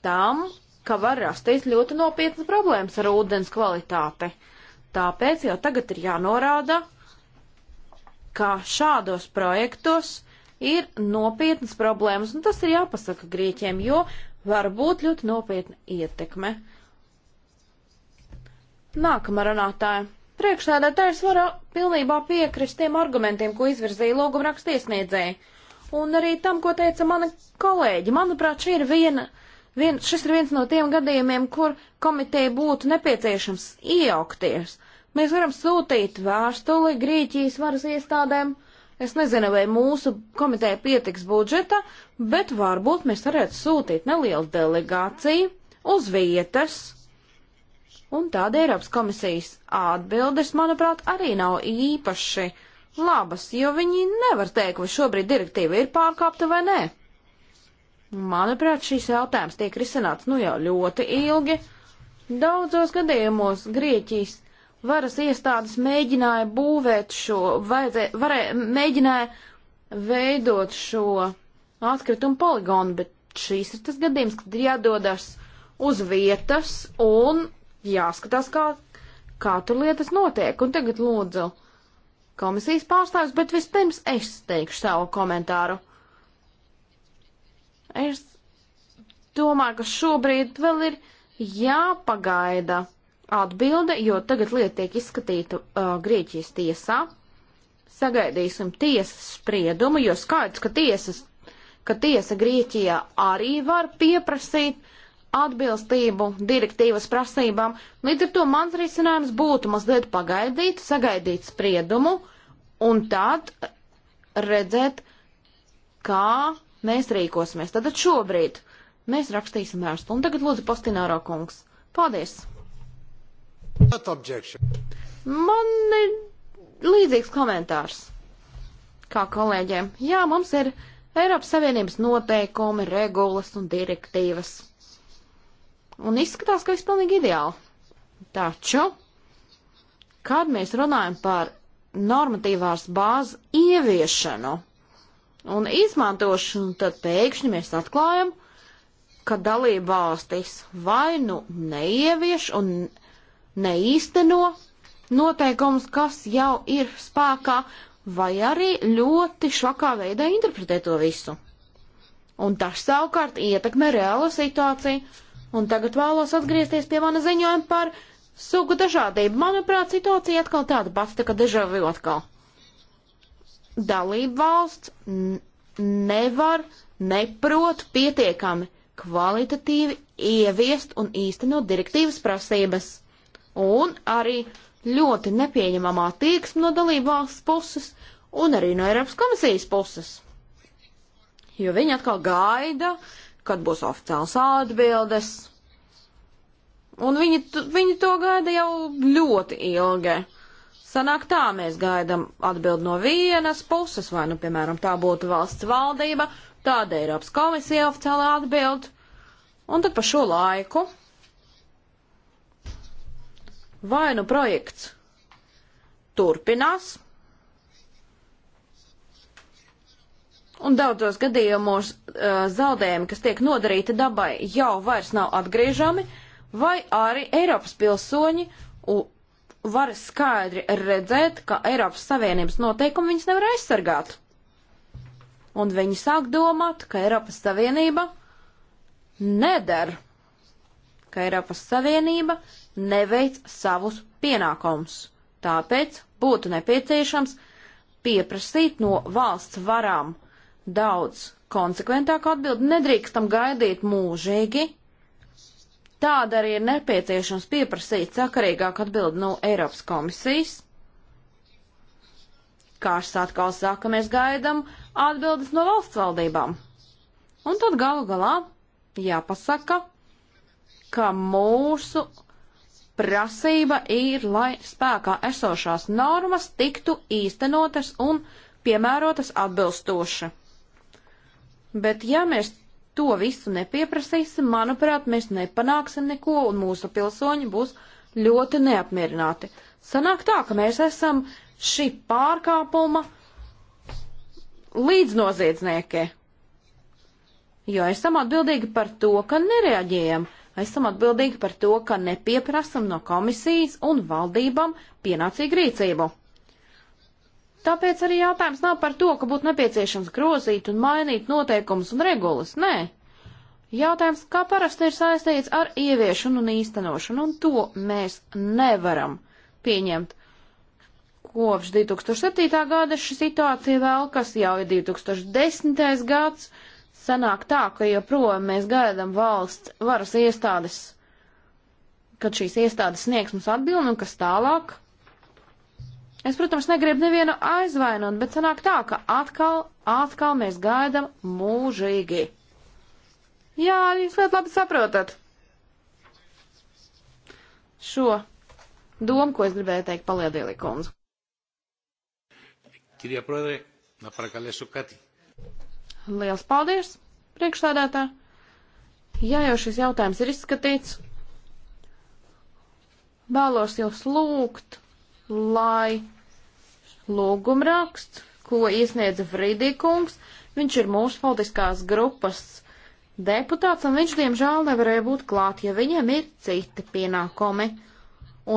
tam, ka var rasties ļoti nopietnas problēmas ar ūdens kvalitāti. Tāpēc jau tagad ir jānorāda, ka šādos projektos ir nopietnas problēmas, un tas ir jāpasaka grieķiem, jo var būt ļoti nopietna ietekme. Nākamā runātāja. Priekšsēdētājs var pilnībā piekrist tiem argumentiem, ko izvirzīja lūguma rakstiesniedzēji, un arī tam, ko teica mani kolēģi. Manuprāt, šī ir viena Vien, šis ir viens no tiem gadījumiem, kur komiteja būtu nepieciešams iejaukties. Mēs varam sūtīt vēstuli Grieķijas varas iestādēm. Es nezinu, vai mūsu komiteja pietiks budžeta, bet varbūt mēs varētu sūtīt nelielu delegāciju uz vietas. Un tāda Eiropas komisijas atbildes, manuprāt, arī nav īpaši labas, jo viņi nevar teikt, vai šobrīd direktīva ir pārkāpta vai nē. Manuprāt, šis jautājums tiek risināts nu jau ļoti ilgi. Daudzos gadījumos Grieķijas varas iestādes mēģināja būvēt šo, vajadzē, varēja, mēģināja veidot šo atkritumu poligonu, bet šīs ir tas gadījums, kad ir jādodas uz vietas un jāskatās, kā, kā tur lietas notiek. Un tagad lūdzu komisijas pārstāvis, bet vispirms es teikšu savu komentāru. Es domāju, ka šobrīd vēl ir jāpagaida atbilde, jo tagad lieta tiek izskatīta uh, Grieķijas tiesā. Sagaidīsim tiesas spriedumu, jo skaidrs, ka, tiesas, ka tiesa Grieķijā arī var pieprasīt atbilstību direktīvas prasībām. Līdz ar to mans risinājums būtu mazliet pagaidīt, sagaidīt spriedumu un tad redzēt, kā mēs rīkosimies. Tad šobrīd mēs rakstīsim ērstu. Un tagad lūdzu postināro kungs. Paldies! Man ir līdzīgs komentārs. Kā kolēģiem, jā, mums ir Eiropas Savienības noteikumi, regulas un direktīvas. Un izskatās, ka viss pilnīgi ideāli. Taču, kad mēs runājam par normatīvās bāzes ieviešanu, un izmantošanu, tad pēkšņi mēs atklājam, ka dalībvalstis vai nu neievieš un neīsteno noteikums, kas jau ir spēkā, vai arī ļoti švakā veidā interpretē to visu. Un tas savukārt ietekmē reālo situāciju. Un tagad vēlos atgriezties pie mana ziņojuma par sugu dažādību. Manuprāt, situācija atkal tāda pati, tā kā dežavu atkal dalība valsts nevar, neprot pietiekami kvalitatīvi ieviest un īstenot direktīvas prasības. Un arī ļoti nepieņemamā attieksme no dalību valsts puses un arī no Eiropas komisijas puses. Jo viņi atkal gaida, kad būs oficiāls atbildes. Un viņi, viņi to gaida jau ļoti ilgi. Sanāk tā, mēs gaidam atbild no vienas puses, vai nu, piemēram, tā būtu valsts valdība, tāda Eiropas komisija oficiāli atbild, un tad pa šo laiku vai nu projekts turpinās, Un daudzos gadījumos zaudējumi, kas tiek nodarīti dabai, jau vairs nav atgriežami, vai arī Eiropas pilsoņi var skaidri redzēt, ka Eiropas Savienības noteikumi viņus nevar aizsargāt. Un viņi sāk domāt, ka Eiropas Savienība neder, ka Eiropas Savienība neveic savus pienākumus. Tāpēc būtu nepieciešams pieprasīt no valsts varām daudz konsekventāku atbildi. Nedrīkstam gaidīt mūžīgi, Tāda arī ir nepieciešams pieprasīt sakarīgāk atbildi no Eiropas komisijas. Kārs atkal saka, mēs gaidam atbildes no valsts valdībām. Un tad galu galā jāpasaka, ka mūsu prasība ir, lai spēkā esošās normas tiktu īstenotas un piemērotas atbilstoši. Bet ja mēs to visu nepieprasīsim, manuprāt, mēs nepanāksim neko un mūsu pilsoņi būs ļoti neapmierināti. Sanāk tā, ka mēs esam šī pārkāpuma līdznoziedznieki, jo esam atbildīgi par to, ka nereaģējam, esam atbildīgi par to, ka nepieprasam no komisijas un valdībām pienācīgu rīcību. Tāpēc arī jautājums nav par to, ka būtu nepieciešams grozīt un mainīt noteikumus un regulas. Nē. Jautājums, kā parasti ir saistīts ar ieviešanu un īstenošanu, un to mēs nevaram pieņemt. Kopš 2007. gada šī situācija vēl, kas jau ir 2010. gads, sanāk tā, ka joprojām mēs gaidām valsts varas iestādes, kad šīs iestādes sniegs mums atbildi un kas tālāk, Es, protams, negribu nevienu aizvainot, bet sanāk tā, ka atkal, atkal mēs gaidam mūžīgi. Jā, jūs ļoti labi saprotat šo domu, ko es gribēju teikt paliedieli kundzu. Kirjā prodre, naprakalēšu kati. Liels paldies, priekšstādātā. Ja jau šis jautājums ir izskatīts, vēlos jūs lūgt lai lūgumraksts, ko iesniedza Fridīkungs, viņš ir mūsu politiskās grupas deputāts, un viņš, diemžēl, nevarēja būt klāt, ja viņam ir citi pienākumi.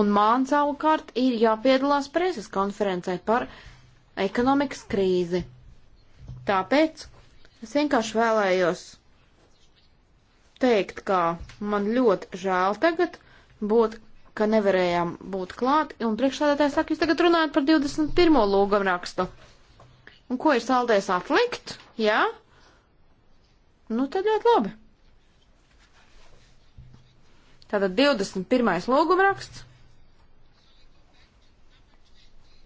Un man savukārt ir jāpiedalās preses konferencē par ekonomikas krīzi. Tāpēc es vienkārši vēlējos teikt, ka man ļoti žēl tagad būt ka nevarējām būt klāt, un priekšstādātājs saka, jūs tagad runājat par 21. lūgumu rakstu. Un ko ir saldējis atlikt? Jā? Nu, tad ļoti labi. Tātad 21. lūgumu raksts.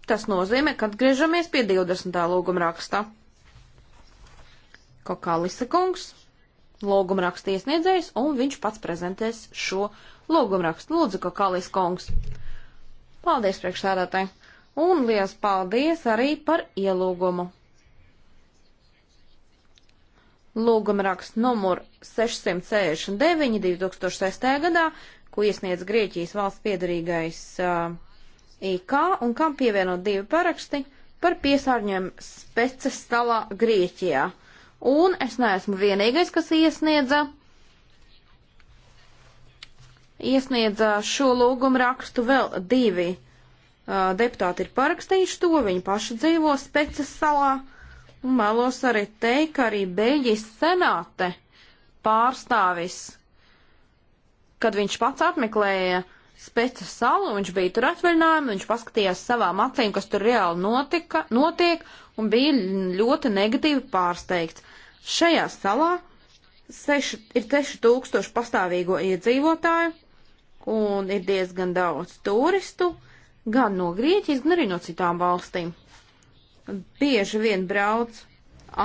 Tas nozīmē, ka atgriežamies pie 20. lūguma rakstā. Kokālisa kungs, lūguma raksta iesniedzējs, un viņš pats prezentēs šo lūgumrakstu. Lūdzu, ka Kalis kungs. Paldies priekšsēdētāji. Un liels paldies arī par ielūgumu. Lūgumraksts numur 669 2006. gadā, ko iesniedz Grieķijas valsts piedarīgais uh, IK un kam pievienot divi paraksti par piesārņojumu speces stalā Grieķijā. Un es neesmu vienīgais, kas iesniedza iesniedza šo lūgumu rakstu vēl divi uh, deputāti ir parakstījuši to, viņi paši dzīvo Specas salā, un vēlos arī teikt, ka arī Beļģijas senāte pārstāvis, kad viņš pats apmeklēja Specas salu, viņš bija tur atvaļinājumā, viņš paskatījās savām acīm, kas tur reāli notika, notiek, un bija ļoti negatīvi pārsteigts. Šajā salā seši, ir 6000 pastāvīgo iedzīvotāju, un ir diezgan daudz turistu, gan no Grieķijas, gan arī no citām valstīm. Bieži vien brauc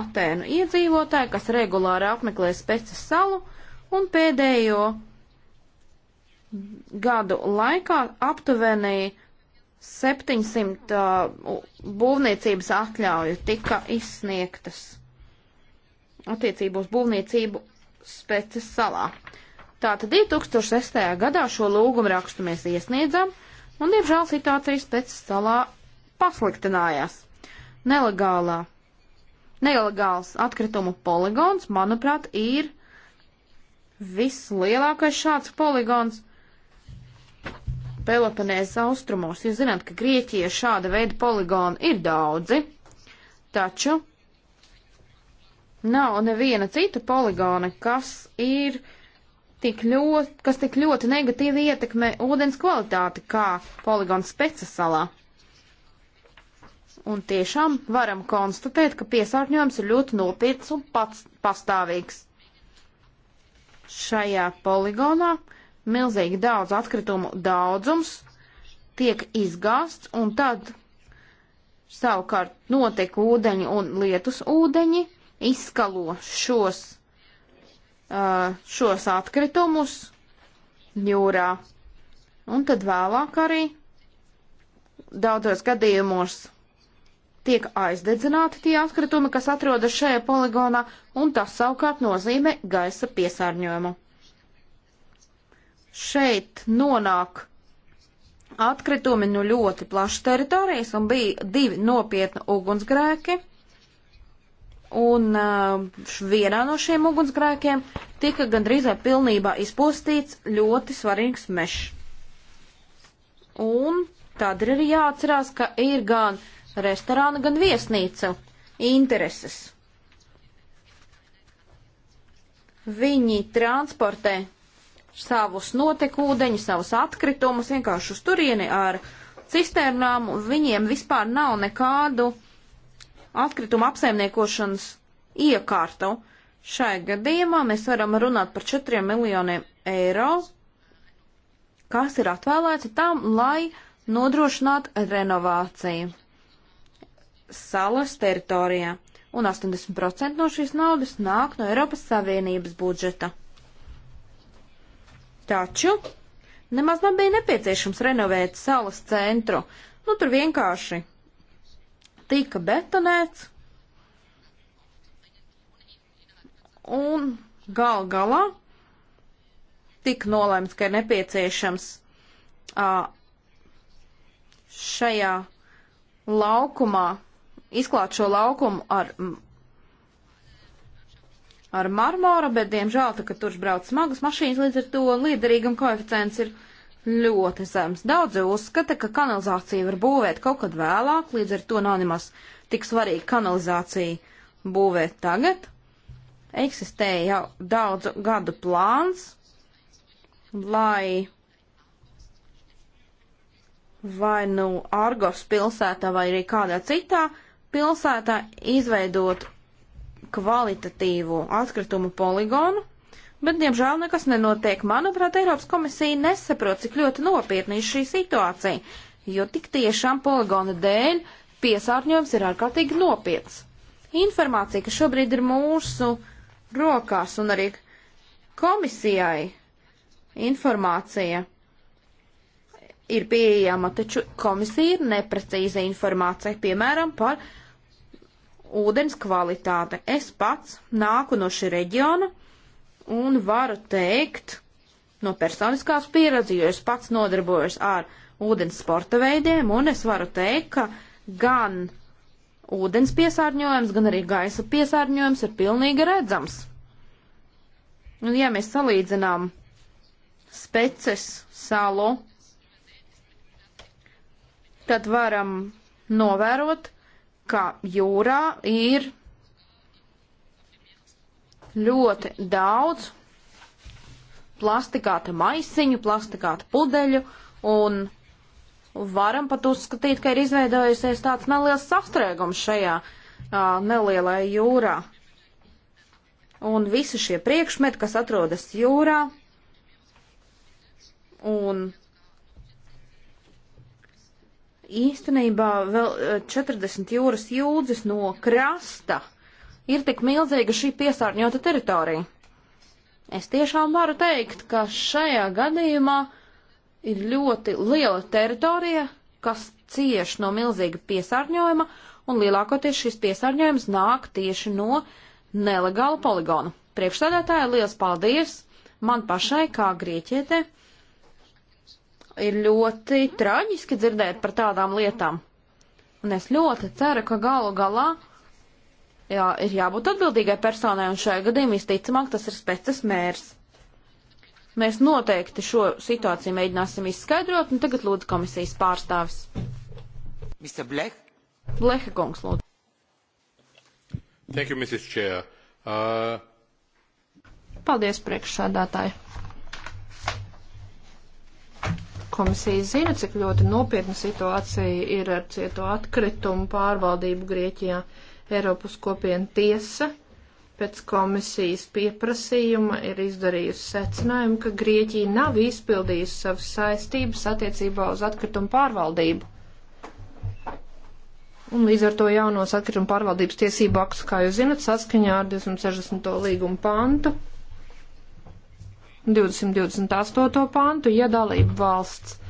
Atēnu iedzīvotāji, kas regulāri apmeklē Specas salu, un pēdējo gadu laikā aptuveni 700 uh, būvniecības atļauju tika izsniegtas attiecībos būvniecību Specas salā. Tātad 2006. gadā šo lūgumu rakstu mēs iesniedzam, un diemžēl situācijas pēc salā pasliktinājās. Nelegālā, nelegāls atkritumu poligons, manuprāt, ir vislielākais šāds poligons Peloponēzes austrumos. Jūs zināt, ka Grieķija šāda veida poligonu ir daudzi, taču nav neviena cita poligona, kas ir uh, tik ļoti, kas tik ļoti negatīvi ietekmē ūdens kvalitāti, kā poligons Speca salā. Un tiešām varam konstatēt, ka piesārņojums ir ļoti nopietns un pats pastāvīgs. Šajā poligonā milzīgi daudz atkritumu daudzums tiek izgāsts, un tad savukārt notiek ūdeņi un lietus ūdeņi izskalo šos Uh, šos atkritumus jūrā. Un tad vēlāk arī daudzos gadījumos tiek aizdedzināti tie atkritumi, kas atrodas šajā poligonā, un tas savukārt nozīmē gaisa piesārņojumu. Šeit nonāk atkritumi no nu ļoti plašas teritorijas, un bija divi nopietni ugunsgrēki un uh, vienā no šiem ugunsgrēkiem tika gandrīz vai pilnībā izpostīts ļoti svarīgs mešs. Un tad ir arī jāatcerās, ka ir gan restorāna, gan viesnīca intereses. Viņi transportē savus notekūdeņus, savus atkritumus vienkārši uz turieni ar cisternām, viņiem vispār nav nekādu uh, atkrituma apsaimniekošanas iekārtu. Šai gadījumā mēs varam runāt par 4 miljoniem eiro, kas ir atvēlēti tam, lai nodrošinātu renovāciju salas teritorijā, un 80% no šīs naudas nāk no Eiropas Savienības budžeta. Taču nemaz nebija nepieciešams renovēt salas centru, nu tur vienkārši tika detonēts. Un gal galā tika nolēmts, ka ir nepieciešams uh, šajā laukumā izklāt šo laukumu ar, ar marmora, bet diemžēl tā, ka tur brauc smagas mašīnas, līdz ar to liederīgam koeficients ir 0,5 ļoti zems. Daudzi uzskata, ka kanalizāciju var būvēt kaut kad vēlāk, līdz ar to nav nemaz tik svarīgi kanalizāciju būvēt tagad. Eksistēja jau daudzu gadu plāns, lai vai nu Argos pilsētā vai arī kādā citā pilsētā izveidot kvalitatīvu atkritumu poligonu, Bet, diemžēl, nekas nenotiek. Manuprāt, Eiropas komisija nesaprot, cik ļoti nopietni ir šī situācija, jo tik tiešām poligona dēļ piesārņojums ir ārkārtīgi nopietns. Informācija, kas šobrīd ir mūsu rokās un arī komisijai informācija ir pieejama, taču komisija ir neprecīza informācija, piemēram, par ūdens kvalitāti. Es pats nāku no šī reģiona, un varu teikt no personiskās pieredzes, jo es pats nodarbojos ar ūdens sporta veidiem, un es varu teikt, ka gan ūdens piesārņojums, gan arī gaisa piesārņojums ir pilnīgi redzams. Un ja mēs salīdzinām speces salu, tad varam novērot, ka jūrā ir ļoti daudz plastikāta maisiņu, plastikāta pudeļu, un varam pat uzskatīt, ka ir izveidojusies tāds neliels sastrēgums šajā uh, nelielajā jūrā. Un visi šie priekšmeti, kas atrodas jūrā, un īstenībā vēl 40 jūras jūdzes no krasta ir tik milzīga šī piesārņota teritorija. Es tiešām varu teikt, ka šajā gadījumā ir ļoti liela teritorija, kas cieš no milzīga piesārņojuma, un lielākoties šis piesārņojums nāk tieši no nelegāla poligona. Priekšstādātāja, liels paldies! Man pašai, kā grieķietē, ir ļoti traģiski dzirdēt par tādām lietām. Un es ļoti ceru, ka galu galā jā, ir jābūt atbildīgai personai, un šajā gadījumā visticamāk tas ir spēcas mērs. Mēs noteikti šo situāciju mēģināsim izskaidrot, un tagad lūdzu komisijas pārstāvis. Mr. Blech? Bleha kungs, lūdzu. Thank you, Mrs. Chair. Uh... Paldies, priekšsādātāji. Komisija zina, cik ļoti nopietna situācija ir ar cieto atkritumu pārvaldību Grieķijā. Uh, Eiropas kopiena tiesa pēc komisijas pieprasījuma ir izdarījusi secinājumu, ka Grieķija nav izpildījusi savas saistības attiecībā uz atkritumu pārvaldību. Un līdz ar to jaunos atkritumu pārvaldības tiesību aktus, kā jūs zinat, saskaņā ar 260. līgumu pantu, 228. pantu, ja dalība valsts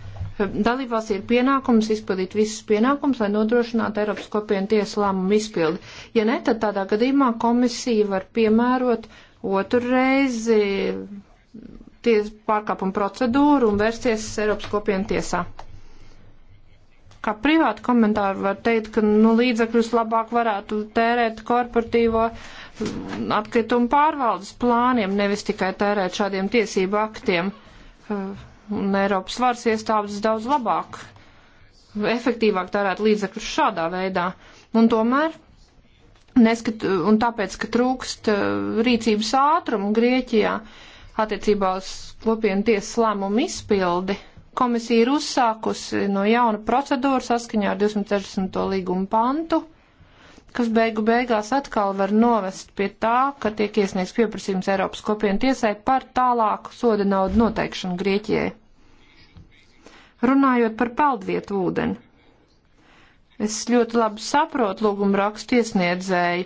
Dalībvalsts ir pienākums izpildīt visus pienākums, lai nodrošinātu Eiropas kopienu tiesu lēmumu izpildi. Ja ne, tad tādā gadījumā komisija var piemērot otru reizi ties, pārkāpumu procedūru un vērsties Eiropas kopienu tiesā. Kā privātu komentāru var teikt, ka nu, līdzekļus labāk varētu tērēt korporatīvo mm, atkritumu pārvaldes plāniem, nevis tikai tērēt šādiem tiesību aktiem. Uh, un Eiropas varas iestādes daudz labāk, efektīvāk tērēt līdzekļus šādā veidā. Un tomēr, neskat, un tāpēc, ka trūkst uh, rīcības ātrumu Grieķijā attiecībā uz kopienu tiesas lēmumu izpildi, komisija ir uzsākusi no jauna procedūru saskaņā ar 260. līgumu pantu kas beigu beigās atkal var novest pie tā, ka tiek iesniegts pieprasījums Eiropas kopienu tiesai par tālāku soda naudu noteikšanu Grieķijai. Runājot par peldvietu ūdeni, es ļoti labi saprotu lūgumu rakstu iesniedzēju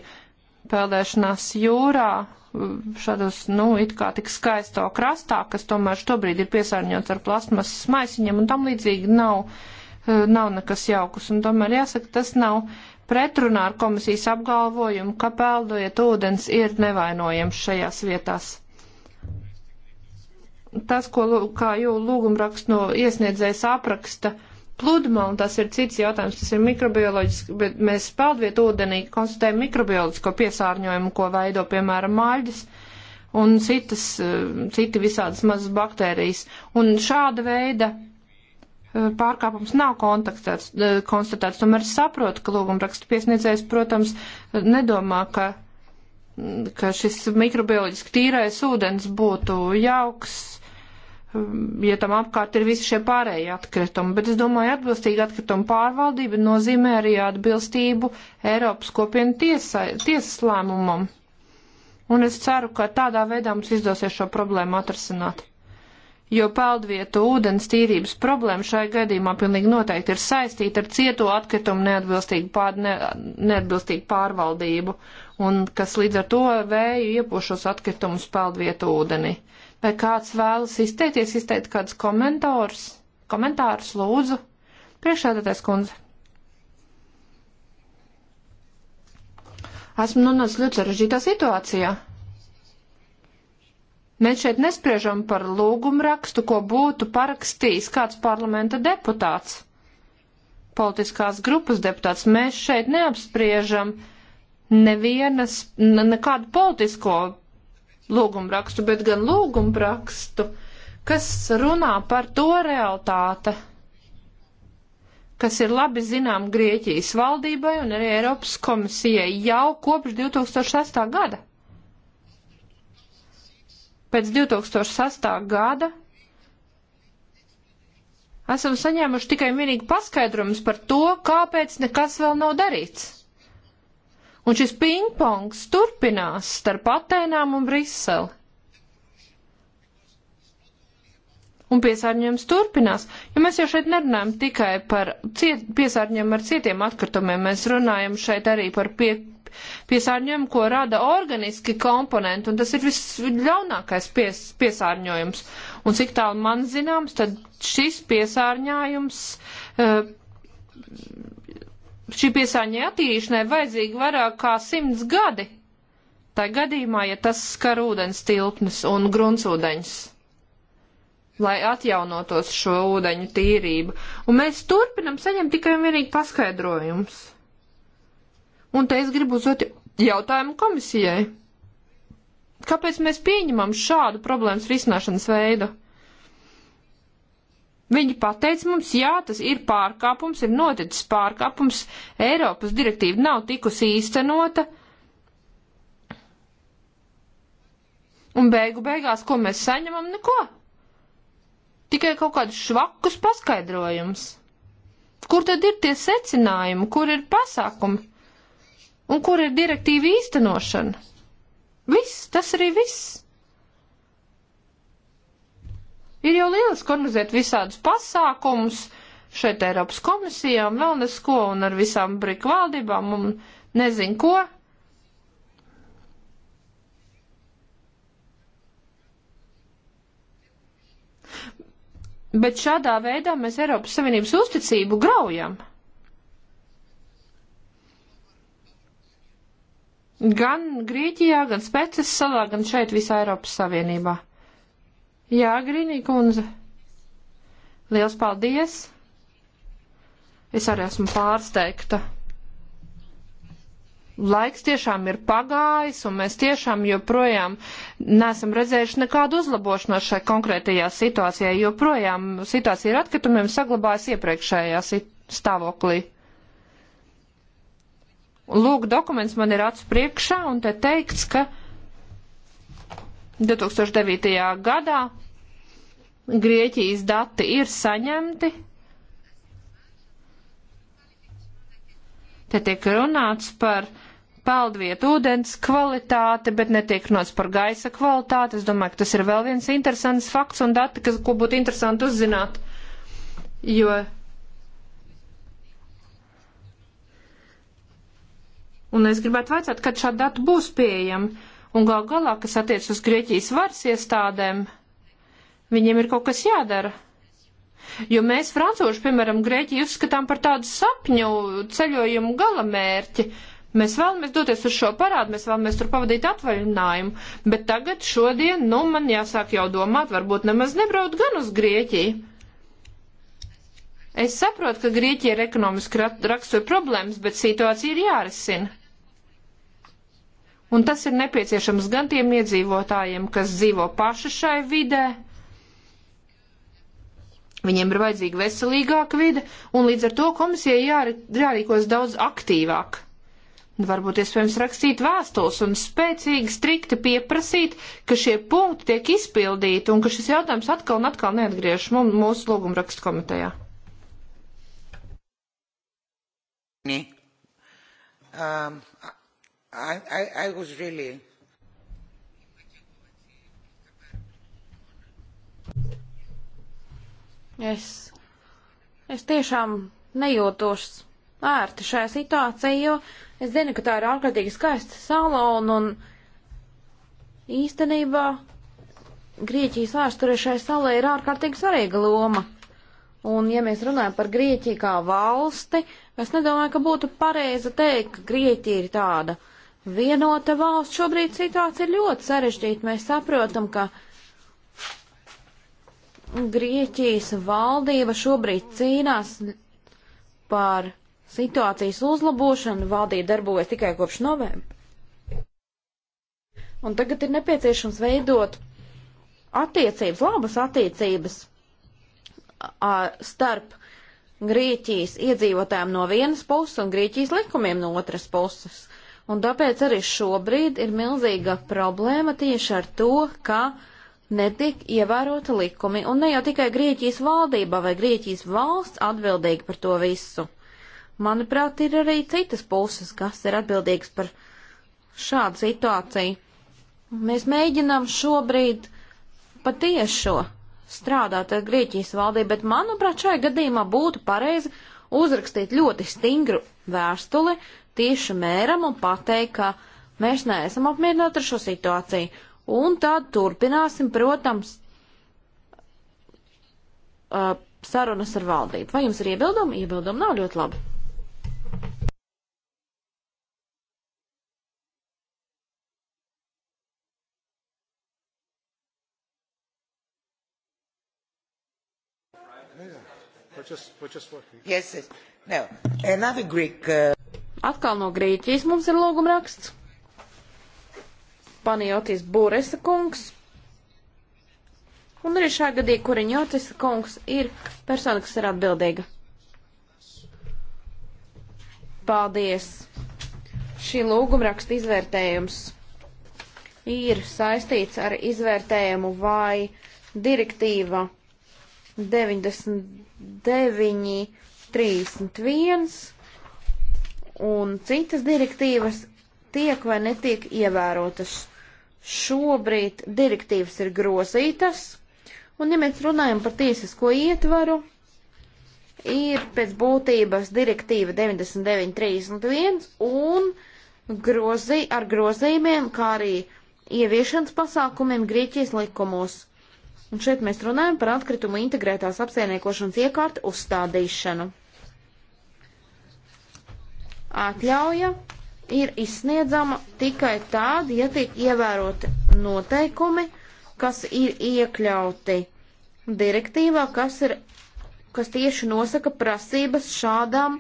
peldēšanās jūrā, šādos, nu, it kā tik skaisto krastā, kas tomēr šobrīd ir piesārņots ar plasmasas maisiņiem un tam līdzīgi nav, eh, nav nekas jaukus. Un tomēr jāsaka, tas nav pretrunā ar komisijas apgalvojumu, ka peldojiet ūdens ir nevainojams šajās vietās. Tas, ko kā jau lūgumraksts no iesniedzējas apraksta, pludmali, tas ir cits jautājums, tas ir mikrobioloģiski, bet mēs peldvietu ūdenī konstatējam mikrobioloģisko piesārņojumu, ko veido, piemēram, māļģis un citas, eh, citi visādas mazas baktērijas. Un šāda veida Eh, pārkāpums nav eh, konstatēts. Tomēr es saprotu, ka lūgumrakstu piesniedzējs, protams, eh, nedomā, ka, mm, ka šis mikrobioloģiski tīrais ūdens būtu jauks, mm, ja tam apkārt ir visi šie pārējie atkritumi. Bet es domāju, atbilstīga atkrituma pārvaldība nozīmē arī atbilstību Eiropas kopienu tiesai, tiesas lēmumam. Un es ceru, ka tādā veidā mums izdosies šo problēmu atrasināt jo peldvietu ūdens tīrības problēma šai gadījumā pilnīgi noteikti ir saistīta ar cieto atkritumu neatbilstīgu, pār, ne, neatbilstīgu pārvaldību, un kas līdz ar to vēju iepošos atkritumus peldvietu ūdeni. Vai kāds vēlas izteikties, izteikt kādus komentārus? Komentārus lūdzu. Priekšādātais kundze. Esmu nonācis ļoti sarežģītā situācijā. Mēs šeit nespriežam par lūgumu rakstu, ko būtu parakstījis kāds parlamenta deputāts, politiskās grupas deputāts. Mēs šeit neapspriežam nevienas, nekādu politisko lūgumu rakstu, bet gan lūgumu rakstu, kas runā par to realitāte, kas ir labi zinām Grieķijas valdībai un arī Eiropas komisijai jau kopš 2006. gada pēc 2008. gada esam saņēmuši tikai un vienīgi paskaidrums par to, kāpēc nekas vēl nav darīts. Un šis pingpongs turpinās starp Atēnām un Briseli. Un piesārņojums turpinās, jo mēs jau šeit nerunājam tikai par ciet, piesārņojumu ar cietiem atkritumiem, mēs runājam šeit arī par pie, piesārņojumu, ko rada organiski komponenti, un tas ir visļaunākais pies, piesārņojums. Un cik tālu man zināms, tad šis piesārņājums, eh, šī piesārņa attīrīšanai vajadzīgi vairāk kā simts gadi. Tā gadījumā, ja tas skar ūdens tilpnes un gruntsūdeņus lai atjaunotos šo ūdeņu tīrību, un mēs turpinam saņemt tikai un vienīgi paskaidrojumus. Un te es gribu uzdot jautājumu komisijai. Kāpēc mēs pieņemam šādu problēmas risināšanas veidu? Viņi pateica mums, jā, tas ir pārkāpums, ir noticis pārkāpums, Eiropas direktīva nav tikusi īstenota. Un beigu beigās, ko mēs saņemam, neko. Tikai kaut kādus švakus paskaidrojums. Kur tad ir tie secinājumi, kur ir pasākumi? Un kur ir direktīva īstenošana? Viss, tas arī viss. Ir jau lieliski organizēt visādus pasākumus šeit Eiropas komisijā un vēl nesko un ar visām briku valdībām un nezin ko. Bet šādā veidā mēs Eiropas Savienības uzticību graujam. Gan Grieķijā, gan Spēces salā, gan šeit visā Eiropas Savienībā. Jā, Grīnī kundze. Liels paldies! Es arī esmu pārsteigta. Laiks tiešām ir pagājis, un mēs tiešām joprojām neesam redzējuši nekādu uzlabošanos šai konkrētajā situācijā, joprojām situācija ir atkritumiem saglabājas iepriekšējā stāvoklī. Lūk, dokuments man ir acu priekšā, un te teikts, ka 2009. gadā Grieķijas dati ir saņemti. Te tiek runāts par peldvietu ūdens kvalitāti, bet netiek runāts par gaisa kvalitāti. Es domāju, ka tas ir vēl viens interesants fakts un dati, kas, ko būtu interesanti uzzināt. Jo Un es gribētu vaicāt, kad šādi dati būs pieejami. Un gal galā, kas attiec uz Grieķijas varas iestādēm, viņiem ir kaut kas jādara. Jo mēs, francūži, piemēram, Grieķiju uzskatām par tādu sapņu ceļojumu galamērķi. Mēs vēlamies doties uz šo parādu, mēs vēlamies tur pavadīt atvaļinājumu, bet tagad šodien, nu, man jāsāk jau domāt, varbūt nemaz nebraukt gan uz Grieķiju. Es saprotu, ka Grieķija ir ekonomiski rakstura problēmas, bet situācija ir jārisina. Un tas ir nepieciešams gan tiem iedzīvotājiem, kas dzīvo paši šai vidē, viņiem ir vajadzīga veselīgāka vide, un līdz ar to komisijai jār, jārīkos daudz aktīvāk. Varbūt iespējams rakstīt vēstules un spēcīgi, strikti pieprasīt, ka šie punkti tiek izpildīti un ka šis jautājums atkal un atkal neatgriež mums mūsu lūgumrakstu komitejā. Um, I, I, I was really Es, es tiešām nejūtos ērti šajā situācijā, jo es zinu, ka tā ir ārkārtīgi skaista salona un īstenībā Grieķijas vēsturē šai salai ir ārkārtīgi svarīga loma. Un, ja mēs runājam par Grieķiju kā valsti, es nedomāju, ka būtu pareizi teikt, ka Grieķija ir tāda uh, vienota valsts. Šobrīd situācija ir ļoti sarežģīta. Mēs saprotam, ka Grieķijas valdība šobrīd cīnās par situācijas uzlabošanu. Valdība darbojas tikai kopš novembra. Un tagad ir nepieciešams veidot attiecības, labas attiecības a, starp Grieķijas iedzīvotājiem no vienas puses un Grieķijas likumiem no otras puses. Un tāpēc arī šobrīd ir milzīga problēma tieši ar to, ka netiek ievērota likumi. Un ne jau tikai Grieķijas valdība vai Grieķijas valsts atbildīga par to visu. Manuprāt, ir arī citas puses, kas ir atbildīgas par šādu situāciju. Mēs mēģinām šobrīd patiešo strādāt ar Grieķijas valdību, bet manuprāt, šajā gadījumā būtu pareizi uzrakstīt ļoti stingru vēstuli, tieši mēram un pateikt, ka mēs neesam apmierināti ar šo situāciju. Un tad turpināsim, protams, uh, sarunas ar valdību. Vai jums ir iebildumi? Iebildumi nav ļoti labi. Yes, no. Another Greek. Uh... Atkal no Grieķijas mums ir lūgumraksts. Panijotis Būresa kungs. Un arī šā gadījumā Kuriņotis kungs ir persona, kas ir atbildīga. Paldies! Šī lūgumraksta izvērtējums ir saistīts ar izvērtējumu vai direktīva 99.31 un citas direktīvas tiek vai netiek ievērotas. Šobrīd direktīvas ir grozītas, un ja mēs runājam par tiesisko ietvaru, ir pēc būtības direktīva 99.31 un grozī, ar grozījumiem, kā arī ieviešanas pasākumiem Grieķijas likumos. Un šeit mēs runājam par atkritumu integrētās apsainiekošanas iekārtu uzstādīšanu atļauja ir izsniedzama tikai tad, ja tiek ievēroti noteikumi, kas ir iekļauti direktīvā, kas, ir, kas tieši nosaka prasības šādām,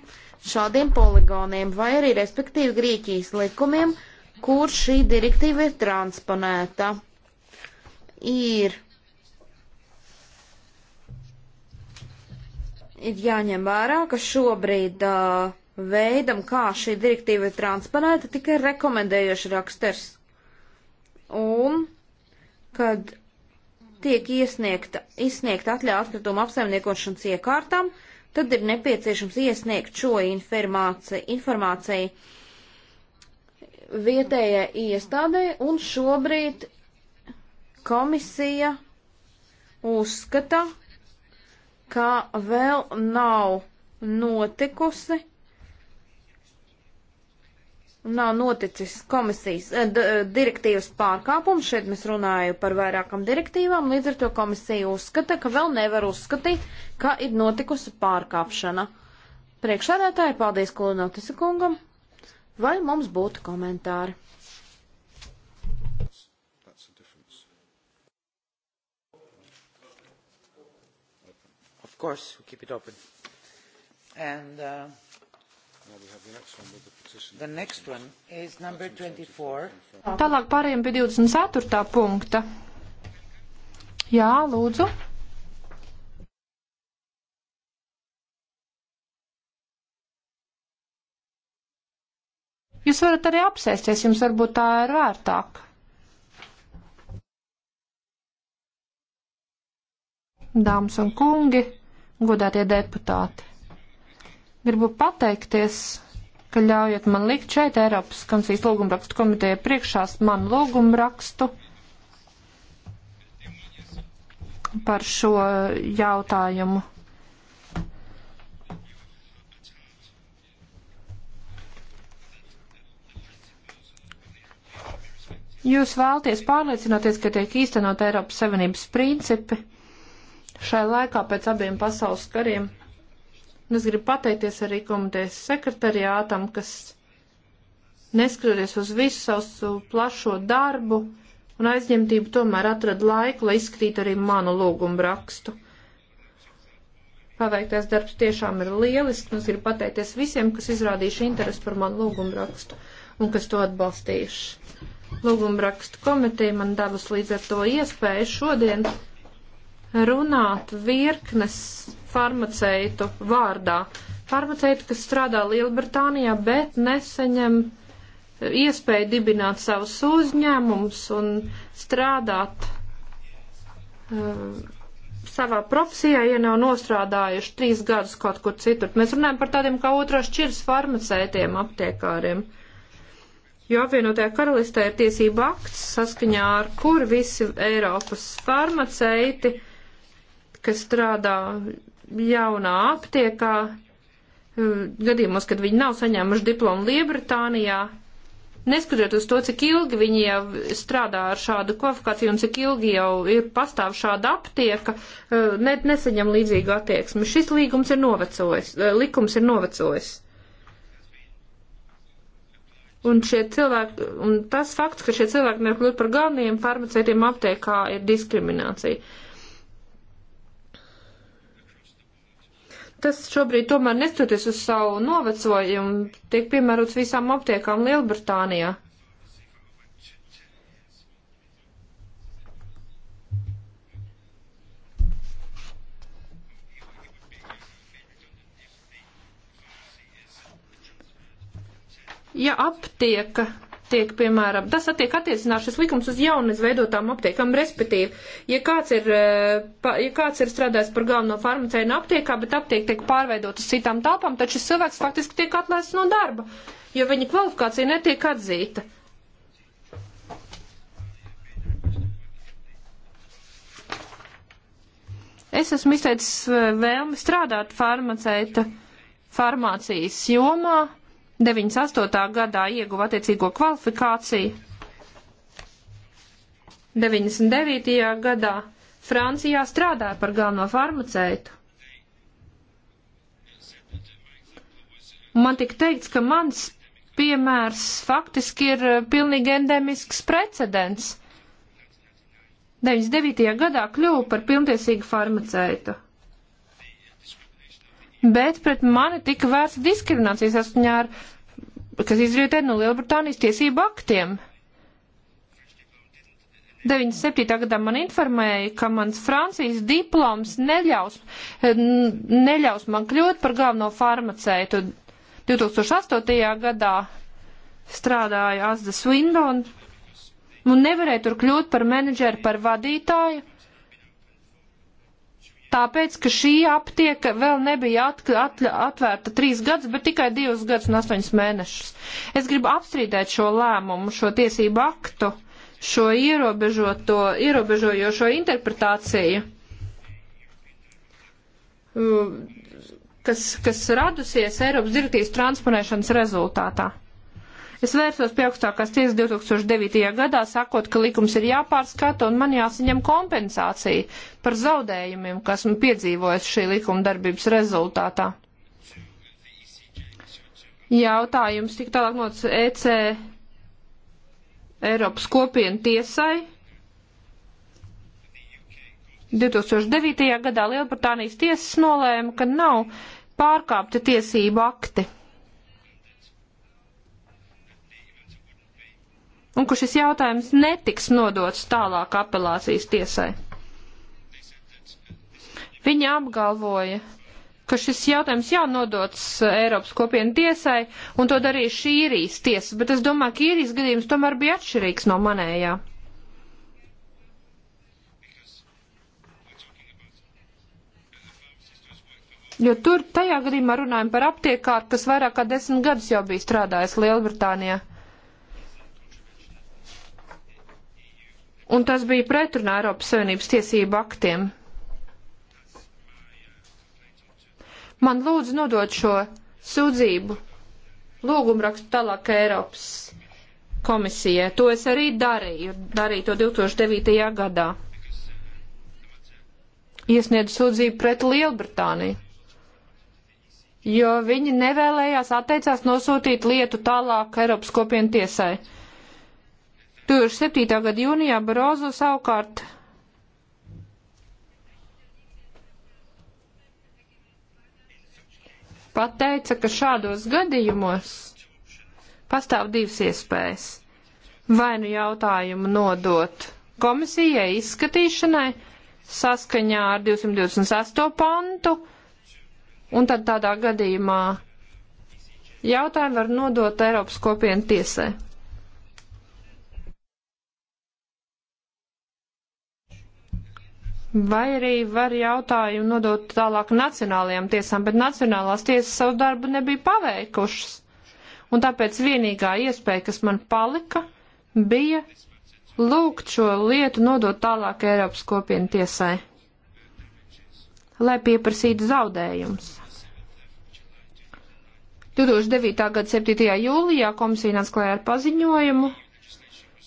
šādiem poligoniem, vai arī respektīvi Grieķijas likumiem, kur šī direktīva ir transponēta. Ir, ir jāņem vērā, ka šobrīd uh, veidam, kā šī direktīva ir transponēta, tikai rekomendējuši raksters. Un, kad tiek iesniegta, izsniegta atļauja atkrituma apsaimniekošanas iekārtām, tad ir nepieciešams iesniegt šo informāciju, informāciju vietējai iestādē, un šobrīd komisija uzskata, ka vēl nav notikusi nav noticis komisijas eh, eh, direktīvas pārkāpums. Šeit mēs runājam par vairākām direktīvām, līdz ar to komisija uzskata, ka vēl nevar uzskatīt, ka ir notikusi pārkāpšana. Priekšsēdētāji, paldies Kulinotis kungam. Vai mums būtu komentāri? Of course, we keep it open. And uh, now we have the next one with the Tālāk pārējiem pie 24. punkta. Jā, lūdzu. Jūs varat arī apsēsties, jums varbūt tā ir vērtāk. Dāmas un kungi, godātie deputāti, gribu pateikties ka ļaujat man likt šeit Eiropas komisijas lūgumrakstu komiteja priekšās manu lūgumrakstu par šo jautājumu. Jūs vēlties pārliecināties, ka tiek īstenot Eiropas Savienības principi šai laikā pēc abiem pasaules kariem. Un es gribu pateikties arī komitejas sekretariātam, kas neskatoties uz visu savu plašo darbu un aizņemtību, tomēr atrada laiku, lai izskrīt arī manu lūgumu rakstu. Paveiktais darbs tiešām ir lielisks, un es gribu pateikties visiem, kas izrādījuši interesi par manu lūgumu rakstu un kas to atbalstījuši. Lūgumu rakstu komiteja man devas līdz ar to iespēju šodien runāt virknes farmaceitu vārdā. Farmaceitu, kas strādā Lielbritānijā, bet neseņem iespēju dibināt savus uzņēmumus un strādāt uh, savā profesijā, ja nav nostrādājuši trīs gadus kaut kur citur. Mēs runājam par tādiem kā otrās čirs farmacētiem aptiekāriem. Jo apvienotajā karalistē ir tiesība akts, saskaņā ar kur visi Eiropas farmaceiti uh, kas strādā jaunā aptiekā, eh, gadījumos, kad viņi nav saņēmuši diplomu Liebritānijā, neskatoties uz to, cik ilgi viņi jau strādā ar šādu kvalifikāciju un cik ilgi jau ir pastāv šāda aptieka, eh, ne, nesaņem līdzīgu attieksmi. Šis līgums ir novecojis, eh, likums ir novecojis. Un, cilvēki, un tas fakts, ka šie cilvēki nevar kļūt par galvenajiem farmaceitiem aptiekā, ir diskriminācija. Uh, Tas šobrīd tomēr nestoties uz savu novecojumu, tiek piemērots visām aptiekām Lielbritānijā. ja aptieka tiek, piemēram, tas attiek attiecināts šis likums uz jaunas veidotām aptiekām, respektīvi, ja kāds ir, eh, ja kāds ir strādājis par galveno farmacēnu aptiekā, bet aptiek tiek pārveidot uz citām tāpām, tad šis cilvēks faktiski tiek atlaists no darba, jo viņa kvalifikācija netiek atzīta. Es esmu izteicis eh, vēlmi strādāt farmaceita farmācijas jomā 98. gadā ieguva attiecīgo kvalifikāciju. 99. gadā Francijā strādāja par galveno farmaceitu. Man tika teikts, ka mans piemērs faktiski ir eh, pilnīgi endemisks precedents. 99. gadā kļuva par pilntiesīgu farmaceitu bet pret mani tika vērsta diskriminācijas askuņā ar, kas izrietē no Lielbritānijas tiesību aktiem. 97. gadā man informēja, ka mans Francijas diploms neļaus, eh, neļaus man kļūt par galveno farmaceitu. 2008. gadā strādāja Azda Swindon un nevarēja tur kļūt par menedžeru, par vadītāju tāpēc, ka šī aptieka vēl nebija at, at, atvērta trīs gadus, bet tikai divus gadus un astoņus mēnešus. Es gribu apstrīdēt šo lēmumu, šo tiesību aktu, šo ierobežojošo interpretāciju, kas, kas radusies Eiropas direktīvas transponēšanas rezultātā. Es vērsos pie augstākās tiesas 2009. gadā, sakot, ka likums ir jāpārskata un man jāsaņem kompensācija par zaudējumiem, kas man piedzīvojas šī likuma darbības rezultātā. Jautājums tik tālāk no EC Eiropas kopienu tiesai. 2009. gadā Lielbritānijas tiesas nolēma, ka nav pārkāpti tiesību akti un ka šis jautājums netiks nodots tālāk apelācijas tiesai. Viņa apgalvoja, ka šis jautājums jau nodots Eiropas kopienu tiesai, un to darīja šī īrijas tiesa, bet es domāju, ka īrijas gadījums tomēr bija atšķirīgs no manējā. Jo tur tajā gadījumā runājam par aptiekāru, kas vairāk kā desmit gadus jau bija strādājis Lielbritānijā. un tas bija pretrunā Eiropas Savienības tiesību aktiem. Man lūdzu nodot šo sūdzību lūgumrakstu tālāk Eiropas komisijai. To es arī darīju, darīju to 2009. gadā. Iesniedzu sūdzību pret Lielbritāniju, jo viņi nevēlējās atteicās nosūtīt lietu tālāk Eiropas kopienu tiesai. 2007. gada jūnijā Barozo savukārt pateica, ka šādos gadījumos pastāv divas iespējas. Vai nu jautājumu nodot komisijai izskatīšanai saskaņā ar 228 pantu, un tad tādā gadījumā jautājumu var nodot Eiropas kopienu tiesai. Vai arī var jautājumu nodot tālāk nacionālajām tiesām, bet nacionālās tiesas savu darbu nebija paveikušas. Un tāpēc vienīgā iespēja, kas man palika, bija lūgt šo lietu nodot tālāk Eiropas kopienu tiesai, lai pieprasītu zaudējumus. 2009. gada 7. jūlijā komisija atklāja ar paziņojumu,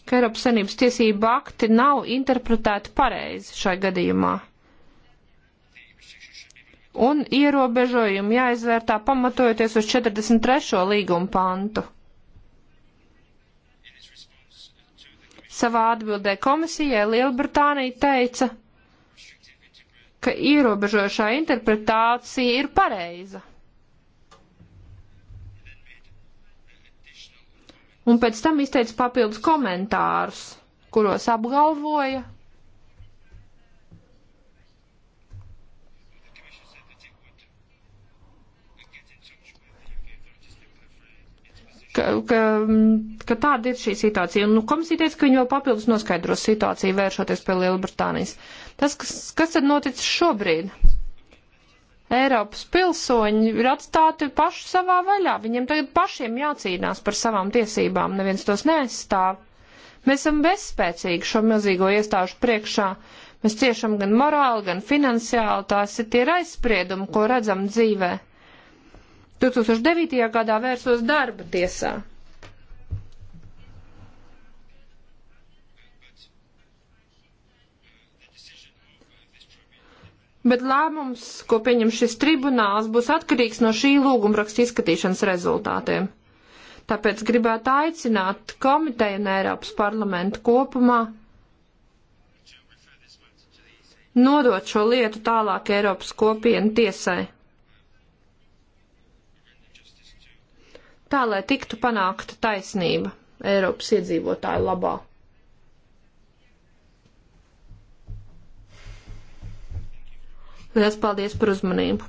ka Eiropas Savienības tiesība akti nav interpretēti pareizi šai gadījumā. Un ierobežojumi jāizvērtā pamatojoties uz 43. līguma pantu. Savā atbildē komisijai Lielbritānija teica, ka ierobežošā interpretācija ir pareiza. un pēc tam izteica papildus komentārus, kuros apgalvoja, ka, ka, ka tāda ir šī situācija. Un nu, komisija teica, ka viņi vēl papildus noskaidros situāciju, vēršoties pie Lielbritānijas. Tas, kas, kas tad noticis šobrīd? Eiropas pilsoņi ir atstāti paši savā vaļā. Viņiem tagad pašiem jācīnās par savām tiesībām. Neviens tos neaizstāv. Mēs esam bezspēcīgi šo milzīgo iestāžu priekšā. Mēs ciešam gan morāli, gan finansiāli. Tās ir tie aizspriedumi, ko redzam dzīvē. 2009. gadā vērsos darba tiesā. bet lēmums, ko pieņem šis tribunāls, būs atkarīgs no šī lūgumraksta izskatīšanas rezultātiem. Tāpēc gribētu aicināt komiteju un Eiropas parlamentu kopumā nodot šo lietu tālāk Eiropas kopienu tiesai. Tā, lai tiktu panākta taisnība Eiropas iedzīvotāju labā. Lielas paldies par uzmanību!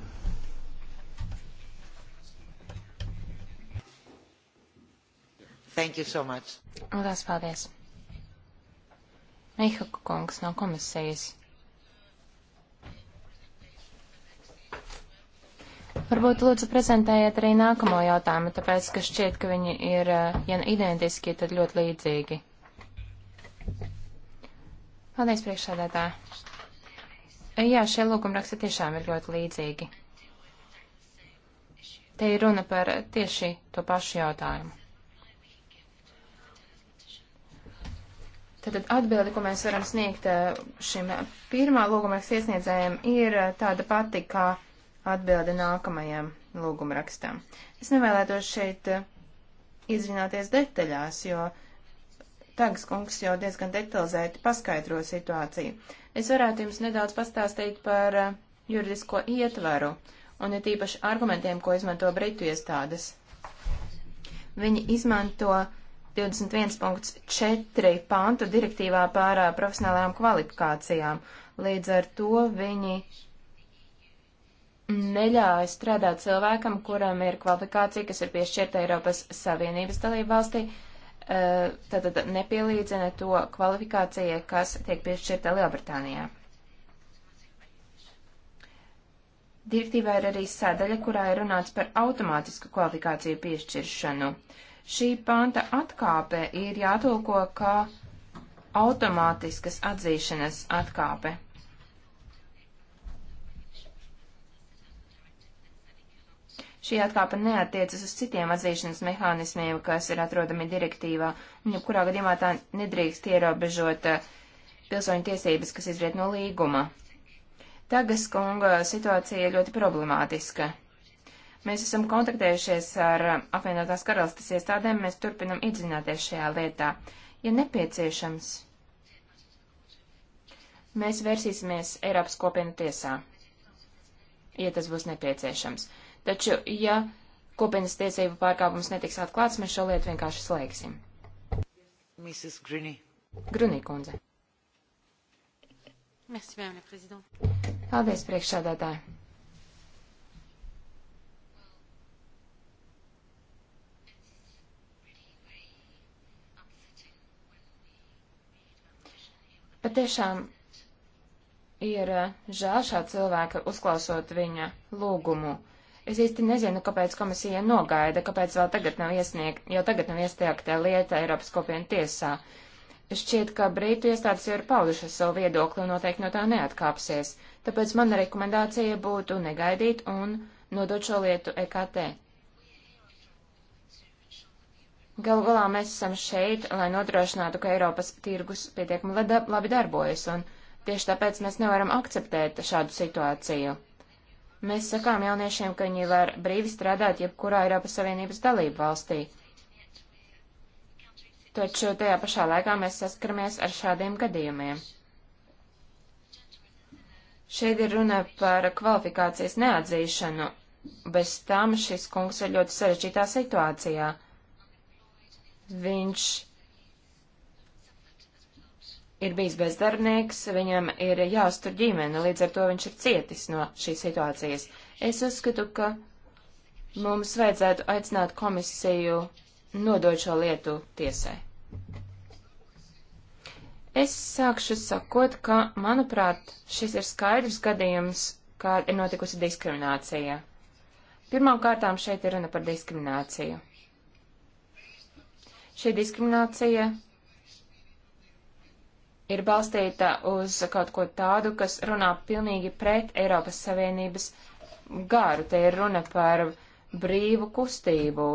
Thank you so much. Lielas paldies! Eihaku kungs no komisijas. Varbūt lūdzu prezentējiet arī nākamo jautājumu, tāpēc, ka šķiet, ka viņi ir, eh, ja ne identiski, tad ļoti līdzīgi. Paldies, priekšsēdētāji. Jā, šie lūgumraksti tiešām ir ļoti līdzīgi. Te ir runa par tieši to pašu jautājumu. Tātad atbildi, ko mēs varam sniegt eh, šim pirmā lūgumraksta iesniedzējiem, ir eh, tāda pati kā atbildi nākamajam lūgumrakstam. Es nevēlētos šeit eh, izrināties detaļās, jo Tags kungs jau diezgan detalizēti paskaidro situāciju. Es varētu jums nedaudz pastāstīt par eh, juridisko ietvaru un ir tīpaši argumentiem, ko izmanto Britu iestādes. Viņi izmanto 21.4 pāntu direktīvā pār eh, profesionālajām kvalifikācijām. Līdz ar to viņi neļāja strādāt cilvēkam, kuram ir kvalifikācija, kas ir piešķirta Eiropas Savienības dalību valstī, Eh, tātad nepielīdzina to kvalifikācijai, kas tiek piešķirta Lielbritānijā. Direktīvā ir arī sēdaļa, kurā ir runāts par automātisku kvalifikāciju piešķiršanu. Šī panta atkāpe ir jātolko kā automātiskas atzīšanas atkāpe. Šī atkāpa neatiecas uz citiem atzīšanas mehānismiem, kas ir atrodami direktīvā, un jebkurā gadījumā tā nedrīkst ierobežot eh, pilsoņu tiesības, kas izriet no līguma. Tagas kunga situācija ir ļoti problemātiska. Mēs esam kontaktējušies ar apvienotās karalistas iestādēm, mēs turpinam iedzināties šajā lietā. Ja nepieciešams, mēs vērsīsimies Eiropas kopienu tiesā, ja tas būs nepieciešams. Taču, ja kopienas tiesību pārkāpums netiks atklāts, mēs šo lietu vienkārši slēgsim. Mrs. Grunī. Grunī kundze. Merci, madame la présidente. Paldies, priekšsādātāji. Patiešām ir eh, žēl šā cilvēka uzklausot viņa lūgumu. Uh, Es īsti nezinu, kāpēc komisija nogaida, kāpēc vēl tagad nav iesniegt, jo tagad nav iestiegta lieta Eiropas kopienu tiesā. Šķiet, ka Brītu iestādes jau ir paudušas savu viedokli un noteikti no tā neatkāpsies, tāpēc mana rekomendācija būtu negaidīt un nodot šo lietu EKT. Galu galā mēs esam šeit, lai nodrošinātu, ka Eiropas tirgus pietiekami labi darbojas, un tieši tāpēc mēs nevaram akceptēt šādu situāciju. Mēs sakām jauniešiem, ka viņi var brīvi strādāt jebkurā Eiropas Savienības dalību valstī. Taču tajā pašā laikā mēs saskaramies ar šādiem gadījumiem. Šeit ir runa par kvalifikācijas neatzīšanu. Bez tam šis kungs ir ļoti sarežģītā situācijā. Viņš ir bijis bezdarbnieks, viņam ir jāuztur ģimene, līdz ar to viņš ir cietis no šīs situācijas. Es uzskatu, ka mums vajadzētu aicināt komisiju nodot šo lietu tiesai. Es sākšu sakot, ka, manuprāt, šis ir skaidrs gadījums, kāda ir notikusi diskriminācija. Pirmām kārtām šeit ir runa par diskrimināciju. Šī diskriminācija ir balstīta uz kaut ko tādu, kas runā pilnīgi pret Eiropas Savienības garu. Te ir runa par brīvu kustību,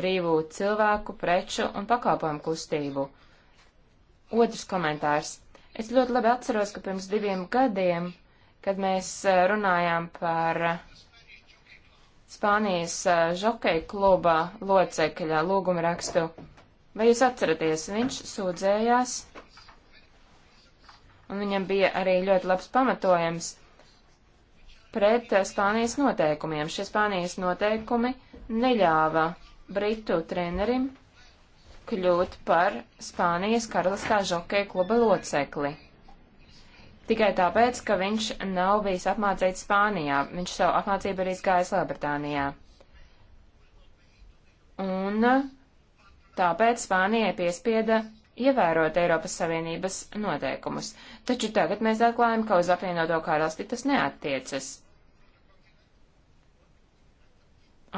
brīvu cilvēku, preču un pakalpojumu kustību. Otrs komentārs. Es ļoti labi atceros, ka pirms diviem gadiem, kad mēs eh, runājām par Spānijas eh, žokeja kluba locekļa lūguma rakstu, vai jūs atceraties, viņš sūdzējās un viņam bija arī ļoti labs pamatojums pret Spānijas noteikumiem. Šie Spānijas noteikumi neļāva Britu trenerim kļūt par Spānijas karaliskā žokeja kluba locekli. Tikai tāpēc, ka viņš nav bijis apmācīts Spānijā, viņš savu apmācību ir izgājis Lielbritānijā. Un tāpēc Spānijai piespieda ievērot Eiropas Savienības noteikumus, taču tagad mēs atklājam, ka uz apvienoto karalisti tas neattiecas.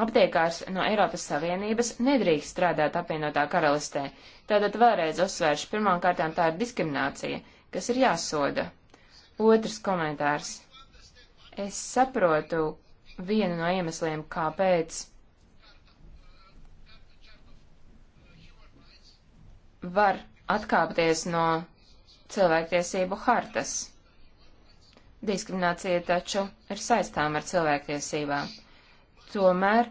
Aptiekārs no Eiropas Savienības nedrīkst strādāt apvienotā karalistē, tātad vēlreiz uzsvēršu pirmām kārtām tā ir diskriminācija, kas ir jāsoda. Otrs komentārs. Es saprotu vienu no iemesliem, kāpēc var atkāpties no cilvēktiesību hartas. Diskriminācija taču ir saistām ar cilvēktiesībām. Tomēr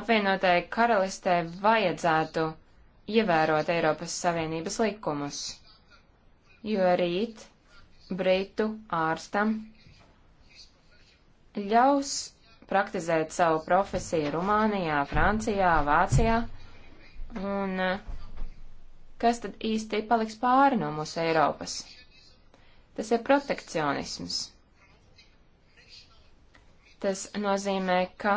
apvienotai karalistē vajadzētu ievērot Eiropas Savienības likumus, jo rīt Britu ārstam ļaus praktizēt savu profesiju Rumānijā, Francijā, Vācijā un uh, kas tad īsti paliks pāri no mūsu Eiropas. Tas ir protekcionisms. Tas nozīmē, ka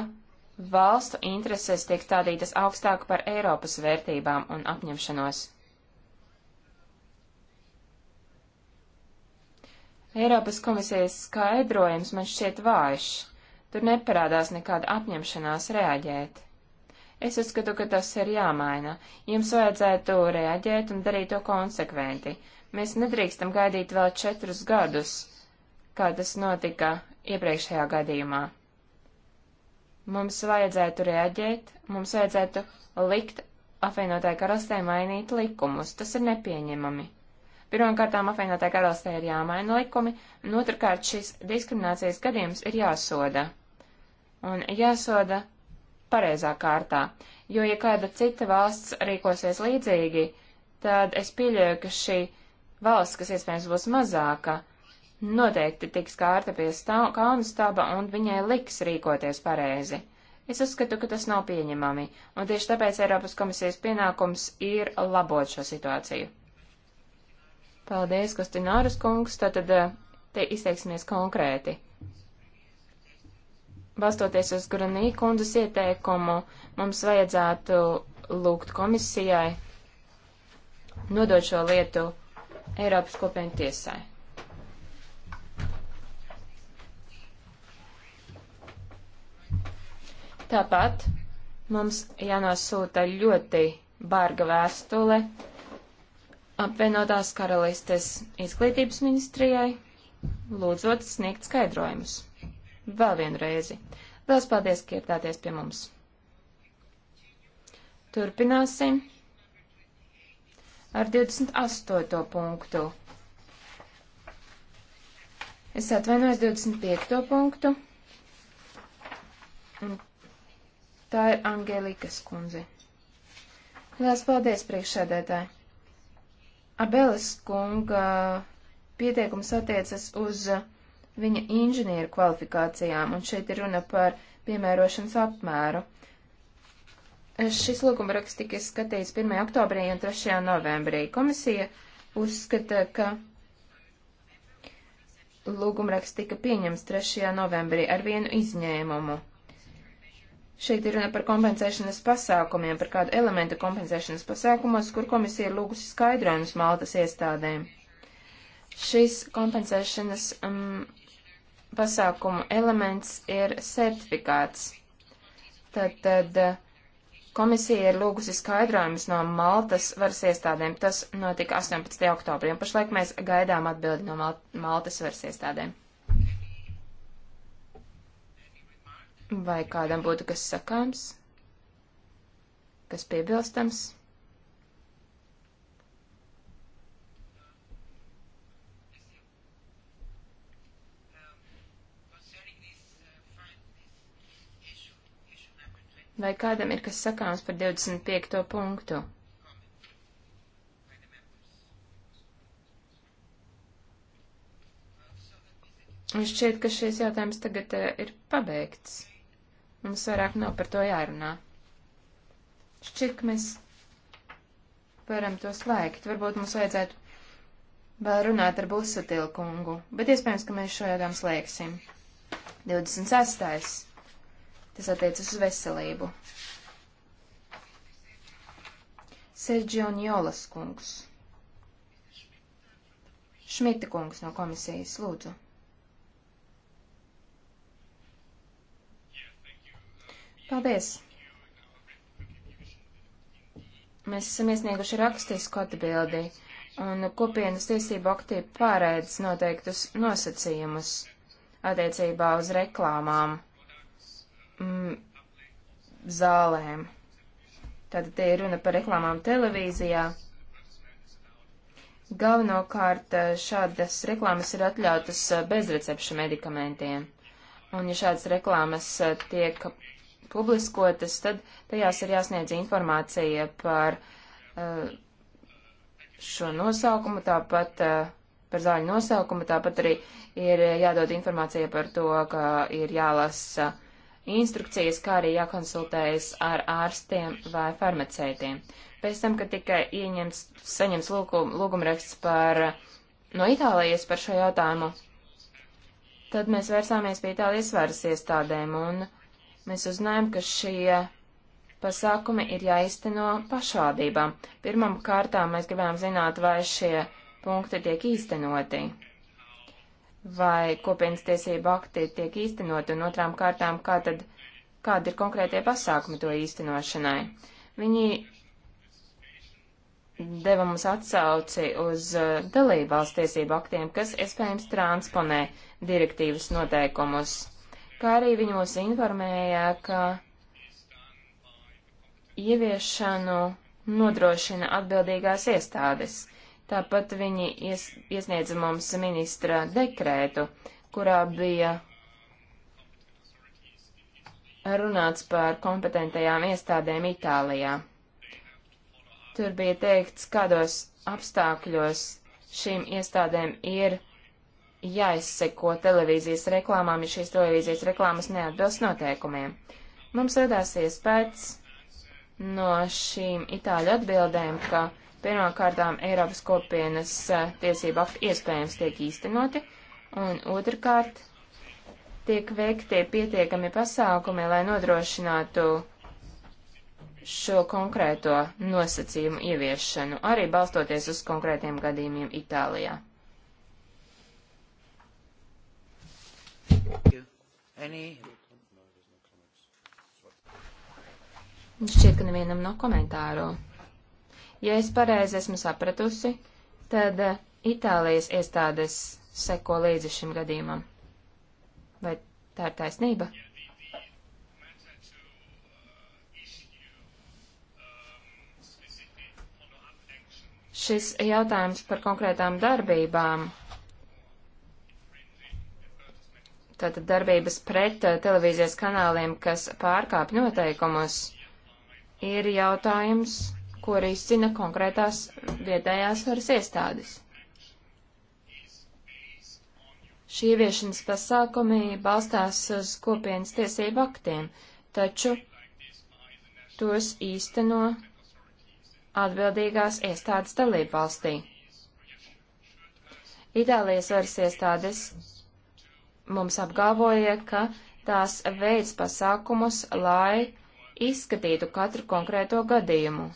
valstu intereses tiek stādītas augstāk par Eiropas vērtībām un apņemšanos. Eiropas komisijas skaidrojums man šķiet vājš. Tur neparādās nekāda apņemšanās reaģēt. Es uzskatu, ka tas ir jāmaina. Jums vajadzētu reaģēt un darīt to konsekventi. Mēs nedrīkstam gaidīt vēl četrus gadus, kā tas notika iepriekšējā gadījumā. Mums vajadzētu reaģēt, mums vajadzētu likt apvienotāju karalistē mainīt likumus. Tas ir nepieņemami. Pirmkārtām apvienotāju karalistē ir jāmaina likumi, un otrkārt šis diskriminācijas gadījums ir jāsoda. Un jāsoda pareizā kārtā, jo ja kāda cita valsts rīkosies līdzīgi, tad es pieļauju, ka šī valsts, kas iespējams būs mazāka, noteikti tiks kārta pie stāv, kauna staba un viņai liks rīkoties pareizi. Es uzskatu, ka tas nav pieņemami, un tieši tāpēc Eiropas komisijas pienākums ir labot šo situāciju. Paldies, Kostināras kungs, tātad eh, te izteiksimies konkrēti balstoties uz Granī kundzes ieteikumu, mums vajadzētu lūgt komisijai nodot šo lietu Eiropas kopienu tiesai. Tāpat mums jānosūta ļoti barga vēstule apvienotās karalistes izglītības ministrijai, lūdzot sniegt skaidrojumus vēl vienu reizi. Lielas paldies, ka ieradāties pie mums. Turpināsim ar 28. punktu. Es atvainojos 25. punktu. Tā ir Angelikas kundze. Lielas paldies, priekšsēdētāji. Abeles kunga pieteikums attiecas uz uh, viņa inženieru kvalifikācijām, un šeit ir runa par piemērošanas apmēru. Šis lūguma raksts tika skatīts 1. oktobrī un 3. novembrī. Komisija uzskata, ka lūgumraksts tika pieņems 3. novembrī ar vienu izņēmumu. Šeit ir runa par kompensēšanas pasākumiem, par kādu elementu kompensēšanas pasākumos, kur komisija ir lūgusi skaidrojumus Maltas iestādēm. Šis kompensēšanas um, pasākumu elements ir certifikāts. Tad, tad eh, komisija ir lūgusi skaidrojumus no Maltas varas iestādēm. Tas notika 18. oktobrī, un pašlaik mēs gaidām atbildi no Mal Maltas varas iestādēm. Vai kādam būtu kas sakāms? Kas piebilstams? Vai kādam ir kas sakāms par 25. punktu? Un šķiet, ka šis jautājums tagad eh, ir pabeigts. Mums vairāk nav par to jārunā. Šķiet, ka mēs varam to slēgt. Varbūt mums vajadzētu vēl runāt ar Busatilu kungu, bet iespējams, ka mēs šo jautājumu slēgsim. 26. Tas attiecas uz veselību. Sergio Njolas kungs. Šmita kungs no komisijas, lūdzu. Paldies! Mēs esam iesnieguši rakstisku atbildi, un kopienas tiesību aktīvi pārēdz noteiktus nosacījumus attiecībā uz reklāmām mm, zālēm. Tātad te ir runa par reklāmām televīzijā. Galvenokārt eh, šādas reklāmas ir atļautas eh, bezrecepšu medikamentiem. Un ja šādas reklāmas eh, tiek publiskotas, tad tajās ir jāsniedz informācija par uh, šo nosaukumu, tāpat uh, par zāļu nosaukumu, tāpat arī ir jādod informācija par to, ka ir jālasa uh, instrukcijas, kā arī jākonsultējas ar ārstiem vai farmaceitiem. Pēc tam, kad tika ieņems, saņems lūgum, lūgumraksts par, no Itālijas par šo jautājumu, tad mēs vērsāmies pie Itālijas varas iestādēm un mēs uzzinājām, ka šie pasākumi ir jāizteno pašvaldībām. Pirmam kārtām mēs gribējām zināt, vai šie punkti tiek īstenoti vai kopienas tiesība akti tiek īstenot, un otrām kārtām, kā tad, kāda ir konkrētie pasākumi to īstenošanai. Viņi deva mums atsauci uz eh, dalībvalsts tiesību aktiem, kas, iespējams, transponē direktīvas noteikumus, kā arī viņi mūs informēja, ka ieviešanu nodrošina atbildīgās iestādes Tāpat viņi ies, iesniedza mums ministra dekrētu, kurā bija runāts par kompetentajām iestādēm Itālijā. Tur bija teikts, kādos apstākļos šīm iestādēm ir jāizseko televīzijas reklāmām, ja šīs televīzijas reklāmas neatbilst noteikumiem. Mums radās iespējas no šīm itāļu atbildēm, ka Pirmkārtām Eiropas kopienas eh, tiesību akti iespējams tiek īstenoti, un otrkārt tiek veikti pietiekami pasākumi, lai nodrošinātu šo konkrēto nosacījumu ieviešanu, arī balstoties uz konkrētiem gadījumiem Itālijā. Any... Šķiet, ka nevienam nav no komentāru. Ja es pareizi esmu sapratusi, tad eh, Itālijas iestādes seko līdzi šim gadījumam. Vai tā ir taisnība? Šis jautājums par konkrētām darbībām tātad darbības pret eh, televīzijas kanāliem, kas pārkāp noteikumus, ir jautājums, ko arī zina konkrētās vietējās varas iestādes. Šī ieviešanas pasākumi balstās uz kopienas tiesību aktiem, taču tos īsteno atbildīgās iestādes dalību valstī. Itālijas varas iestādes mums apgalvoja, ka tās veids pasākumus, lai izskatītu katru konkrēto gadījumu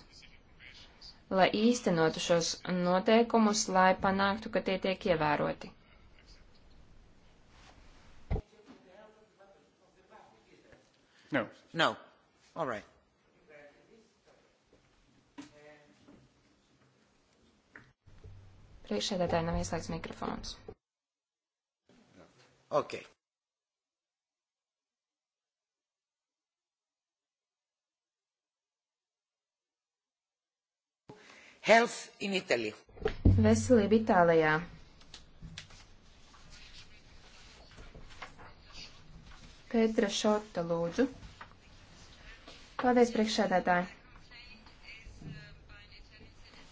lai īstenotu šos noteikumus, lai panāktu, ka tie tiek ievēroti. No. No. All right. Priekšsēdētāji nav ieslēgts mikrofons. Okay. Health in Italy. Veselība Itālijā. Pētra Šorta, lūdzu. Paldies, priekšsēdētāji.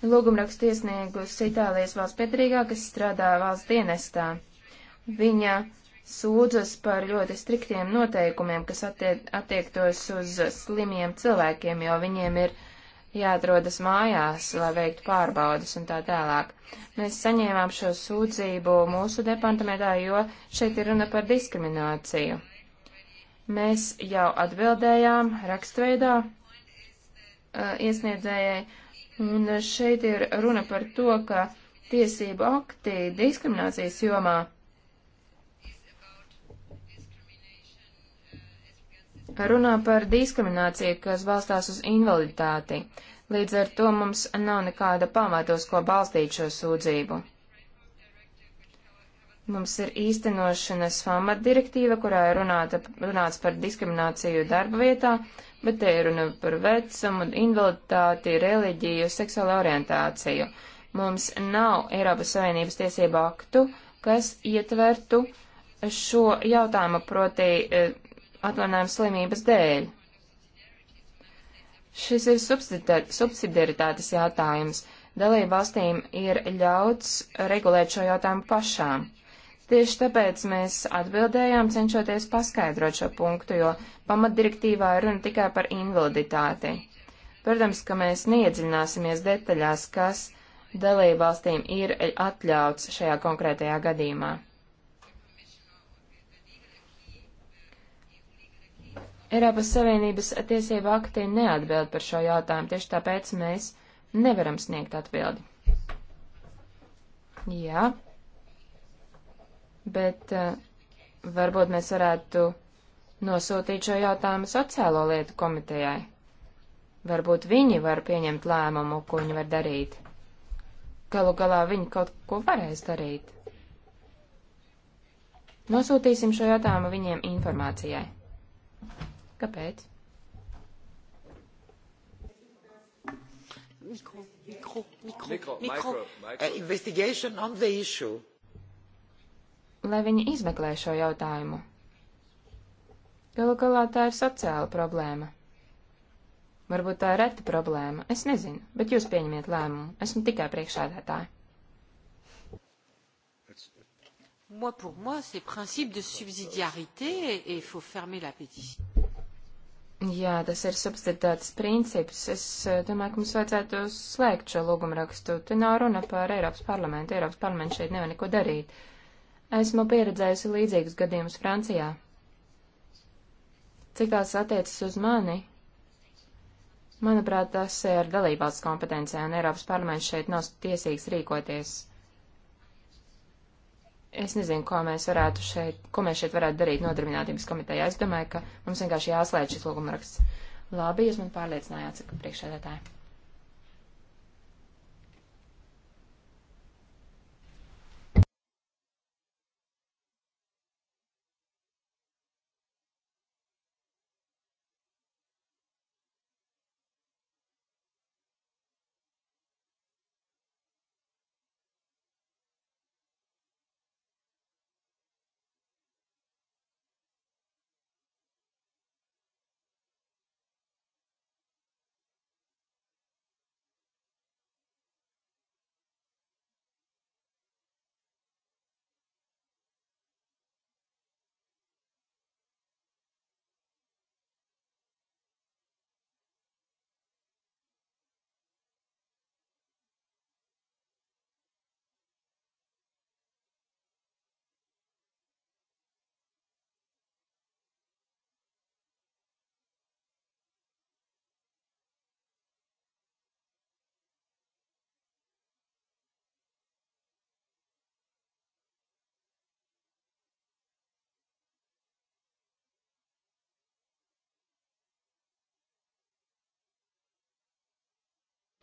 Lūgumrakstu iesniegus Itālijas valsts piedarīgā, kas strādā valsts dienestā. Viņa sūdzas par ļoti striktiem noteikumiem, kas attiektos uz slimiem cilvēkiem, jo viņiem ir jāatrodas mājās, lai veiktu pārbaudas un tā tālāk. Mēs saņēmām šo sūdzību mūsu departamentā, jo šeit ir runa par diskrimināciju. Mēs jau atbildējām rakstveidā iesniedzējai, un šeit ir runa par to, ka tiesību akti diskriminācijas jomā runā par diskrimināciju, kas balstās uz invaliditāti. Līdz ar to mums nav nekāda pamatos, ko balstīt šo sūdzību. Mums ir īstenošanas pamata direktīva, kurā ir runāta, runāts par diskrimināciju darba vietā, bet te ir runa par vecumu, invaliditāti, reliģiju, seksuālo orientāciju. Mums nav Eiropas Savienības tiesību aktu, kas ietvertu šo jautājumu, proti eh, atvainājuma slimības dēļ. Šis ir subsidiaritātes jautājums. Dalību valstīm ir ļauts regulēt šo jautājumu pašām. Tieši tāpēc mēs atbildējām, cenšoties paskaidrot šo punktu, jo pamatdirektīvā ir runa tikai par invaliditāti. Protams, ka mēs neiedziļināsimies detaļās, kas dalību valstīm ir atļauts šajā konkrētajā gadījumā. Eiropas Savienības tiesība akti neatbild par šo jautājumu, tieši tāpēc mēs nevaram sniegt atbildi. Jā, bet uh, varbūt mēs varētu nosūtīt šo jautājumu sociālo lietu komitejai. Varbūt viņi var pieņemt lēmumu, ko viņi var darīt. Galu galā viņi kaut ko varēs darīt. Nosūtīsim šo jautājumu viņiem informācijai. Kāpēc? Mikro, mikro, mikro, mikro, mikro. Uh, investigation on the issue. Lai viņi izmeklē šo jautājumu. Galu galā tā ir sociāla problēma. Varbūt tā ir reta problēma, es nezinu, bet jūs pieņemiet lēmumu. Esmu tikai priekšādētāja. Moi, pour moi, c'est principe de subsidiarité et il faut fermer la pétition. Jā, tas ir subsidētas princips. Es eh, domāju, ka mums vajadzētu slēgt šo lūgumrakstu. Te nav runa par Eiropas parlamentu. Eiropas parlaments šeit nevar neko darīt. Esmu pieredzējusi līdzīgus gadījumus Francijā. Cik tās attiecas uz mani? Manuprāt, tas ir dalībvalsts kompetencijā, un Eiropas parlaments šeit nav tiesīgs rīkoties. Es nezinu, ko mēs varētu šeit, ko mēs šeit varētu darīt nodarbinātības komitejā. Es domāju, ka mums vienkārši jāslēdz šis lūgumraksts. Labi, jūs man pārliecinājāt, saka priekšsēdētāji.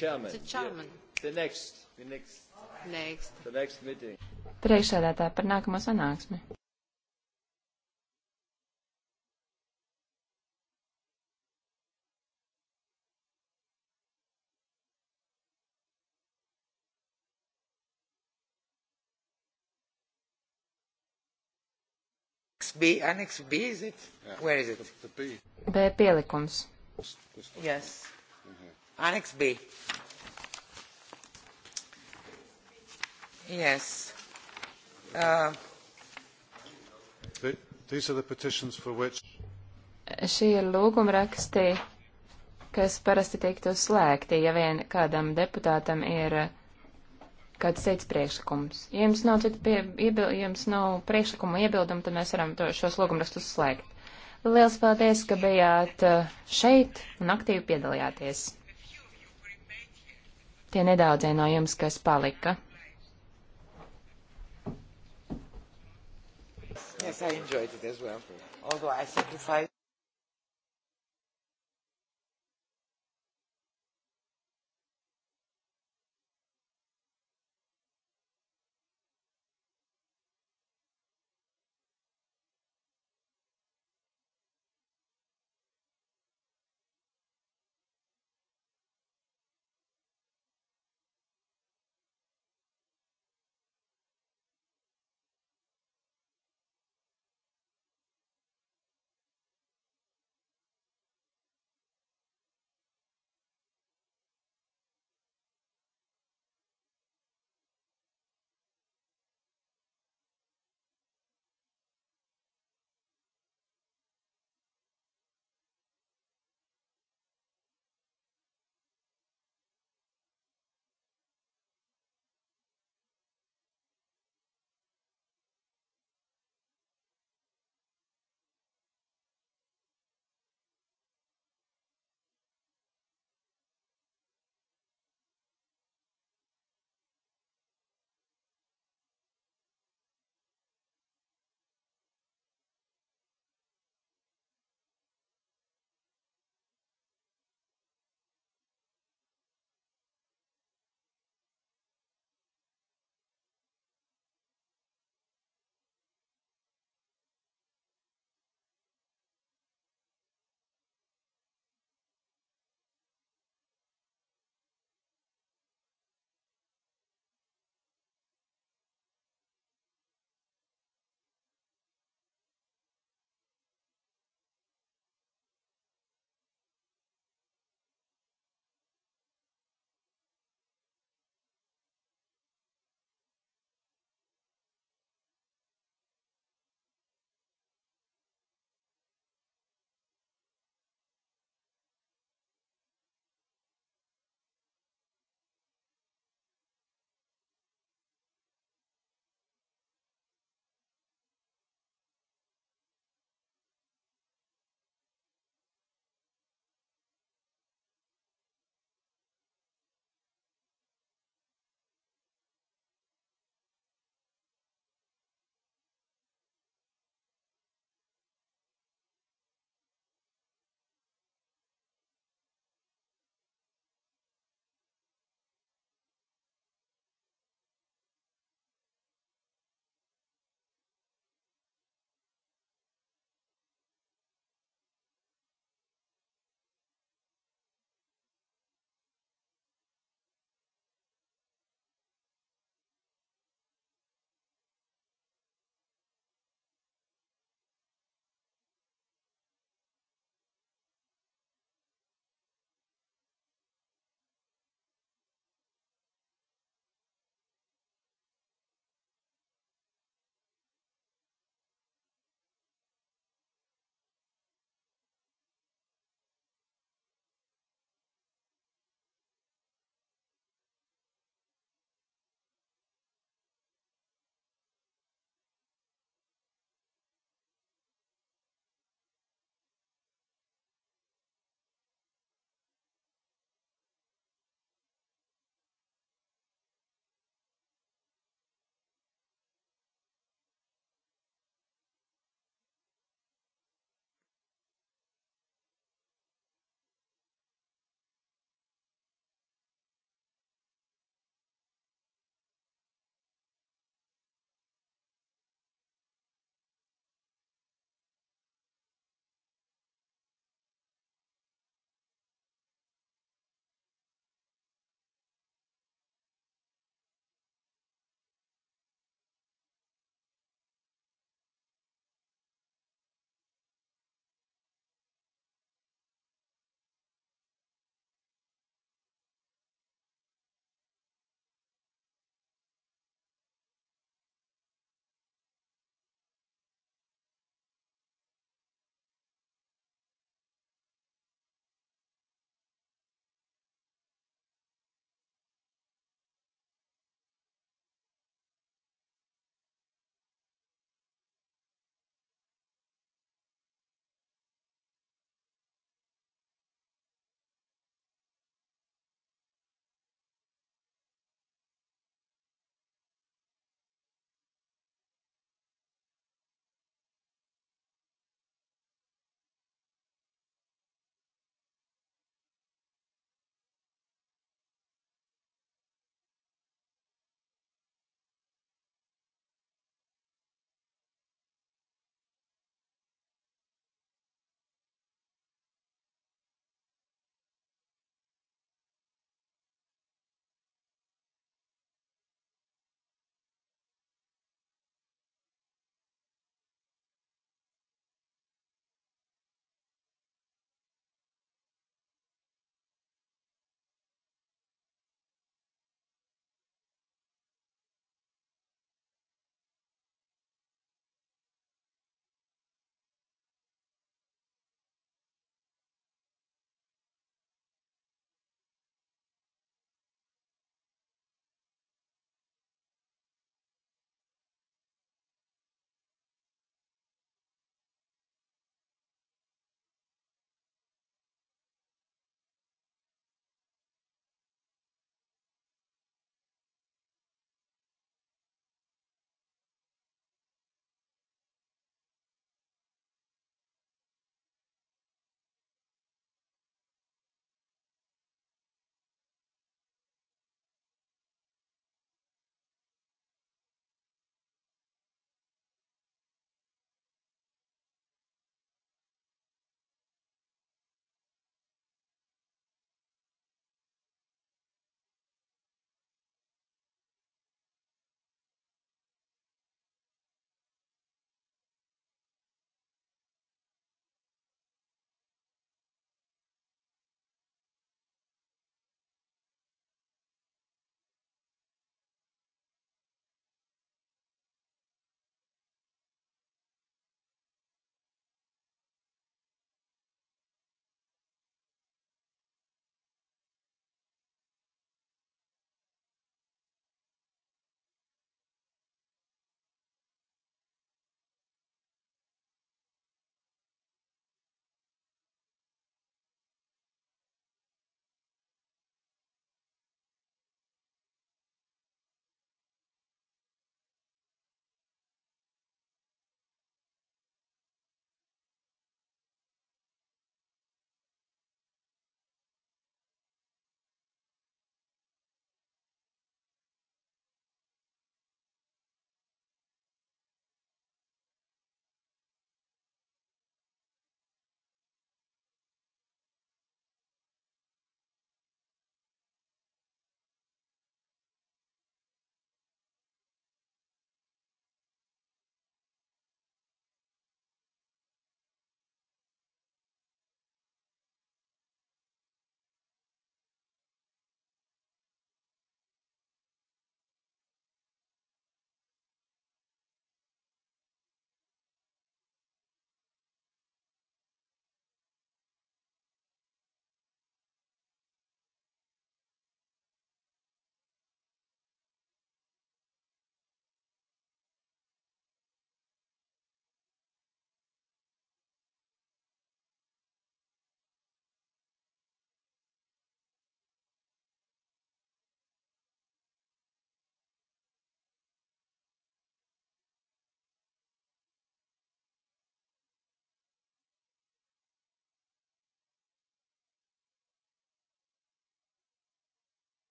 chairman. The chairman. The next. The next. Next. The next meeting. Priekšsēdētāji par nākamo sanāksmi. B, annex B, is it? Yeah. Where is it? The, the B. B pielikums. Yes. Annex B. Yes. Uh, the, these are the petitions for which Šie ir lūgumraksti, kas parasti tiktu slēgti, ja vien kādam deputātam ir kāds cits priekšlikums. Ja jums nav, pie, iebil, ja jums nav priekšlikuma iebildumu, tad mēs varam to, šos lūgumrakstus slēgt. Liels paldies, ka bijāt uh, šeit un aktīvi piedalījāties! tie nedaudzie no jums, kas palika. Yes, I enjoyed it as well, although I sacrificed.